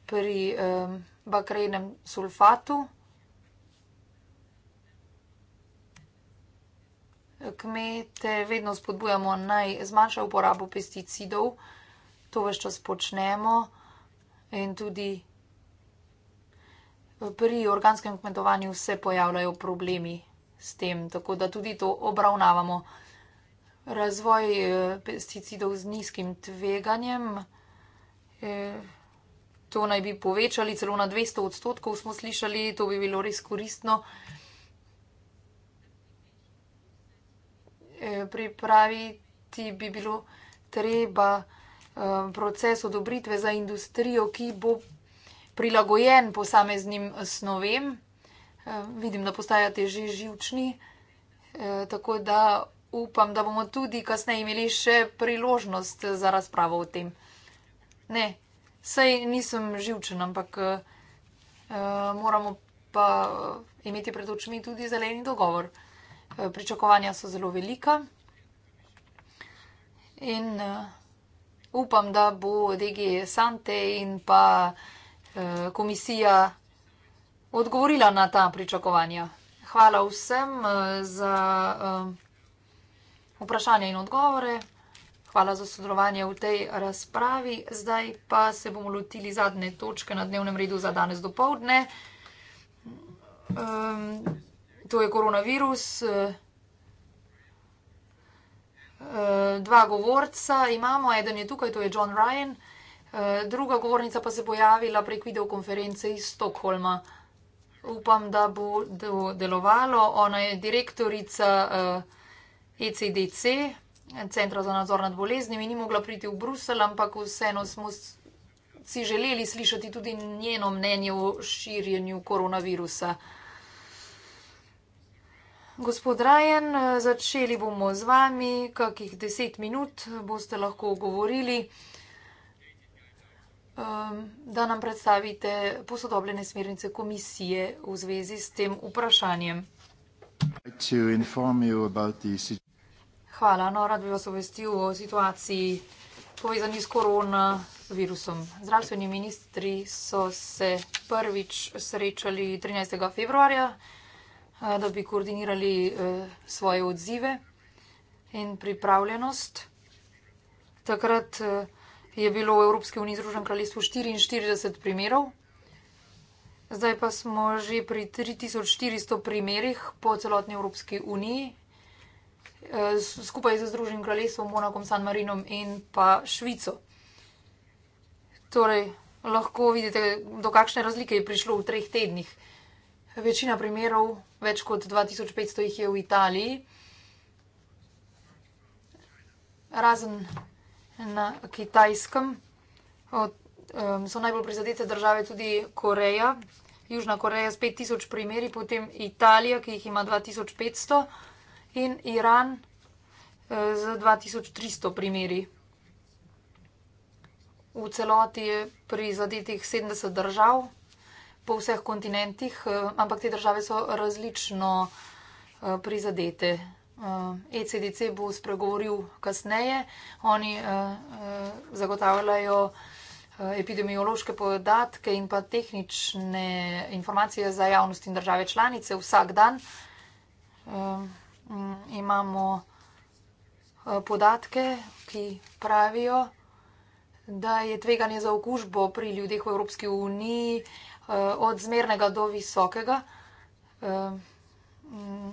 [SPEAKER 2] pri um, bakrenem sulfatu. Kmete vedno spodbujamo naj zmanjša uporabo pesticidov, to več čas počnemo in tudi pri organskem kmetovanju se pojavljajo problemi s tem, tako da tudi to obravnavamo. Razvoj eh, pesticidov z nizkim tveganjem. Eh, to naj bi povečali celo na 200 odstotkov, smo slišali, to bi bilo res koristno. E, pripraviti bi bilo treba e, proces odobritve za industrijo, ki bo prilagojen posameznim snovem. E, vidim, da postajate že živčni, tako da upam, da bomo tudi kasneje imeli še priložnost za razpravo o tem. Ne, Saj nisem živčen, ampak uh, moramo pa eh, imeti pred očmi tudi zeleni dogovor. Pričakovanja so zelo velika in uh, upam, da bo DG Sante in pa uh, komisija odgovorila na ta pričakovanja. Hvala vsem uh, za uh, vprašanje in odgovore. Hvala za sodelovanje v tej razpravi. Zdaj pa se bomo lotili zadnje točke na dnevnem redu za danes do povdne. Um, ehm, to je koronavirus. Uh, dva govorca imamo, eden je tukaj, to je John Ryan, uh, druga govornica pa se je pojavila prek videokonference iz Stokholma. Upam, da bo delovalo. Ona je direktorica uh, eh, ECDC, centra za nadzor nad boleznimi, ni mogla priti v Bruselj, ampak vseeno smo si želeli slišati tudi njeno mnenje o širjenju koronavirusa. Gospod Rajen, začeli bomo z vami, kakih deset minut boste lahko govorili, ehm, da nam predstavite posodobljene smernice komisije v zvezi s tem vprašanjem. Like Hvala. No, rad bi vas obvestil o situaciji povezani s koronavirusom. Zdravstveni ministri so se prvič srečali 13. februarja, eh, da bi koordinirali eh, svoje odzive in pripravljenost. Takrat eh, je bilo v Evropski uniji Združen kraljestvu 44 primerov, zdaj pa smo že pri 3400 primerih po celotni Evropski uniji skupaj z Združenim kraljestvom, Monakom, San Marinom in pa Švico. Torej, lahko vidite, do kakšne razlike je prišlo v treh tednih. Večina primerov, več kot 2500 jih je v Italiji, razen na Kitajskem, od, um, so najbolj prizadete države tudi Koreja, Južna Koreja s 5000 primeri, potem Italija, ki jih ima 2500 in Iran eh, z 2300 primeri. V celoti je prizadetih 70 držav po vseh kontinentih, eh, ampak te države so različno eh, prizadete. ECDC e bo spregovoril kasneje. Oni zagotavljajo epidemiološke podatke in pa tehnične informacije za javnost in države članice vsak dan. Mm, imamo eh, podatke, ki pravijo, da je tveganje za okužbo pri ljudeh v Evropski uniji eh, od zmernega do visokega. Eh, mm,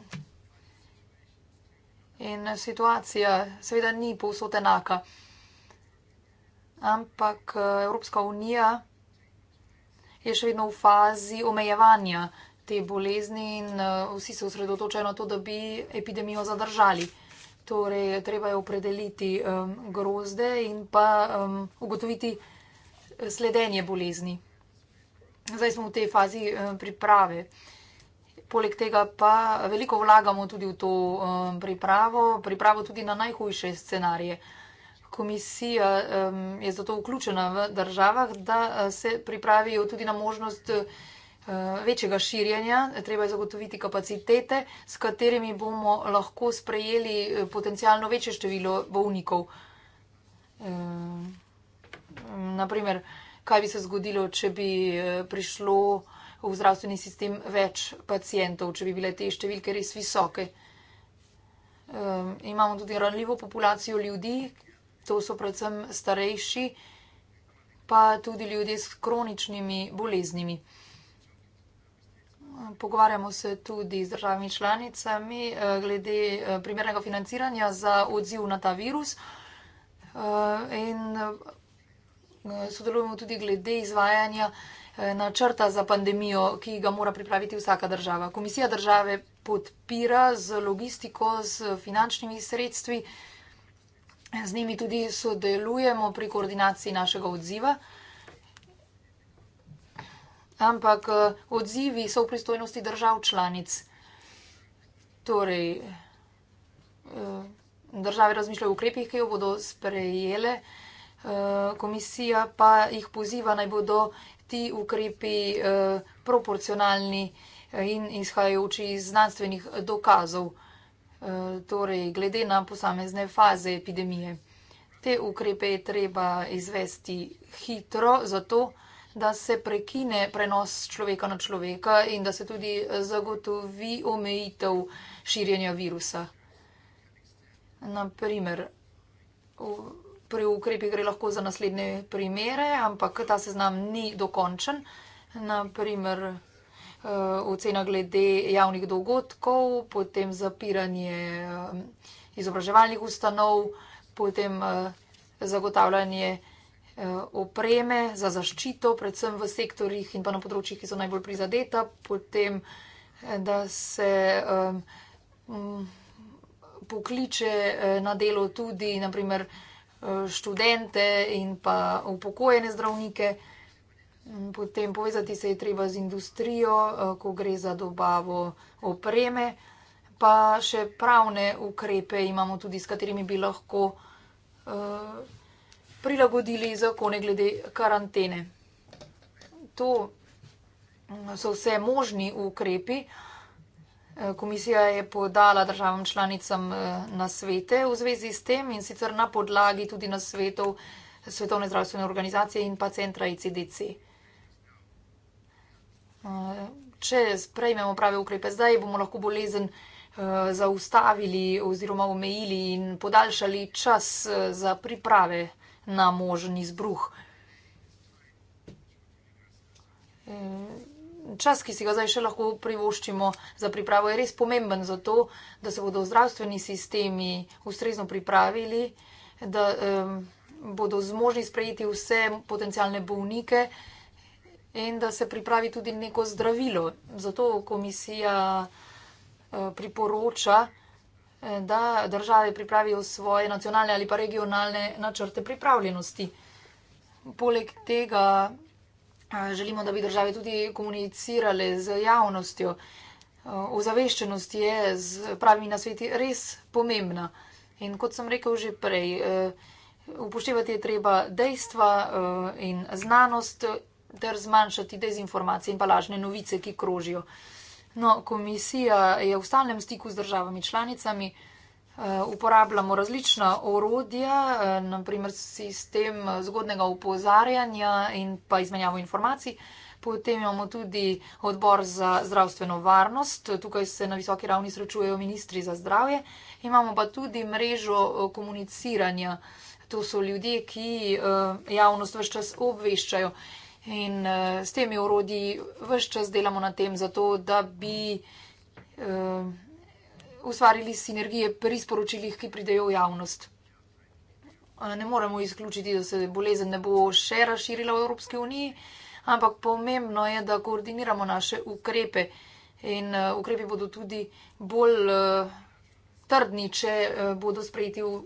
[SPEAKER 2] in situacija seveda ni povsod enaka. Ampak Evropska unija je še vedno v fazi omejevanja te bolezni in eh, vsi se osredotočajo na to, da bi epidemijo zadržali. Torej, treba je opredeliti um, grozde in pa um, ugotoviti eh, sledenje bolezni. Zdaj smo v tej fazi um, priprave. Poleg tega pa veliko vlagamo tudi v to um, pripravo, pripravo tudi na najhujše scenarije. Komisija um, je zato vključena v državah, da se pripravijo tudi na možnost. Um, Eh, večjega širjenja, treba je zagotoviti kapacitete, s katerimi bomo lahko sprejeli eh, potencijalno večje število bovnikov. Eh, Naprimer, kaj bi se zgodilo, če bi prišlo v zdravstveni sistem več pacijentov, če bi bile te številke res visoke. Imamo tudi ranljivo populacijo ljudi, to so predvsem starejši, pa tudi ljudje s kroničnimi boleznimi. Pogovarjamo se tudi z državami članicami eh, glede eh, primernega financiranja za odziv na ta virus. Eh, in sodelujemo tudi glede izvajanja načrta za pandemijo, ki ga mora pripraviti vsaka država. Komisija države podpira z logistiko, z finančnimi sredstvi. Z njimi tudi sodelujemo pri koordinaciji našega odziva ampak eh, odzivi so v pristojnosti držav članic. Torej, eh, države razmišljajo o ukrepih, ki jo bodo sprejele, eh, komisija pa jih poziva, naj bodo ti ukrepi proporcionalni in izhajajoči iz znanstvenih dokazov, torej glede na posamezne faze epidemije. Te ukrepe je treba izvesti hitro, zato, da da se prekine prenos človeka na človeka in da se tudi zagotovi omejitev širjenja virusa. Naprimer, pri ukrepih gre lahko za naslednje primere, ampak ta seznam ni dokončen. Naprimer, eh, ocena glede javnih dogodkov, potem zapiranje eh, izobraževalnih ustanov, potem eh, zagotavljanje Eh, opreme za zaščito, predvsem v sektorjih in pa na področjih, ki so najbolj prizadeta, potem eh, da se um, pokliče na delo tudi naprimer študente in pa upokojene zdravnike. Mm, potem povezati se je treba z industrijo, ko gre za dobavo opreme, pa še pravne ukrepe imamo tudi, s katerimi bi lahko uh, prilagodili zakone glede karantene. To mm, so vse možni ukrepi. Eh, komisija je podala državam članicam eh, na svete v zvezi s tem in sicer na podlagi tudi na svetov Svetovne zdravstvene organizacije in pa centra ICDC. Eh, če sprejmemo prave ukrepe zdaj, bomo lahko bolezen zaustavili oziroma omejili in podaljšali čas za priprave na možen izbruh. Eh, čas, ki si ga zdaj še lahko privoščimo za pripravo, je res pomemben za to, da se bodo zdravstveni sistemi ustrezno pripravili, da um, bodo zmožni sprejeti vse potencijalne bolnike in da se pripravi tudi neko zdravilo. Zato komisija uh, priporoča, da države pripravijo svoje nacionalne ali pa regionalne načrte pripravljenosti. Poleg tega želimo, da bi države tudi komunicirale z javnostjo. Ozaveščenost je z pravimi nasveti res pomembna. In kot sem rekel že prej, upoštevati je treba dejstva in znanost ter zmanjšati dezinformacije in pa lažne novice, ki krožijo. No, komisija je v stalnem stiku z državami članicami, eh, uporabljamo različna orodja, eh, naprimer sistem eh, zgodnega upozarjanja in pa izmenjavo informacij. Potem imamo tudi odbor za zdravstveno varnost, tukaj se na visoki ravni srečujejo ministri za zdravje. Imamo pa tudi mrežo komuniciranja, to so ljudje, ki javnost vse čas obveščajo. In uh, s temi urodji vse čas delamo na tem, zato da bi uh, ustvarili sinergije pri sporočilih, ki pridejo v javnost. Eh, ne moremo izključiti, da se bolezen ne bo še razširila v Evropski uniji, ampak pomembno je, da koordiniramo naše ukrepe in uh, ukrepe bodo tudi bolj uh, trdni, če uh, bodo sprejeti v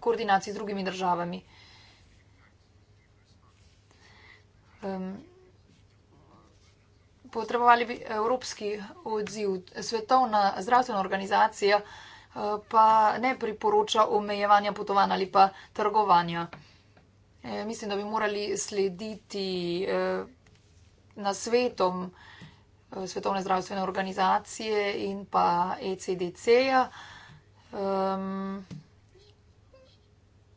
[SPEAKER 2] koordinaciji z drugimi državami. um, potrebovali bi evropski odziv. Svetovna zdravstvena organizacija uh, pa ne priporoča omejevanja potovanja ali pa trgovanja. E, mislim, da bi morali slediti uh, nasvetom uh, Svetovne zdravstvene organizacije in pa ECDC-ja. Um,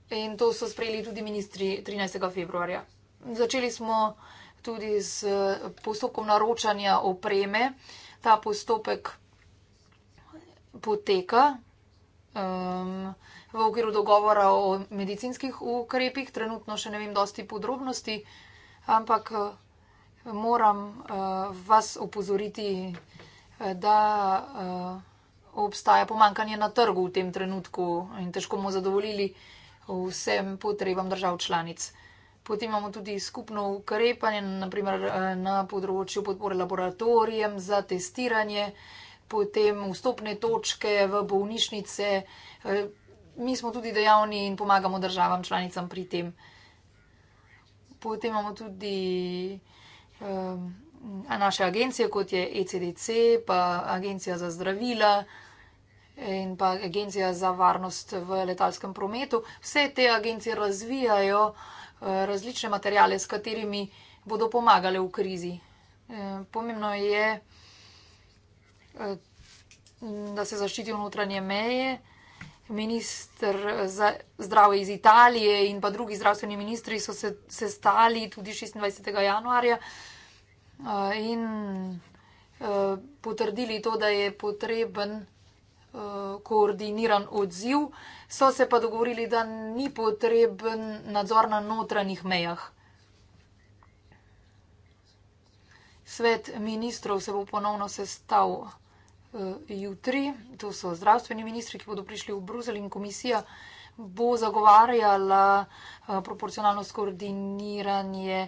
[SPEAKER 2] in to so sprejeli tudi ministri 13. februarja. Začeli smo tudi s eh, postopkom naročanja opreme. Ta postopek poteka um, v okviru dogovora o medicinskih ukrepih. Trenutno še ne vem dosti podrobnosti, ampak eh, moram uh, vas upozoriti, da uh, obstaja pomankanje na trgu v tem trenutku in težko bomo zadovoljili vsem potrebam držav članic. Potem imamo tudi skupno ukrepanje, naprimer eh, na področju podpore laboratorijem za testiranje, potem vstopne točke v bolnišnice. Eh, mi smo tudi dejavni in pomagamo državam članicam pri tem. Potem imamo tudi eh, naše agencije, kot je ECDC, pa Agencija za zdravila in pa Agencija za varnost v letalskem prometu. Vse te agencije razvijajo različne materijale, s katerimi bodo pomagali v krizi. Eh, pomembno je, eh, da se zaščitijo notranje meje. Ministr za zdravje iz Italije in pa drugi zdravstveni ministri so se sestali tudi 26. januarja eh, in potrdili to, da je potreben koordiniran odziv so se pa dogovorili, da ni potreben nadzor na notranjih mejah. Svet ministrov se bo ponovno sestal uh, jutri, to so zdravstveni ministri, ki bodo prišli v Bruzel in komisija bo zagovarjala uh, proporcionalno skoordiniranje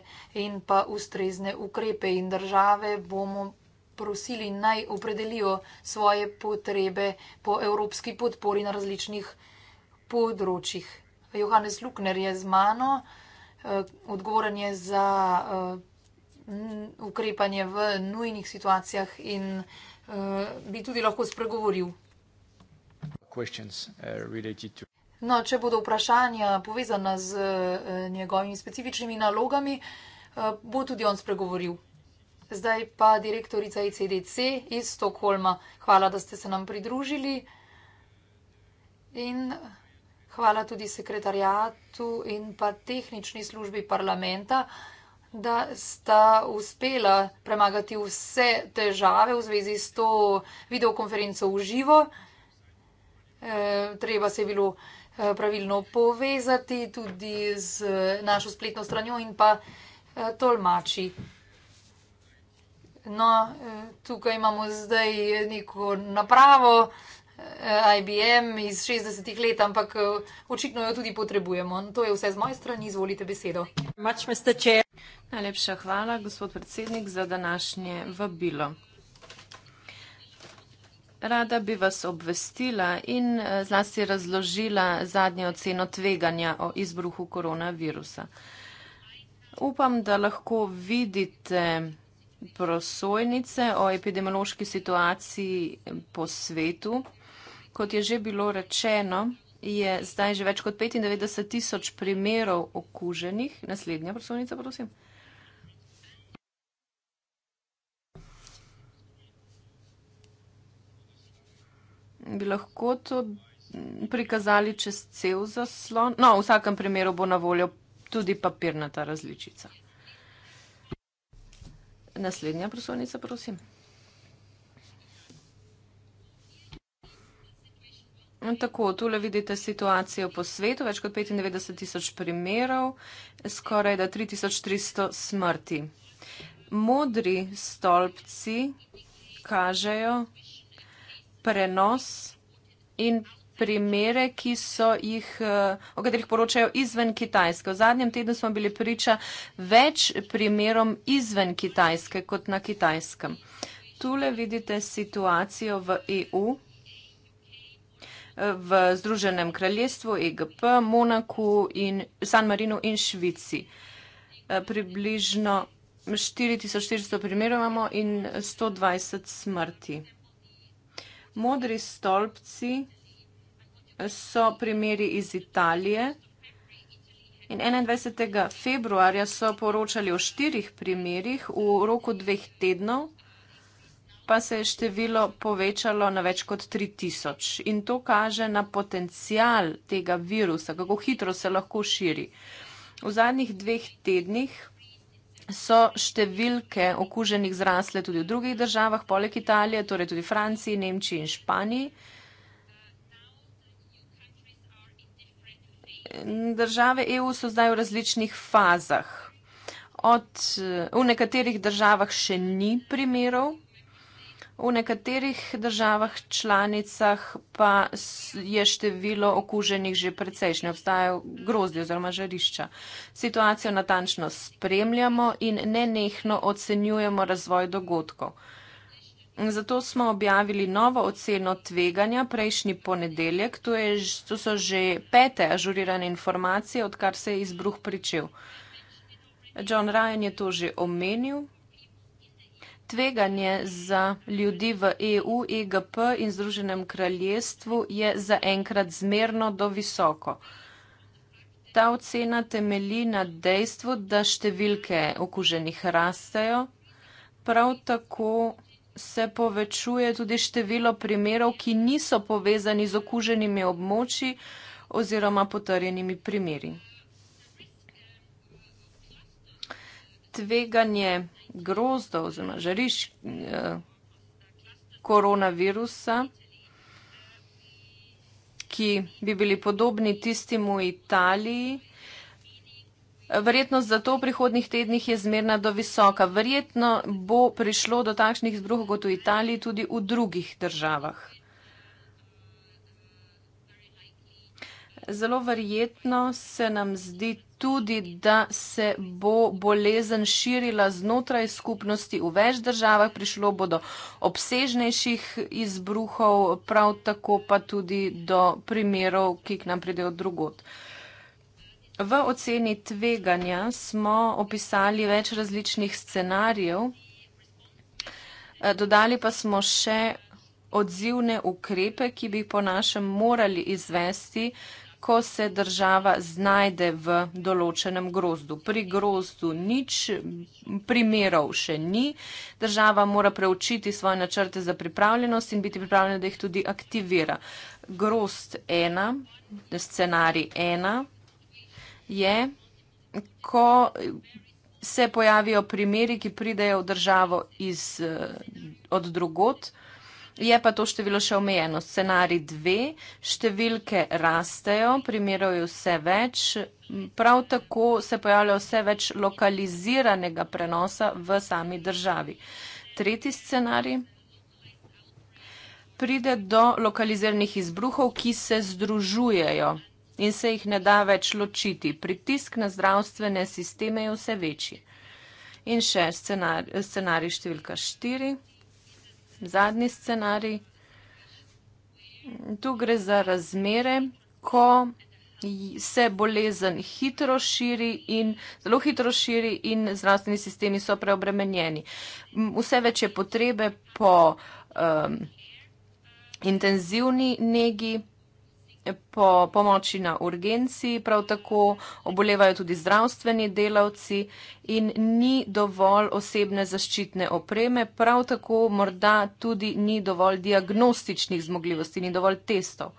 [SPEAKER 2] in pa ustrezne ukrepe in države bomo prosili naj opredelijo svoje potrebe po evropski podpori na različnih področjih področjih. Johannes Lukner je z mano, eh, odgovoren je za eh, ukrepanje v nujnih situacijah in eh, bi tudi lahko spregovoril. No, če bodo vprašanja povezana z njegovimi specifičnimi nalogami, bo tudi on spregovoril. Zdaj pa direktorica ECDC iz Stokholma. Hvala, da ste se nam pridružili. In... Hvala tudi sekretarjatu in pa tehnični službi parlamenta, da sta uspela premagati vse težave v zvezi s to videokonferenco v živo. E, treba se je bilo e, pravilno povezati tudi z našo spletno stranjo in pa e, tolmači. No, tukaj imamo zdaj neko napravo, Eh, IBM iz 60-ih let, ampak eh, očitno jo tudi potrebujemo. To je vse z moje strani, izvolite besedo. Najlepša hvala, gospod predsednik, za današnje vabilo.
[SPEAKER 5] Rada bi vas obvestila in eh, zlasti razložila zadnjo oceno tveganja o izbruhu koronavirusa. Upam, da lahko vidite prosojnice o epidemiološki situaciji po svetu. Kot je že bilo rečeno, je zdaj že več kot 95 tisoč primerov okuženih. Naslednja prosovnica, prosim. Bi lahko to prikazali čez cel zaslon? No, v vsakem primeru bo na voljo tudi papirnata različica. Naslednja prosovnica, prosim. Tako, tule vidite situacijo po svetu, več kot 95 tisoč primerov, skoraj da 3300 smrti. Modri stolpci kažejo prenos in primere, ki so jih, eh, o katerih poročajo izven Kitajske. V zadnjem tednu smo bili priča več primerom izven Kitajske kot na Kitajskem. Tule vidite situacijo v EU v Združenem kraljestvu, EGP, Monaku, in San Marinu in Švici. Eh, približno 4400 primerov imamo in 120 smrti. Modri stolpci eh, so primeri iz Italije. In 21. februarja so poročali o štirih primerjih v roku dveh tednov pa se je število povečalo na več kot 3000 in to kaže na potencial tega virusa, kako hitro se lahko širi. V zadnjih dveh tednih so številke okuženih zrasle tudi v drugih državah, poleg Italije, torej tudi Franciji, Nemčiji in Španiji. Države EU so zdaj v različnih fazah. Od, v nekaterih državah še ni primerov V nekaterih državah članicah pa je število okuženih že precejšnje, obstajajo grozdje oziroma žarišča. Situacijo natančno spremljamo in nenehno ocenjujemo razvoj dogodkov. Zato smo objavili novo oceno tveganja prejšnji ponedeljek. To, je, to so že pete ažurirane informacije, odkar se je izbruh pričel. John Ryan je to že omenil tveganje za ljudi v EU, EGP in Združenem kraljestvu je zaenkrat zmerno do visoko. Ta ocena temelji na dejstvu, da številke okuženih rastejo, prav tako se povečuje tudi število primerov, ki niso povezani z okuženimi območji oziroma potrjenimi primeri. tveganje grozdov oziroma žariš eh, koronavirusa, ki bi bili podobni tistim v Italiji. Verjetnost za to v prihodnih tednih je zmerna do visoka. Verjetno bo prišlo do takšnih zbruhov kot v Italiji tudi v drugih državah. Zelo verjetno se nam zdi tudi, da se bo bolezen širila znotraj skupnosti v več državah, prišlo bo do obsežnejših izbruhov, prav tako pa tudi do primerov, ki k nam pridejo drugot. V oceni tveganja smo opisali več različnih scenarijev, dodali pa smo še odzivne ukrepe, ki bi po našem morali izvesti, ko se država znajde v določenem grozdu. Pri grozdu nič primerov še ni. Država mora preučiti svoje načrte za pripravljenost in biti pripravljena, da jih tudi aktivira. Grozd ena, scenarij ena je, ko se pojavijo primeri, ki pridejo v državo iz, od drugot je pa to število še omejeno. Scenarij dve, številke rastejo, primerov je vse več, prav tako se pojavlja vse več lokaliziranega prenosa v sami državi. Tretji scenarij pride do lokaliziranih izbruhov, ki se združujejo in se jih ne da več ločiti. Pritisk na zdravstvene sisteme je vse večji. In še scenarij, scenarij številka štiri zadnji scenarij. Tu gre za razmere, ko se bolezen hitro širi in zelo hitro širi in zdravstveni sistemi so preobremenjeni. Vse več je potrebe po um, intenzivni negi po pomoči na urgenci, prav tako obolevajo tudi zdravstveni delavci in ni dovolj osebne zaščitne opreme, prav tako morda tudi ni dovolj diagnostičnih zmogljivosti, ni dovolj testov.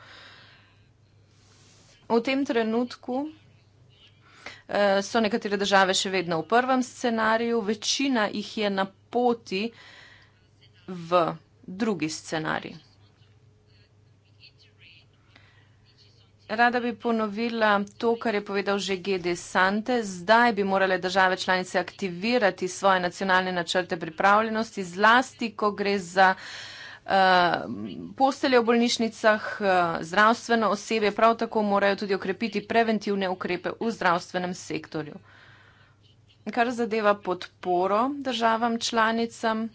[SPEAKER 5] V tem trenutku eh, so nekatere države še vedno v prvem scenariju, večina jih je na poti v drugi scenarij. Rada bi ponovila to, kar je povedal že GD Sante. Zdaj bi morale države članice aktivirati svoje nacionalne načrte pripravljenosti, zlasti, ko gre za uh, postelje v bolnišnicah, uh, zdravstveno osebje. Prav tako morajo tudi okrepiti preventivne ukrepe v zdravstvenem sektorju. Kar zadeva podporo državam članicam,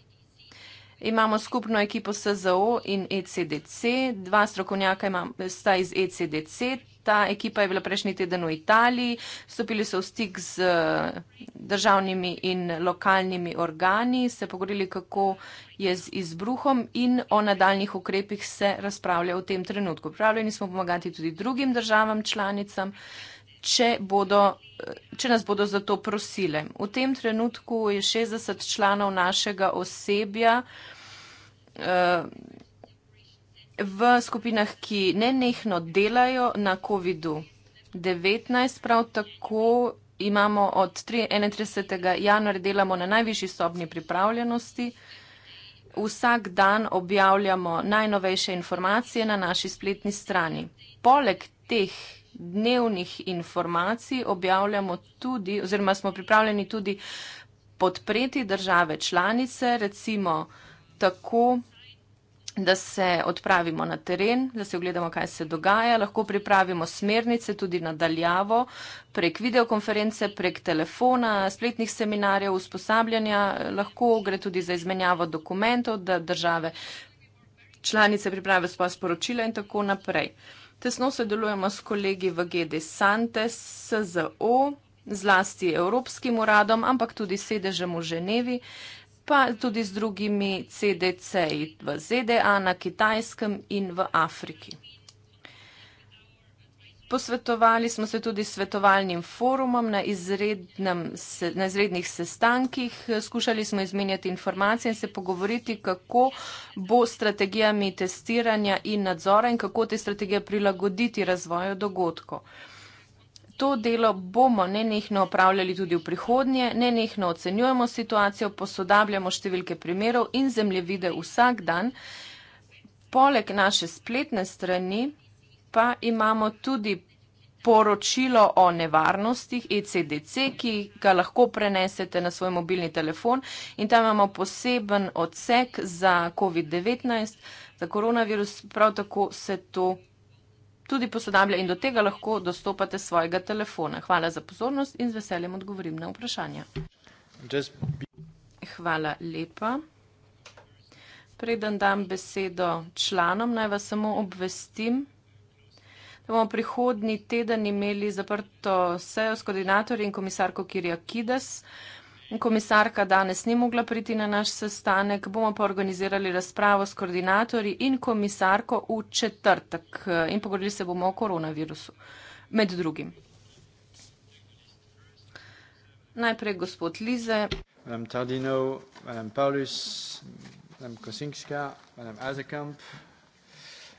[SPEAKER 5] Imamo skupno ekipo SZO in ECDC, dva strokovnjaka imam, sta iz ECDC. Ta ekipa je bila prejšnji teden v Italiji, stopili so v stik z državnimi in lokalnimi organi, se pogovorili, kako je z izbruhom in o nadaljnih ukrepih se razpravlja v tem trenutku. Pripravljeni smo pomagati tudi drugim državam članicam če, bodo, če nas bodo za to prosile. V tem trenutku je 60 članov našega osebja eh, v skupinah, ki nenehno delajo na COVID-19, prav tako imamo od 31. januarja delamo na najvišji stopni pripravljenosti. Vsak dan objavljamo najnovejše informacije na naši spletni strani. Poleg teh dnevnih informacij objavljamo tudi, oziroma smo pripravljeni tudi podpreti države članice, recimo tako, da se odpravimo na teren, da se ogledamo, kaj se dogaja, lahko pripravimo smernice tudi nadaljavo prek videokonference, prek telefona, spletnih seminarjev, usposabljanja, lahko gre tudi za izmenjavo dokumentov, da države članice pripravijo svoje sporočila in tako naprej. Tesno sodelujemo s kolegi v GD Santes, SZO, zlasti Evropskim uradom, ampak tudi sedežem v Ženevi, pa tudi z drugimi CDC-ji v ZDA, na Kitajskem in v Afriki. Posvetovali smo se tudi s svetovalnim forumom na, na izrednih sestankih. Skušali smo izmenjati informacije in se pogovoriti, kako bo s strategijami testiranja in nadzora in kako te strategije prilagoditi razvoju dogodkov. To delo bomo nenehno opravljali tudi v prihodnje, nenehno ocenjujemo situacijo, posodabljamo številke primerov in zemljevide vsak dan. Poleg naše spletne strani pa imamo tudi poročilo o nevarnostih ECDC, ki ga lahko prenesete na svoj mobilni telefon in tam imamo poseben odsek za COVID-19, za koronavirus, prav tako se to tudi posodablja in do tega lahko dostopate svojega telefona. Hvala za pozornost in z veseljem odgovorim na vprašanja. Hvala lepa. Preden dam besedo članom, naj vas samo obvestim, bomo prihodni teden imeli zaprto sejo s koordinatorjem in komisarko Kirja Kides. Komisarka danes ni mogla priti na naš sestanek, bomo pa organizirali razpravo s koordinatorji in komisarko v četrtek eh, in pogovorili se bomo o koronavirusu, med drugim. Najprej
[SPEAKER 1] gospod Lize. Madame Tardino, Madame Paulus, Madame Kosinska, Madame Azekamp.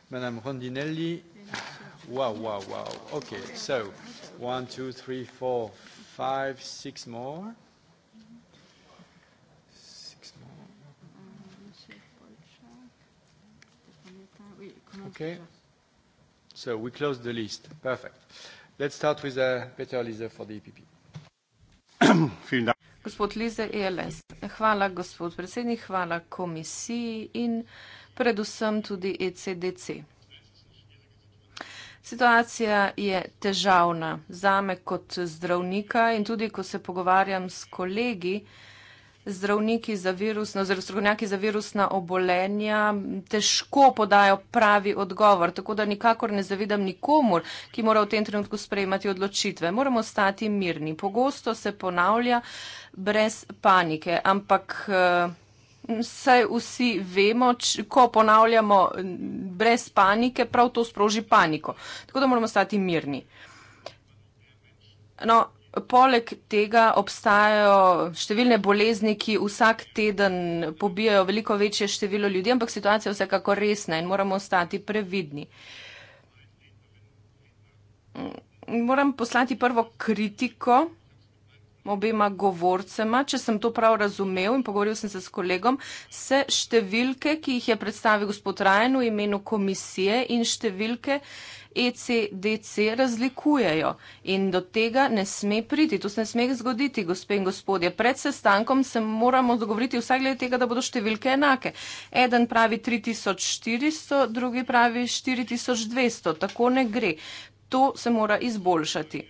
[SPEAKER 1] Madame Rondinelli. Wow, wow, wow. Okay, so one, two, three, four, five, six more. Okay, so we close the list. Perfect. Let's start with uh, Peter Lise for the EPP.
[SPEAKER 5] gospod Lise, ELS. Hvala, gospod predsednik, hvala komisiji in uh, predvsem tudi ECDC. Situacija je težavna zame kot zdravnika in tudi, ko se pogovarjam s kolegi, zdravniki za virusno, oziroma strokovnjaki za virusna obolenja, težko podajo pravi odgovor. Tako da nikakor ne zavidam nikomur, ki mora v tem trenutku sprejemati odločitve. Moramo stati mirni. Pogosto se ponavlja brez panike, ampak. Uh, Saj vsi vemo, ko ponavljamo brez panike, prav to sproži paniko. Tako da moramo stati mirni. No, poleg tega obstajajo številne bolezni, ki vsak teden pobijajo veliko večje število ljudi, ampak situacija je vsekako resna in moramo stati previdni. Moram poslati prvo kritiko obima govorcema, če sem to prav razumel in pogovoril sem se s kolegom, se številke, ki jih je predstavil gospod Rajen v imenu komisije in številke ECDC razlikujejo in do tega ne sme priti. To se ne sme zgoditi, gospe in gospodje. Pred sestankom se moramo dogovoriti vsaj glede tega, da bodo številke enake. Eden pravi 3400, drugi pravi 4200. Tako ne gre. To se mora izboljšati.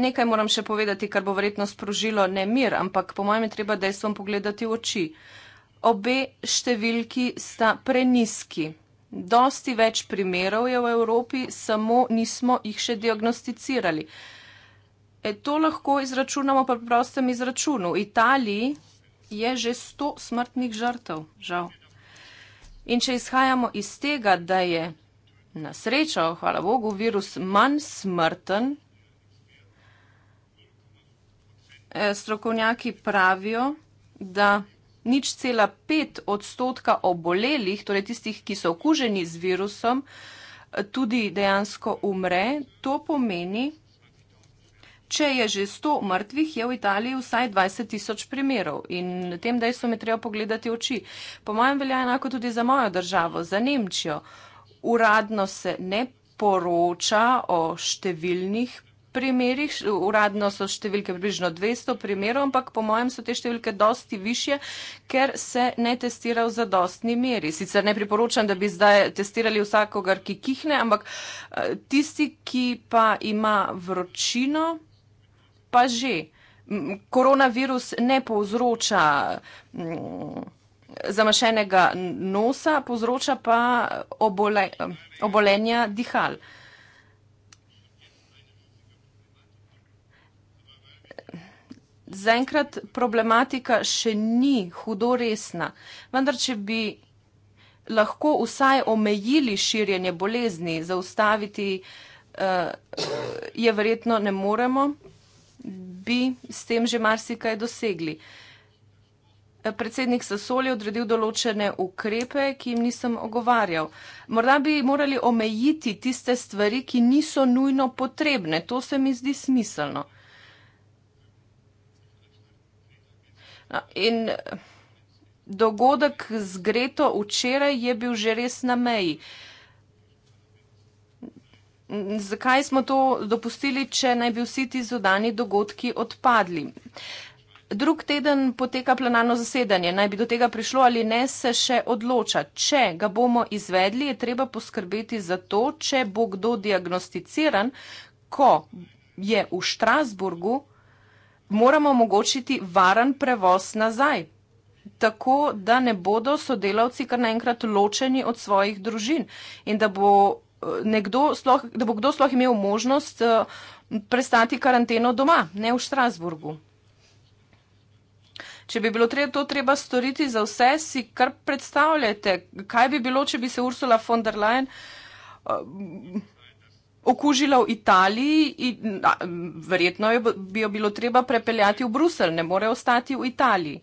[SPEAKER 5] Nekaj moram še povedati, kar bo verjetno sprožilo nemir, ampak po mojem je treba dejstvom pogledati v oči. Obe številki sta preniski. Dosti več primerov je v Evropi, samo nismo jih še diagnosticirali. E, to lahko izračunamo pa v prostem izračunu. V Italiji je že 100 smrtnih žrtev, žal. In če izhajamo iz tega, da je na srečo, hvala Bogu, virus manj smrten, Eh, strokovnjaki pravijo, da nič cela pet odstotka obolelih, torej tistih, ki so okuženi z virusom, eh, tudi dejansko umre. To pomeni, če je že 100 mrtvih, je v Italiji vsaj 20 tisoč primerov in tem dejstvom je treba pogledati v oči. Po mojem velja enako tudi za mojo državo, za Nemčijo. Uradno se ne poroča o številnih primerih, uradno so številke približno 200 primerov, ampak po mojem so te številke dosti više, ker se ne testira v zadostni meri. Sicer ne priporočam, da bi zdaj testirali vsakogar, ki kihne, ampak eh, tisti, ki pa ima vročino, pa že. Koronavirus ne povzroča mm, zamašenega nosa, povzroča pa obole, eh, obolenja dihal. zaenkrat problematika še ni hudo resna. Vendar, če bi lahko vsaj omejili širjenje bolezni, zaustaviti uh, je verjetno ne moremo, bi s tem že marsikaj dosegli. Predsednik Sasoli je odredil določene ukrepe, ki jim nisem ogovarjal. Morda bi morali omejiti tiste stvari, ki niso nujno potrebne. To se mi zdi smiselno. In dogodek z Greto včeraj je bil že res na meji. Zakaj smo to dopustili, če naj bi vsi ti zodani dogodki odpadli? Drug teden poteka plenarno zasedanje, naj bi do tega prišlo ali ne, se še odloča. Če ga bomo izvedli, je treba poskrbeti za to, če bo kdo diagnosticiran, ko je v Štrasburgu moramo omogočiti varen prevoz nazaj, tako da ne bodo sodelavci kar naenkrat ločeni od svojih družin in da bo, eh, nekdo sloh, da bo kdo sploh imel možnost eh, prestati karanteno doma, ne v Štrasburgu. Če bi bilo treba, to treba storiti za vse, si kar predstavljate, kaj bi bilo, če bi se Ursula von der Leyen. Uh, okužila v Italiji in na, verjetno jo bi jo bilo treba prepeljati v Bruselj, ne more ostati v Italiji.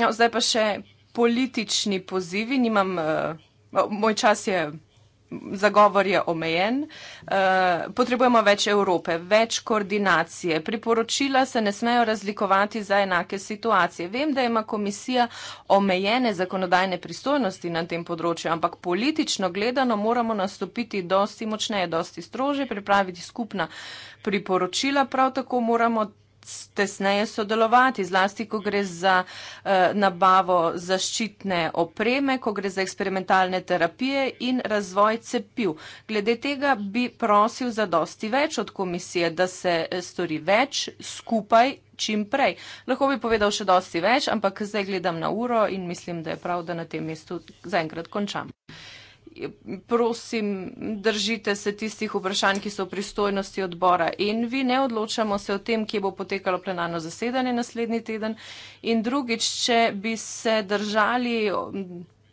[SPEAKER 5] No, zdaj pa še politični pozivi, nimam, uh, moj čas je zagovor je omejen, eh, potrebujemo več Evrope, več koordinacije. Priporočila se ne smejo razlikovati za enake situacije. Vem, da ima komisija omejene zakonodajne pristojnosti na tem področju, ampak politično gledano moramo nastopiti dosti močneje, dosti strože, pripraviti skupna priporočila, prav tako moramo tesneje sodelovati, zlasti, ko gre za eh, nabavo zaščitne opreme, ko gre za eksperimentalne terapije in razvoj cepiv. Glede tega bi prosil za dosti več od komisije, da se eh, stori več skupaj čim prej. Lahko bi povedal še dosti več, ampak zdaj gledam na uro in mislim, da je prav, da na tem mestu zaenkrat končam prosim, držite se tistih vprašanj, ki so v pristojnosti odbora in vi ne odločamo se o tem, kje bo potekalo plenarno zasedanje naslednji teden. In drugič, če bi se držali um,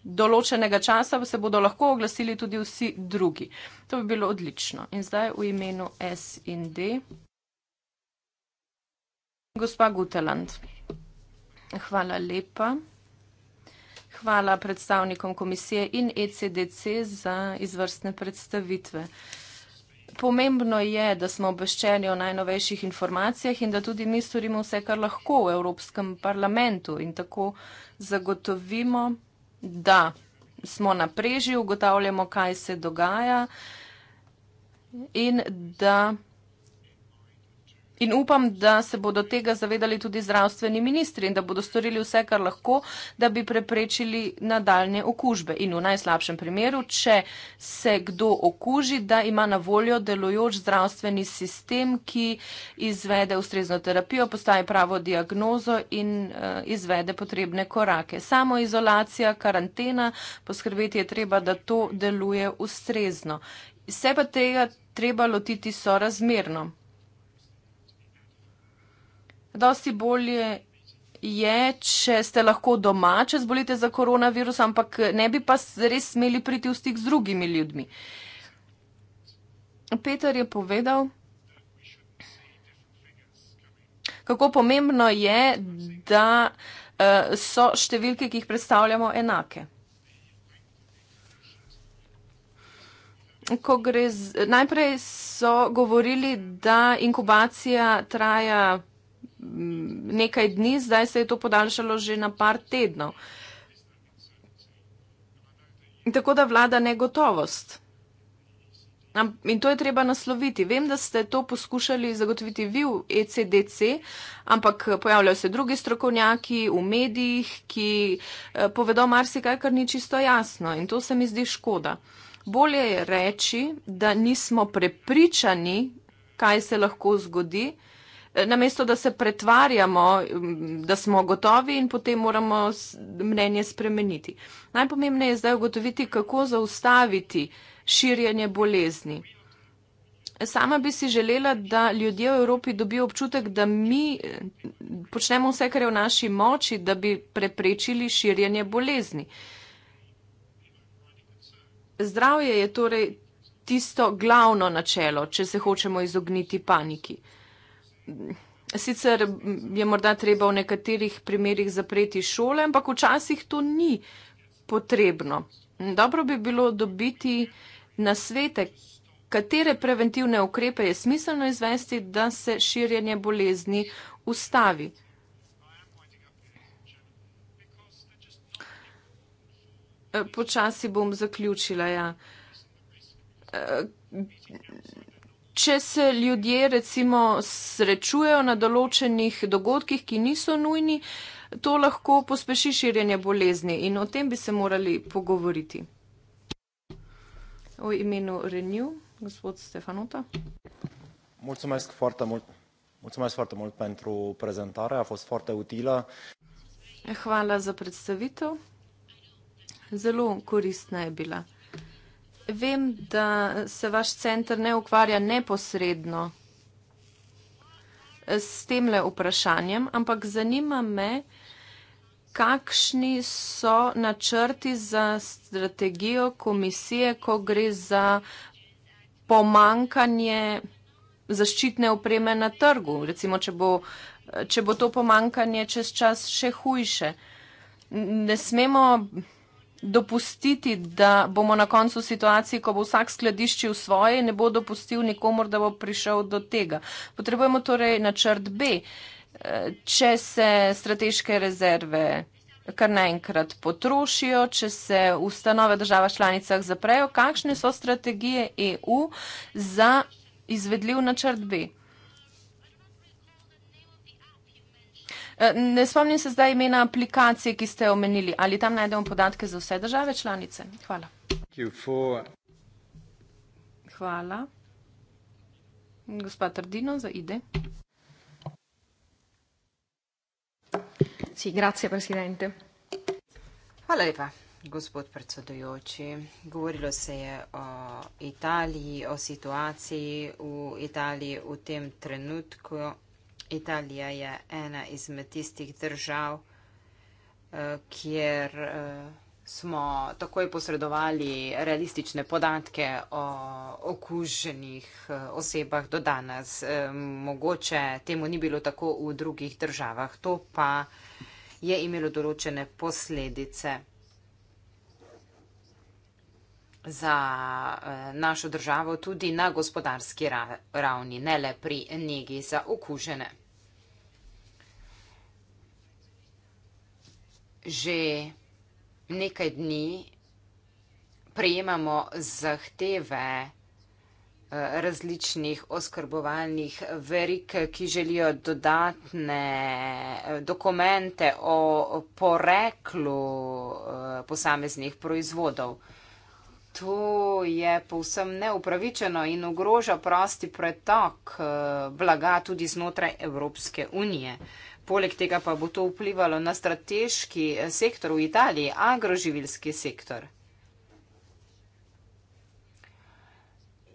[SPEAKER 5] določenega časa, se bodo lahko oglasili tudi vsi drugi. To bi bilo odlično. In zdaj v imenu S in D. Gospa Guteland. Hvala lepa. Hvala predstavnikom komisije in ECDC za izvrstne predstavitve. Pomembno je, da smo obveščeni o najnovejših informacijah in da tudi mi storimo vse, kar lahko v Evropskem parlamentu in tako zagotovimo, da smo na preži, ugotavljamo, kaj se dogaja in da. In upam, da se bodo tega zavedali tudi zdravstveni ministri in da bodo storili vse, kar lahko, da bi preprečili nadaljne okužbe. In v najslabšem primeru, če se kdo okuži, da ima na voljo delujoč zdravstveni sistem, ki izvede ustrezno terapijo, postaje pravo diagnozo in uh, izvede potrebne korake. Samo izolacija, karantena, poskrbeti je treba, da to deluje ustrezno. Vse pa tega treba lotiti sorazmerno dosti bolje je, če ste lahko doma, če zbolite za koronavirus, ampak ne bi pa res smeli priti v stik z drugimi ljudmi. Peter je povedal, kako pomembno je, da eh, so številke, ki jih predstavljamo, enake. Z, najprej so govorili, da inkubacija traja nekaj dni, zdaj se je to podaljšalo že na par tednov. Tako da vlada negotovost. In to je treba nasloviti. Vem, da ste to poskušali zagotoviti vi v ECDC, ampak pojavljajo se drugi strokovnjaki v medijih, ki eh, povedo marsikaj, kar ni čisto jasno. In to se mi zdi škoda. Bolje je reči, da nismo prepričani, kaj se lahko zgodi namesto da se pretvarjamo, da smo gotovi in potem moramo mnenje spremeniti. Najpomembneje je zdaj ugotoviti, kako zaustaviti širjenje bolezni. Sama bi si želela, da ljudje v Evropi dobijo občutek, da mi eh, počnemo vse, kar je v naši moči, da bi preprečili širjenje bolezni. Zdravje je torej tisto glavno načelo, če se hočemo izogniti paniki. Sicer je morda treba v nekaterih primerjih zapreti šole, ampak včasih to ni potrebno. Dobro bi bilo dobiti na svete, katere preventivne ukrepe je smiselno izvesti, da se širjenje bolezni ustavi. Počasi bom zaključila. Ja če se ljudje recimo srečujejo na določenih dogodkih, ki niso nujni, to lahko pospeši širjenje bolezni in o tem bi se morali pogovoriti. O imenu Renew, gospod Stefanota.
[SPEAKER 1] Mulțumesc foarte mult. Mulțumesc foarte mult pentru prezentare, a fost foarte utilă.
[SPEAKER 5] Hvala za predstavitev. Zelo koristna je bila vem, da se vaš center ne ukvarja neposredno s temle vprašanjem, ampak zanima me, kakšni so načrti za strategijo komisije, ko gre za pomankanje zaščitne opreme na trgu. Recimo, če bo, če bo to pomankanje čez čas še hujše. Ne smemo dopustiti, da bomo na koncu situacije, ko bo vsak skladiščil svoje, ne bo dopustil nikomor, da bo prišel do tega. Potrebujemo torej načrt B, eh, če se strateške rezerve kar naenkrat potrošijo, če se ustanove država članicah zaprejo, kakšne so strategije EU za izvedljiv načrt B. Eh, ne spomnim se zdaj imena aplikacije, ki ste omenili. Ali tam najdemo podatke za vse države članice? Hvala. Hvala. Gospa Tardino, za ide.
[SPEAKER 2] Si, grazie, presidente.
[SPEAKER 3] Hvala lepa, gospod predsedujoči. Govorilo se je o Italiji, o situaciji v Italiji v tem trenutku. Italija je ena izmed tistih držav, eh, kjer eh, smo takoj posredovali realistične podatke o okuženih eh, osebah do danes. Mogoče temu ni bilo tako v drugih državah. To pa je imelo določene posledice za eh, našo državo tudi na gospodarski ravni, ne le pri njegi za okužene. Že nekaj dni prejemamo zahteve eh, različnih oskrbovalnih verik, ki želijo dodatne eh, dokumente o poreklu posameznih proizvodov. To je povsem neupravičeno in ogroža prosti pretok eh, blaga tudi znotraj Evropske unije. Poleg tega pa bo to vplivalo na strateški eh, sektor v Italiji, agroživilski sektor.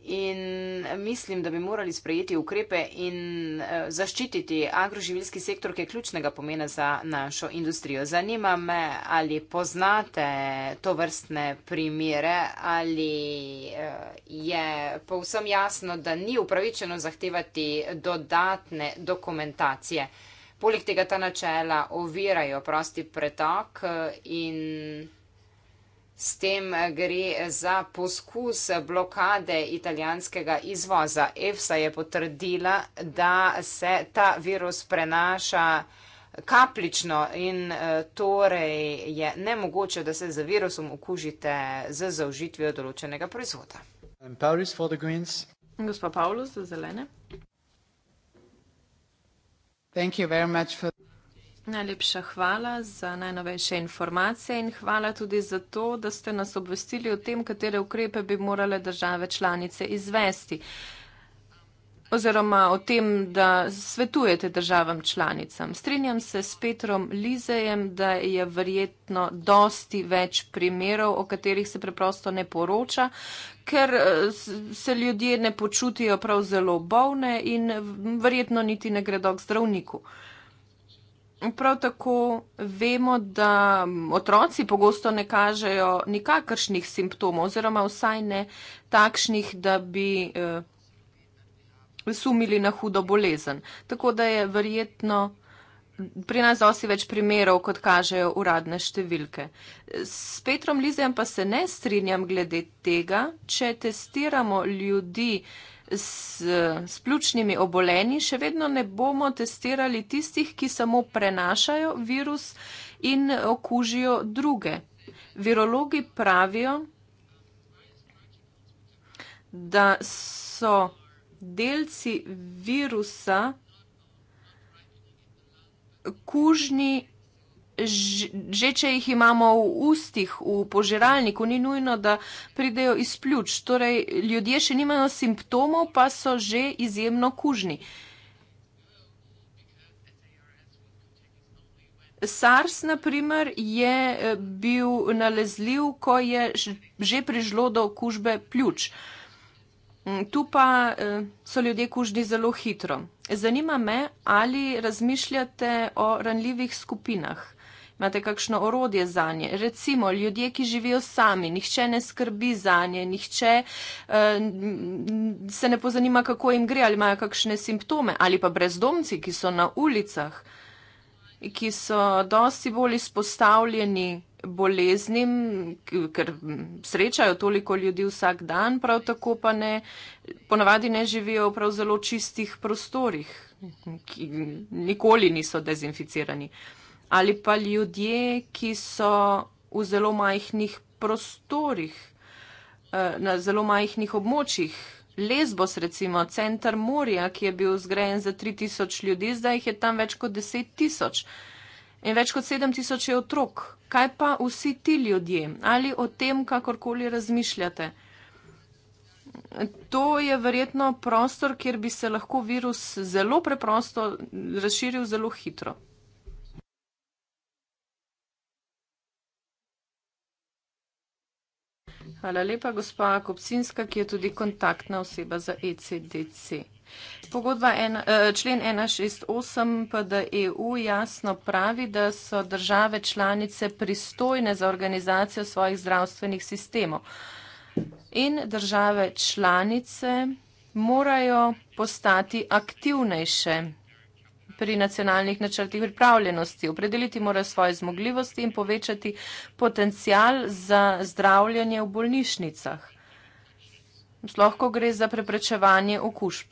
[SPEAKER 3] in mislim, da bi morali sprejeti ukrepe in eh, zaščititi agroživilski sektor, ki je ključnega pomena za našo industrijo. Zanima me, ali poznate to vrstne primere, ali eh, je povsem jasno, da ni upravičeno zahtevati dodatne dokumentacije. Poleg tega ta načela ovirajo prosti pretok eh, in S tem eh, gre za poskus eh, blokade italijanskega izvoza. EFSA je potrdila, da se ta virus prenaša kaplično in eh, torej je nemogoče, da se z virusom okužite z zaužitvijo določenega proizvoda. Gospa Pavlos, za zelene.
[SPEAKER 5] Najlepša hvala za najnovejše informacije in hvala tudi za to, da ste nas obvestili o tem, katere ukrepe bi morale države članice izvesti oziroma o tem, da svetujete državam članicam. Strinjam se s Petrom Lizejem, da je verjetno dosti več primerov, o katerih se preprosto ne poroča, ker eh, se ljudje ne počutijo prav zelo bolne in verjetno niti ne gredo k zdravniku prav tako vemo, da otroci pogosto ne kažejo nikakršnih simptomov, oziroma vsaj ne takšnih, da bi eh, sumili na hudo bolezen. Tako da je verjetno pri nas dosti več primerov, kot kažejo uradne številke. S Petrom Lizem pa se ne strinjam glede tega, če testiramo ljudi, eh, s, s pljučnimi obolenji, še vedno ne bomo testirali tistih, ki samo prenašajo virus in okužijo druge. Virologi pravijo, da so delci virusa kužni že če jih imamo v ustih, v požiralniku, ni nujno, da pridejo iz pljuč. Torej, ljudje še nimajo simptomov, pa so že izjemno kužni. SARS, na primer, je eh, bil nalezljiv, ko je že prišlo do okužbe pljuč. Mm, tu pa eh, so ljudje kužni zelo hitro. Zanima me, ali razmišljate o ranljivih skupinah imate kakšno orodje za nje. Recimo ljudje, ki živijo sami, nihče ne skrbi za nje, nihče uh, se ne pozanima, kako jim gre ali imajo kakšne simptome, ali pa brezdomci, ki so na ulicah, ki so dosti bolj izpostavljeni boleznim, ker srečajo toliko ljudi vsak dan, prav tako pa ne, ponavadi ne živijo prav zelo čistih prostorih, ki nikoli niso dezinficirani. Uh, ali pa ljudje, ki so v zelo majhnih prostorih, eh, na zelo majhnih območjih. Lesbos, recimo, centr morja, ki je bil zgrajen za 3000 ljudi, zdaj jih je tam več kot 10 tisoč in več kot 7 tisoč je otrok. Kaj pa vsi ti ljudje ali o tem, kakorkoli razmišljate? To je verjetno prostor, kjer bi se lahko virus zelo preprosto razširil zelo hitro. Hvala lepa, gospa Kopcinska, ki je tudi kontaktna oseba za ECDC. Pogodba ena, eh, člen 168 PDEU jasno pravi, da so države članice pristojne za organizacijo svojih zdravstvenih sistemov. In države članice morajo postati aktivnejše pri nacionalnih načrtih pripravljenosti. Opredeliti mora svoje zmogljivosti in povečati potencial za zdravljanje v bolnišnicah. Lahko gre za preprečevanje okužb.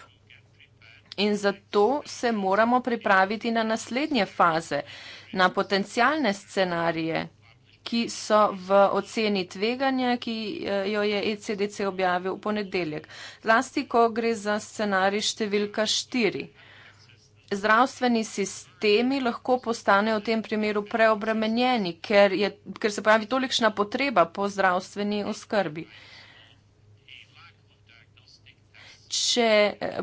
[SPEAKER 5] In zato se moramo pripraviti na naslednje faze, na potencialne scenarije, ki so v oceni tveganja, ki eh, jo je ECDC objavil v ponedeljek. Zlasti, ko gre za scenarij številka štiri zdravstveni sistemi lahko postanejo v tem primeru preobremenjeni, ker, je, ker se pravi tolikšna potreba po zdravstveni oskrbi. Če,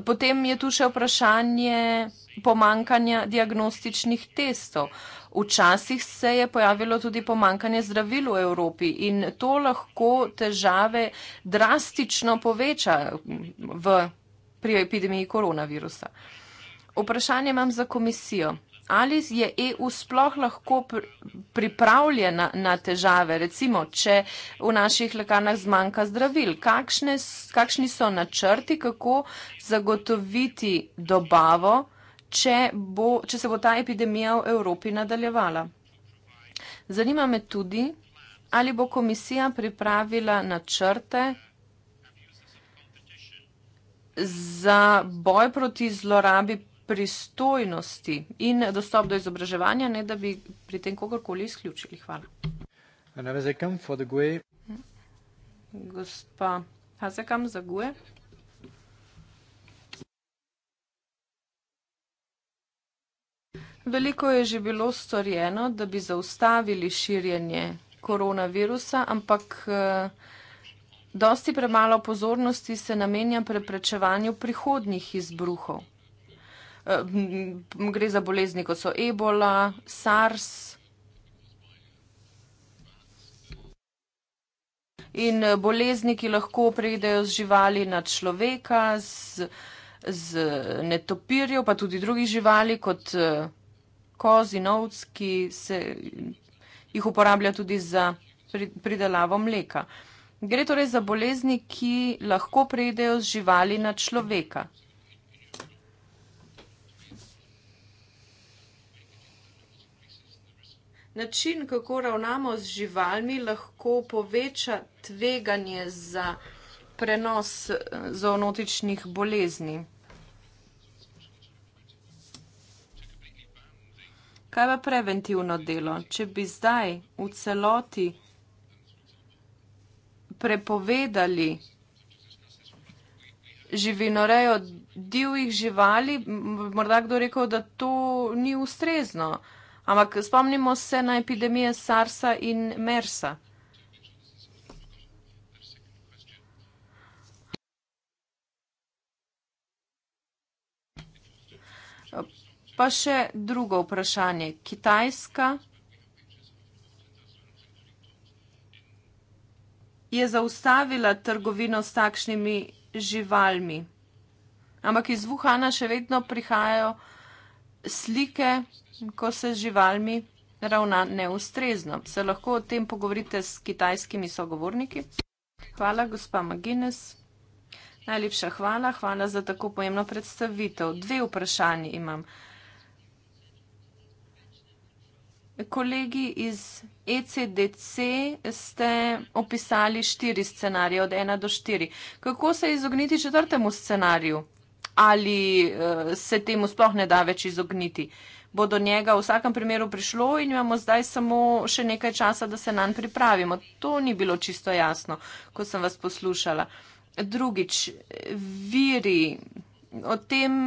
[SPEAKER 5] potem je tu še vprašanje pomankanja diagnostičnih testov. Včasih se je pojavilo tudi pomankanje zdravil v Evropi in to lahko težave drastično poveča v, pri epidemiji koronavirusa. Vprašanje imam za komisijo. Ali je EU sploh lahko pripravljena na težave, recimo, če v naših lekarnah zmanjka zdravil? Kakšne, kakšni so načrti, kako zagotoviti dobavo, če, bo, če se bo ta epidemija v Evropi nadaljevala? Zanima me tudi, ali bo komisija pripravila načrte za boj proti zlorabi pristojnosti in dostop do izobraževanja, ne da bi pri tem kogarkoli izključili. Hvala.
[SPEAKER 1] Hazekam, e.
[SPEAKER 5] Gospa Hazekam zaguje. Veliko je že bilo storjeno, da bi zaustavili širjenje koronavirusa, ampak eh, dosti premalo pozornosti se namenja preprečevanju prihodnjih izbruhov gre za bolezni, kot so ebola, SARS. In bolezni, ki lahko pridejo z živali na človeka, z, z netopirjev, pa tudi drugih živali, kot koz in ovc, ki se jih uporablja tudi za pridelavo mleka. Gre torej za bolezni, ki lahko pridejo z živali na človeka. način, kako ravnamo z živalmi, lahko poveča tveganje za prenos eh, zoonotičnih bolezni. Kaj pa preventivno delo? Če bi zdaj v celoti prepovedali živinorejo divjih živali, morda kdo rekel, da to ni ustrezno. Ampak spomnimo se na epidemije SARS-a in MERS-a. Pa še drugo vprašanje. Kitajska je zaustavila trgovino s takšnimi živalmi. Ampak iz Wuhana še vedno prihajajo slike ko se z živalmi ravna neustrezno. Se lahko o tem pogovorite s kitajskimi sogovorniki? Hvala, gospa Magines. Najlepša hvala, hvala za tako pomembno predstavitev. Dve vprašanji imam. Kolegi iz ECDC ste opisali štiri scenarije, od ena do štiri. Kako se izogniti četrtemu scenariju? Ali eh, se temu sploh ne da več izogniti? Uh, bo do njega v vsakem primeru prišlo in imamo zdaj samo še nekaj časa, da se nanj pripravimo. To ni bilo čisto jasno, ko sem vas poslušala. Drugič, viri. O tem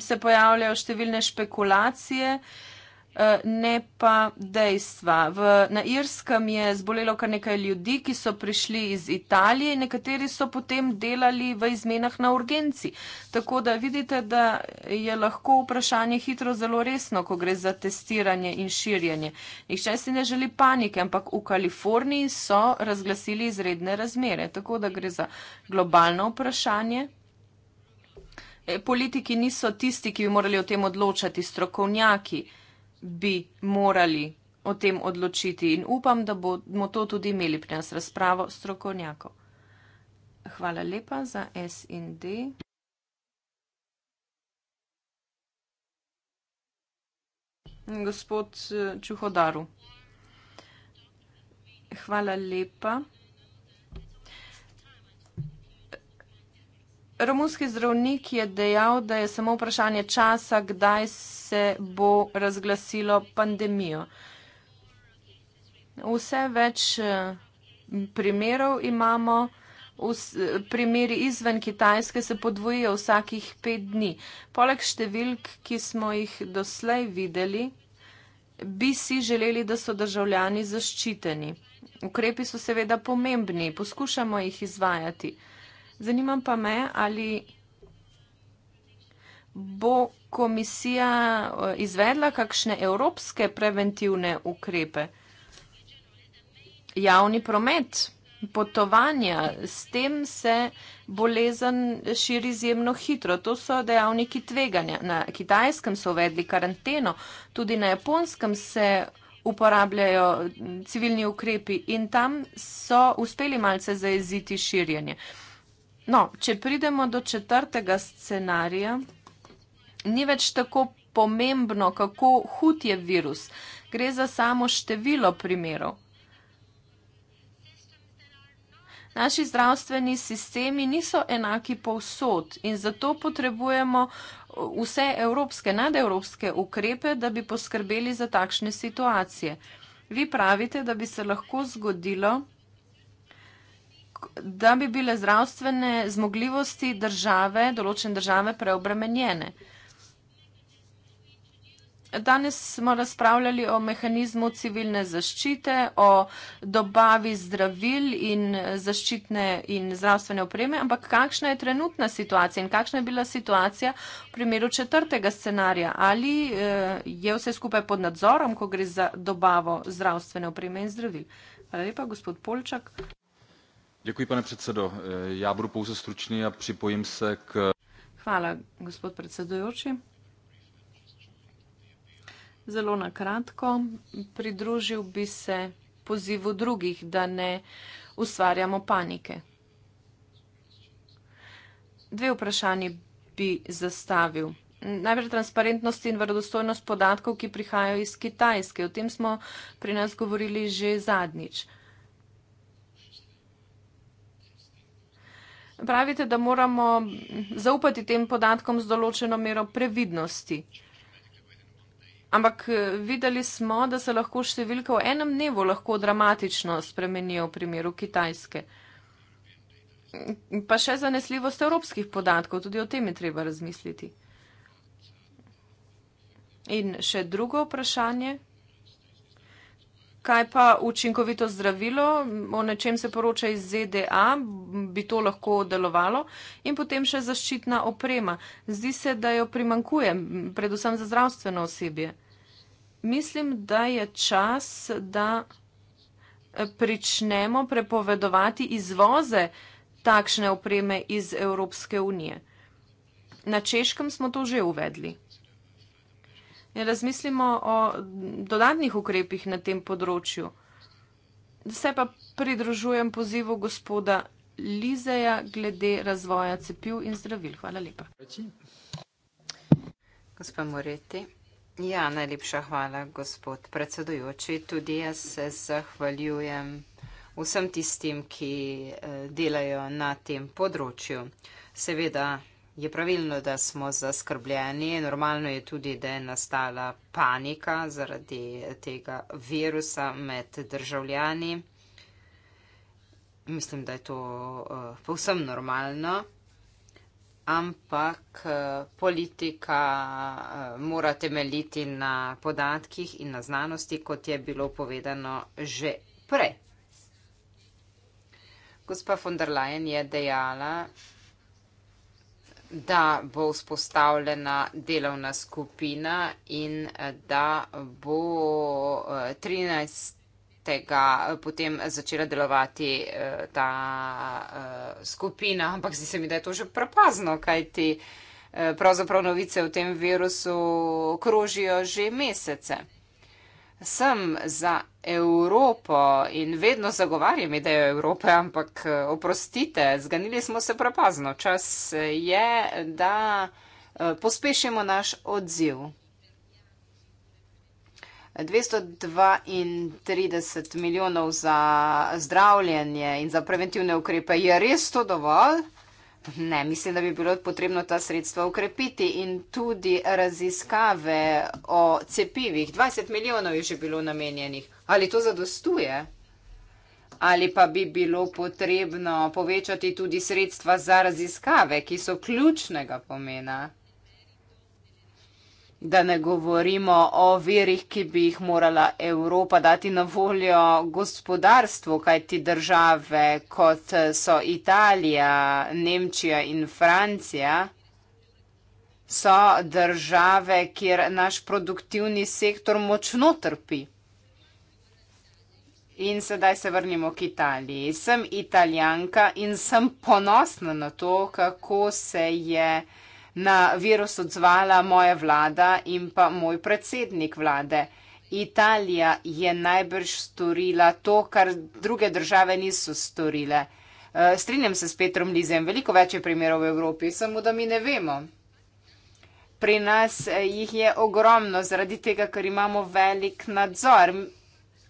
[SPEAKER 5] se pojavljajo številne špekulacije. Uh, Eh, ne pa dejstva. V, na Irskem je zbolelo kar nekaj ljudi, ki so prišli iz Italije in nekateri so potem delali v izmenah na urgenci. Tako da vidite, da je lahko vprašanje hitro zelo resno, ko gre za testiranje in širjenje. Nihče si ne želi panike, ampak v Kaliforniji so razglasili izredne razmere. Tako da gre za globalno vprašanje. Eh, politiki niso tisti, ki bi morali o tem odločati, strokovnjaki bi morali o tem odločiti in upam, da bomo to tudi imeli pri nas razpravo strokovnjakov. Hvala lepa za S in D. Gospod eh, Čuhodaru. Hvala lepa. Romunski zdravnik je dejal, da je samo vprašanje časa, kdaj se bo razglasilo pandemijo. Vse več eh, primerov imamo, eh, primeri izven Kitajske se podvojijo vsakih pet dni. Poleg številk, ki smo jih doslej videli, bi si želeli, da so državljani zaščiteni. Ukrepi so seveda pomembni, poskušamo jih izvajati. Zanima pa me, ali bo komisija eh, izvedla kakšne evropske preventivne ukrepe. Javni promet, potovanja, s tem se bolezen širi izjemno hitro. To so dejavniki tveganja. Na kitajskem so uvedli karanteno, tudi na japonskem se uporabljajo civilni ukrepi in tam so uspeli malce zaeziti širjenje. No, če pridemo do četrtega scenarija, ni več tako pomembno, kako hud je virus. Gre za samo število primerov. Naši zdravstveni sistemi niso enaki povsod in zato potrebujemo vse evropske, nadevropske ukrepe, da bi poskrbeli za takšne situacije. Vi pravite, da bi se lahko zgodilo, da bi bile zdravstvene zmogljivosti države, določene države, preobremenjene. Danes smo razpravljali o mehanizmu civilne zaščite, o dobavi zdravil in zaščitne in zdravstvene opreme, ampak kakšna je trenutna situacija in kakšna je bila situacija v primeru četrtega scenarija? Ali eh, je vse skupaj pod nadzorom, ko gre za dobavo zdravstvene opreme in zdravil? Hvala lepa, gospod Polčak
[SPEAKER 2] pane predsedujoči eh,
[SPEAKER 1] já budu pouze stručný a připojím se k
[SPEAKER 5] Hvala, gospod predsedujoči. Zelo na kratko, pridružil bi se pozivu drugih, da ne ustvarjamo panike. Dve vprašanje bi zastavil. Najprej transparentnost in verodostojnost podatkov, ki prihajajo iz Kitajske. O tem smo pri nas govorili že zadnjič. Pravite, da moramo zaupati tem podatkom z določeno mero previdnosti. Ampak eh, videli smo, da se lahko številka v enem dnevu lahko dramatično spremenijo v primeru Kitajske. Pa še zanesljivost evropskih podatkov, tudi o tem je treba razmisliti. In še drugo vprašanje. Kaj pa učinkovito zdravilo, o nečem se poroča iz ZDA, bi to lahko delovalo, in potem še zaščitna oprema. Zdi se, da jo primankuje, predvsem za zdravstveno osebje. Mislim, da je čas, da eh, pričnemo prepovedovati izvoze takšne opreme iz Evropske unije. Na češkem smo to že uvedli in razmislimo o dodatnih ukrepih na tem področju. Se pa pridružujem pozivu gospoda Lizeja glede razvoja cepiv in zdravil. Hvala lepa.
[SPEAKER 3] Gospa Moreti. Ja, najlepša hvala, gospod predsedujoči. Tudi jaz se zahvaljujem vsem tistim, ki eh, delajo na tem področju. Seveda je pravilno, da smo zaskrbljeni. Normalno je tudi, da je nastala panika zaradi tega virusa med državljani. Mislim, da je to uh, povsem normalno. Ampak eh, politika eh, mora temeljiti na podatkih in na znanosti, kot je bilo povedano že prej. Gospa von der Leyen je dejala, da bo vzpostavljena delovna skupina in eh, da bo 13. Eh, potem začela delovati eh, ta skupina. Ampak zdi se mi, da je to že prepazno, kajti pravzaprav novice o tem virusu krožijo že mesece. Sem za Evropo in vedno zagovarjam idejo Evrope, ampak eh, oprostite, zganili smo se prepazno. Čas je, da eh, pospešimo naš odziv. 232 milijonov za zdravljanje in za preventivne ukrepe. Je res to dovolj? Ne, mislim, da bi bilo potrebno ta sredstva ukrepiti in tudi raziskave o cepivih. 20 milijonov je že bilo namenjenih. Ali to zadostuje? Ali pa bi bilo potrebno povečati tudi sredstva za raziskave, ki so ključnega pomena? Da ne govorimo o verih, ki bi jih morala Evropa dati na voljo gospodarstvu, kajti države kot so Italija, Nemčija in Francija so države, kjer naš produktivni sektor močno trpi. In sedaj se vrnimo k Italiji. Sem italijanka in sem ponosna na to, kako se je na virus odzvala moja vlada in pa moj predsednik vlade. Italija je najbrž storila to, kar druge države niso storile. Eh, strinjam se s Petrom Lizem, veliko več je primerov v Evropi, samo da mi ne vemo. Pri nas eh, jih je ogromno, zaradi tega, ker imamo velik nadzor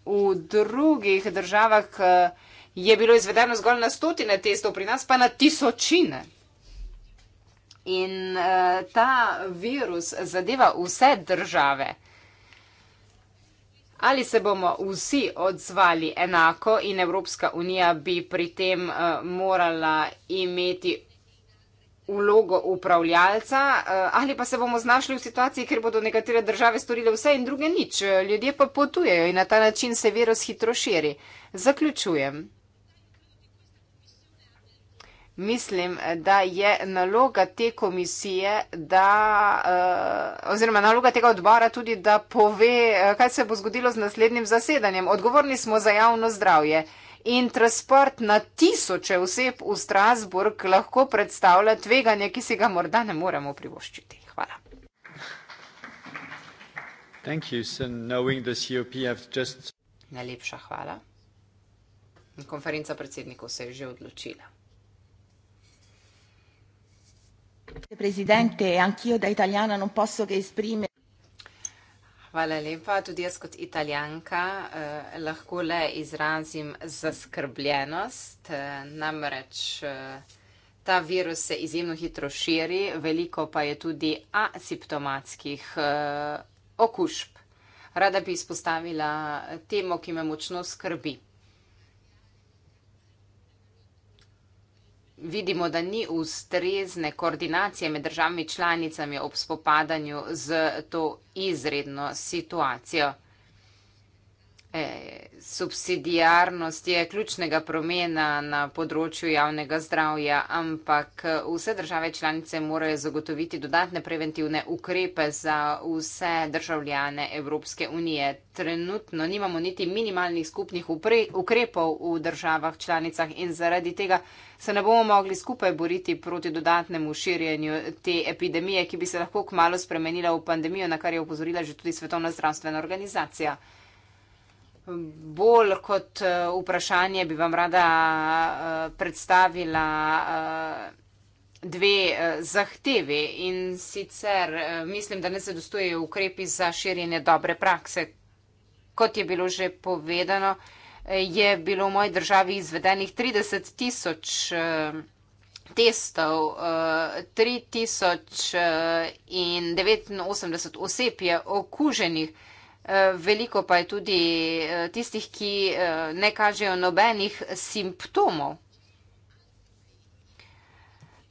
[SPEAKER 3] v drugih državah eh, je bilo izvedeno zgolj na stotine testov, pri nas pa na tisočine. In eh, ta virus zadeva vse države. Ali se bomo vsi odzvali enako in Evropska unija bi pri tem eh, morala imeti vlogo upravljalca eh, ali pa se bomo znašli v situaciji, ker bodo nekatere države storile vse in druge nič. Ljudje pa potujejo in na ta način se virus hitro širi. Zaključujem. Mislim, da je naloga te komisije, da, eh, oziroma naloga tega odbora tudi, da pove, eh, kaj se bo zgodilo z naslednjim zasedanjem. Odgovorni smo za javno zdravje in transport na tisoče oseb v Strasburg lahko predstavlja tveganje, ki si ga morda ne moremo privoščiti. Hvala. Najlepša hvala. Konferenca predsednikov se je že odločila. Predsednik, tudi jaz, kot italijan, ne morem, da izprimem. Hvala lepa. Tudi jaz kot italijanka eh, lahko le izrazim zaskrbljenost. Eh, namreč eh, ta virus se izjemno hitro širi, veliko pa je tudi asimptomatskih eh, okužb. Rada bi izpostavila temo, ki me močno skrbi. vidimo, da ni ustrezne koordinacije med državami članicami ob spopadanju z to izredno situacijo. E, subsidijarnost je ključnega promena na področju javnega zdravja, ampak e, vse države članice morajo zagotoviti dodatne preventivne ukrepe za vse državljane Evropske unije. Trenutno nimamo niti minimalnih skupnih ukrepov v državah članicah in zaradi tega se ne bomo mogli skupaj boriti proti dodatnemu širjenju te epidemije, ki bi se lahko kmalo spremenila v pandemijo, na kar je upozorila že tudi Svetovna zdravstvena organizacija. Bolj kot eh, vprašanje bi vam rada eh, predstavila eh, dve zahteve in sicer mislim, da ne zadostujejo ukrepi za širjenje dobre prakse. Kot je bilo že povedano, je bilo v moji državi izvedenih 30 tisoč testov, 3 tisoč in 89 oseb je okuženih testov. Eh, veliko pa je tudi eh, tistih, ki eh, ne kažejo nobenih simptomov.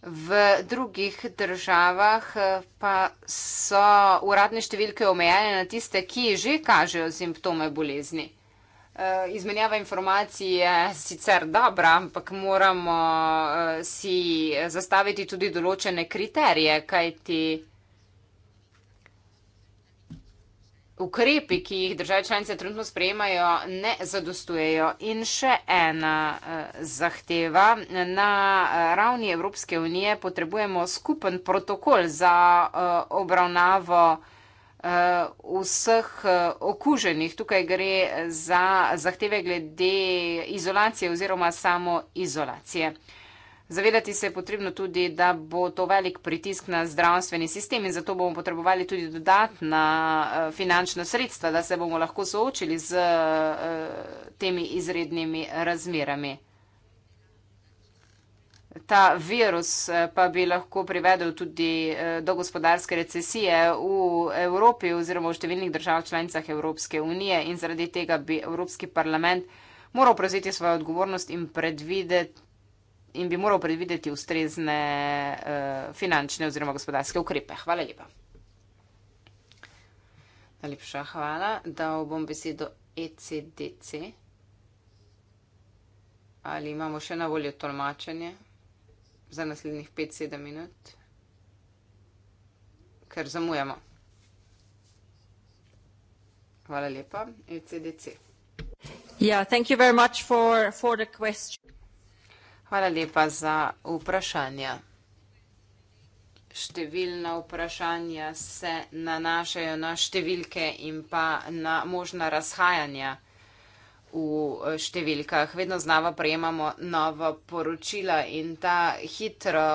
[SPEAKER 3] V drugih državah pa so uradne številke omejene na tiste, ki že kažejo simptome bolezni. Izmenjava informacij je sicer dobra, ampak moramo si zastaviti tudi določene kriterije, kajti vsega. ukrepi, ki jih države članice trenutno sprejemajo, ne zadostujejo. In še ena eh, zahteva. Na eh, ravni Evropske unije potrebujemo skupen protokol za eh, obravnavo vseh okuženih. Tukaj gre za zahteve glede izolacije oziroma samoizolacije. izolacije. Zavedati se je potrebno tudi, da bo to velik pritisk na zdravstveni sistem in zato bomo potrebovali tudi dodatna eh, finančna sredstva, da se bomo lahko soočili z eh, temi izrednimi razmerami. Ta virus eh, pa bi lahko privedel tudi do gospodarske recesije v Evropi oziroma v številnih držav članicah Evropske unije in zaradi tega bi Evropski parlament moral prevzeti svojo odgovornost in predvideti in bi moral predvideti ustrezne uh, finančne oziroma gospodarske ukrepe. Hvala lepa. Najlepša hvala, da bom besedo ECDC. Ali imamo še na voljo tolmačenje za naslednjih 5-7 minut, ker zamujamo. Hvala lepa, ECDC. Ja, yeah, thank you very much for, for the question. Hvala lepa za vprašanja. Številna vprašanja se nanašajo na številke in pa na možna razhajanja v številkah. Vedno znova prejemamo nova poročila in ta, hitro,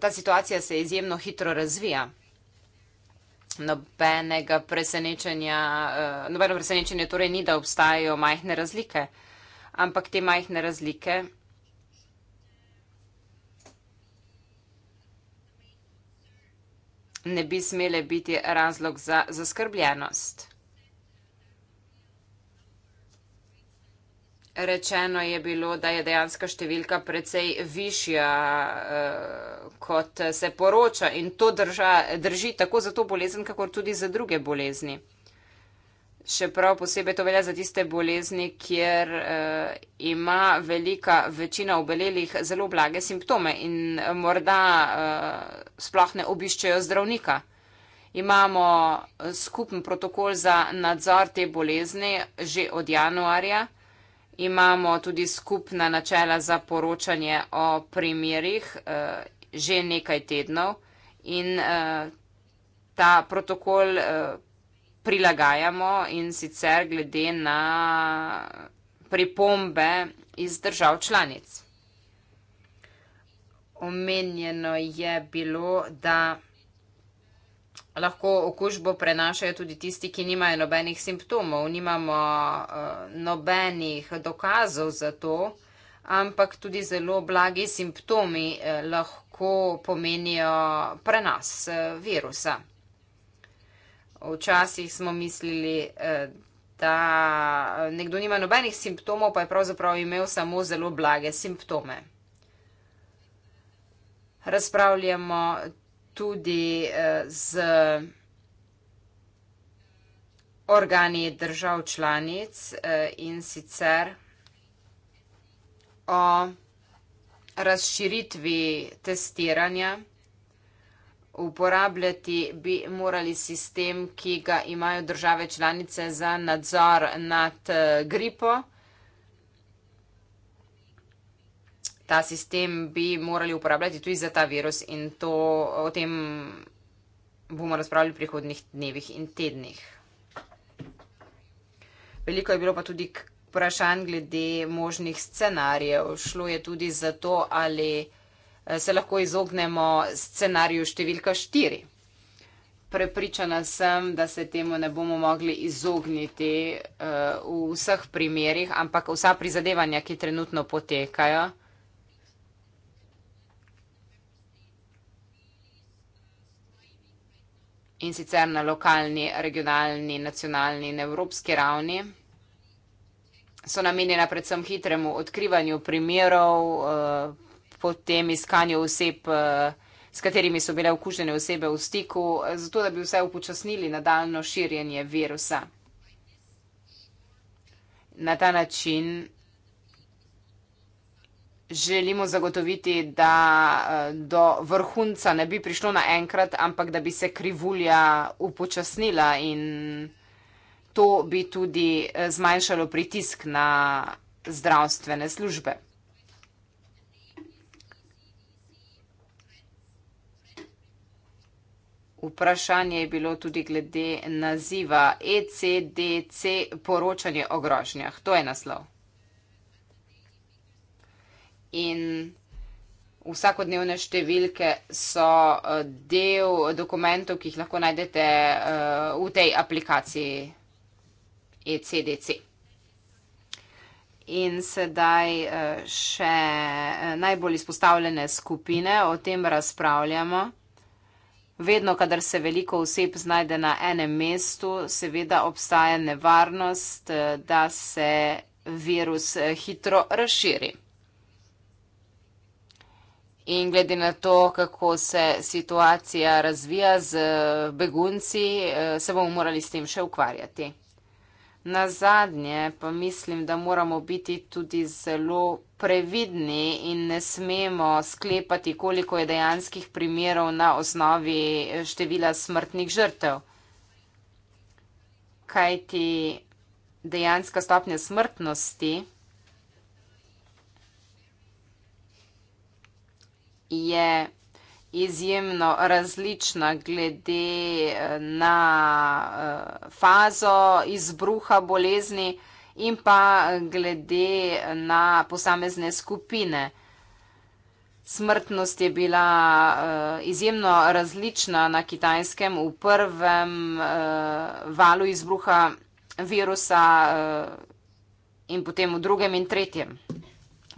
[SPEAKER 3] ta situacija se izjemno hitro razvija. Nobenega presenečenja, eh, nobeno presenečenje torej ni, da obstajajo majhne razlike, ampak te majhne razlike ne bi smele biti razlog za zaskrbljenost. Rečeno je bilo, da je dejanska številka precej višja, eh, kot se poroča in to drži tako za to bolezen, kakor tudi za druge bolezni čeprav posebej to velja za tiste bolezni, kjer uh, ima velika večina obelelih zelo blage simptome in eh, morda uh, sploh ne obiščejo zdravnika. Imamo skupen protokol za nadzor te bolezni že od januarja. Imamo tudi skupna načela za poročanje o primerjih že nekaj tednov in ta protokol prilagajamo in sicer glede na pripombe iz držav članic. Omenjeno je bilo, da lahko okužbo prenašajo tudi tisti, ki nimajo nobenih simptomov. Nimamo eh, nobenih dokazov za to, ampak tudi zelo blagi simptomi eh, lahko pomenijo prenas eh, virusa. Včasih smo mislili, eh, da eh, nekdo nima nobenih simptomov, pa je pravzaprav imel samo zelo blage simptome. Razpravljamo tudi eh, z organi držav članic in sicer o razširitvi testiranja uporabljati bi morali sistem, ki ga imajo države članice za nadzor nad eh, gripo. Ta sistem bi morali uporabljati tudi za ta virus in to o tem bomo razpravljali v prihodnih dnevih in tednih. Veliko je bilo pa tudi vprašanj glede možnih scenarijev. Šlo je tudi za to, ali. Eh, se lahko izognemo scenariju številka štiri. Prepričana sem, da se temu ne bomo mogli izogniti uh, v vseh primerjih, ampak vsa prizadevanja, ki trenutno potekajo, in sicer na lokalni, regionalni, nacionalni in evropski ravni, so namenjena predvsem hitremu odkrivanju primerov, uh, potem iskanju oseb, eh, s katerimi so bile okužene osebe v stiku, zato da bi vse upočasnili nadaljno širjenje virusa. Na ta način želimo zagotoviti, da eh, do vrhunca ne bi prišlo naenkrat, ampak da bi se krivulja upočasnila in to bi tudi eh, zmanjšalo pritisk na zdravstvene službe. Vprašanje je bilo tudi glede naziva ECDC poročanje o grožnjah. To je naslov. In vsakodnevne številke so eh, del dokumentov, ki jih lahko najdete eh, v tej aplikaciji ECDC. In sedaj eh, še najbolj izpostavljene skupine, o tem razpravljamo. Vedno, kadar se veliko oseb znajde na enem mestu, seveda obstaja nevarnost, eh, da se virus eh, hitro razširi. In glede na to, kako se situacija razvija z begunci, eh, se bomo morali s tem še ukvarjati. Na zadnje pa mislim, da moramo biti tudi zelo previdni in ne smemo sklepati, koliko je dejanskih primerov na osnovi števila smrtnih žrtev. Kaj ti dejanska stopnja smrtnosti je? izjemno različna glede eh, na eh, fazo izbruha bolezni in pa glede na posamezne skupine. Smrtnost je bila eh, izjemno različna na kitajskem v prvem valu izbruha virusa in potem v drugem in tretjem.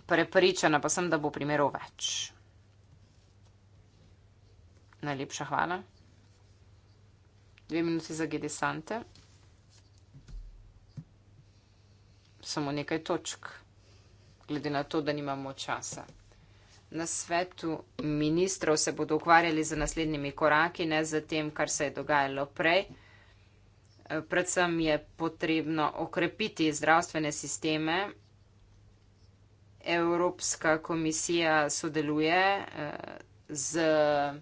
[SPEAKER 3] Prepričana pa sem, da bo primerov več. Najlepša hvala. Dve minuti za Gedesante. Samo nekaj točk, glede na to, da nimamo časa. Na svetu ministrov se bodo ukvarjali z naslednjimi koraki, ne z tem, kar se je dogajalo prej. Predvsem je potrebno okrepiti zdravstvene sisteme. Evropska komisija sodeluje eh, z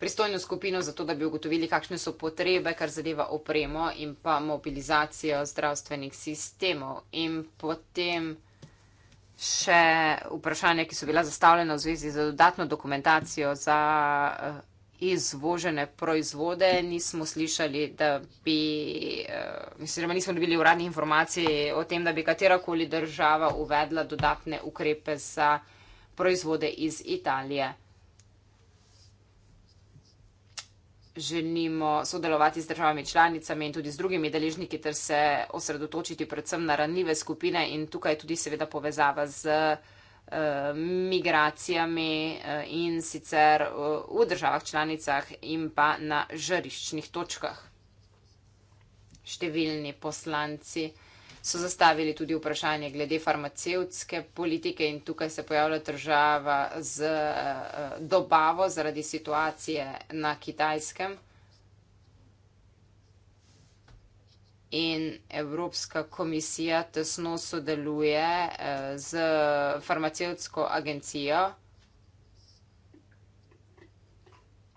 [SPEAKER 3] pristojno skupino, zato da bi ugotovili, kakšne so potrebe, kar zadeva opremo in pa mobilizacijo zdravstvenih sistemov. In potem še vprašanja, ki so bila zastavljena v zvezi z dodatno dokumentacijo za eh, izvožene proizvode. Nismo slišali, da bi, eh, mislim, nismo dobili uradnih informacij o tem, da bi katerakoli država uvedla dodatne ukrepe za proizvode iz Italije. želimo sodelovati z državami članicami in tudi z drugimi deležniki, ter se osredotočiti predvsem na ranljive skupine in tukaj tudi seveda povezava z eh, migracijami eh, in sicer eh, v državah članicah in pa na žariščnih točkah. Številni poslanci so zastavili tudi vprašanje glede farmacevtske politike in tukaj se pojavlja država z eh, eh, dobavo zaradi situacije na kitajskem. In Evropska komisija tesno sodeluje eh, z farmacevtsko agencijo.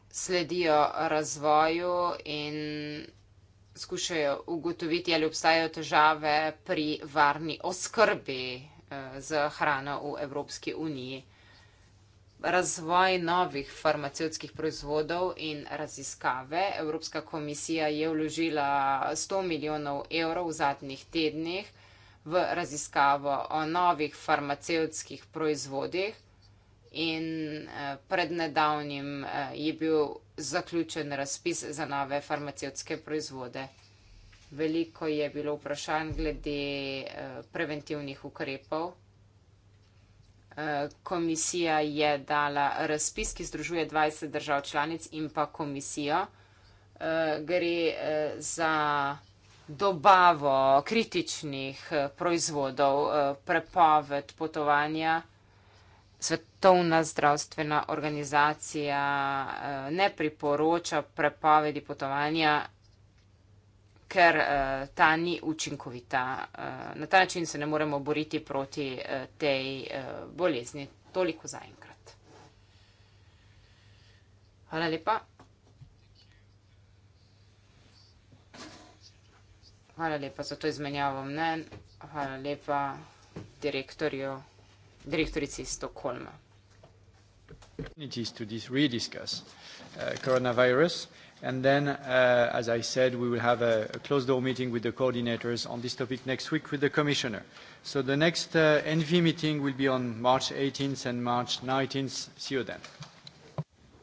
[SPEAKER 3] Sledijo razvoju in skušajo ugotoviti, ali obstajajo težave pri varni oskrbi eh, z hrano v Evropski uniji. Razvoj novih farmacevskih proizvodov in raziskave. Evropska komisija je vložila 100 milijonov evrov v zadnjih tednih v raziskavo o novih farmacevskih proizvodih in eh, pred nedavnim eh, je bil zaključen razpis za nove farmacevtske proizvode. Veliko je bilo vprašanj glede eh, preventivnih ukrepov. Eh, komisija je dala razpis, ki združuje 20 držav članic in pa komisijo. Eh, gre za dobavo kritičnih proizvodov, prepoved potovanja. Svetovna zdravstvena organizacija eh, ne priporoča prepovedi potovanja, ker eh, ta ni učinkovita. Eh, na ta način se ne moremo boriti proti tej bolezni. Toliko zaenkrat. Hvala lepa. Hvala lepa za to izmenjavo mnen. Hvala lepa direktorju direktorici iz Stokholma.
[SPEAKER 1] To rediscuss uh, coronavirus. And then, uh, as I said, we will have a, a closed door meeting with the coordinators on this topic next week with the commissioner. So the next uh, NV meeting will be on March 18th and March 19th. See you then.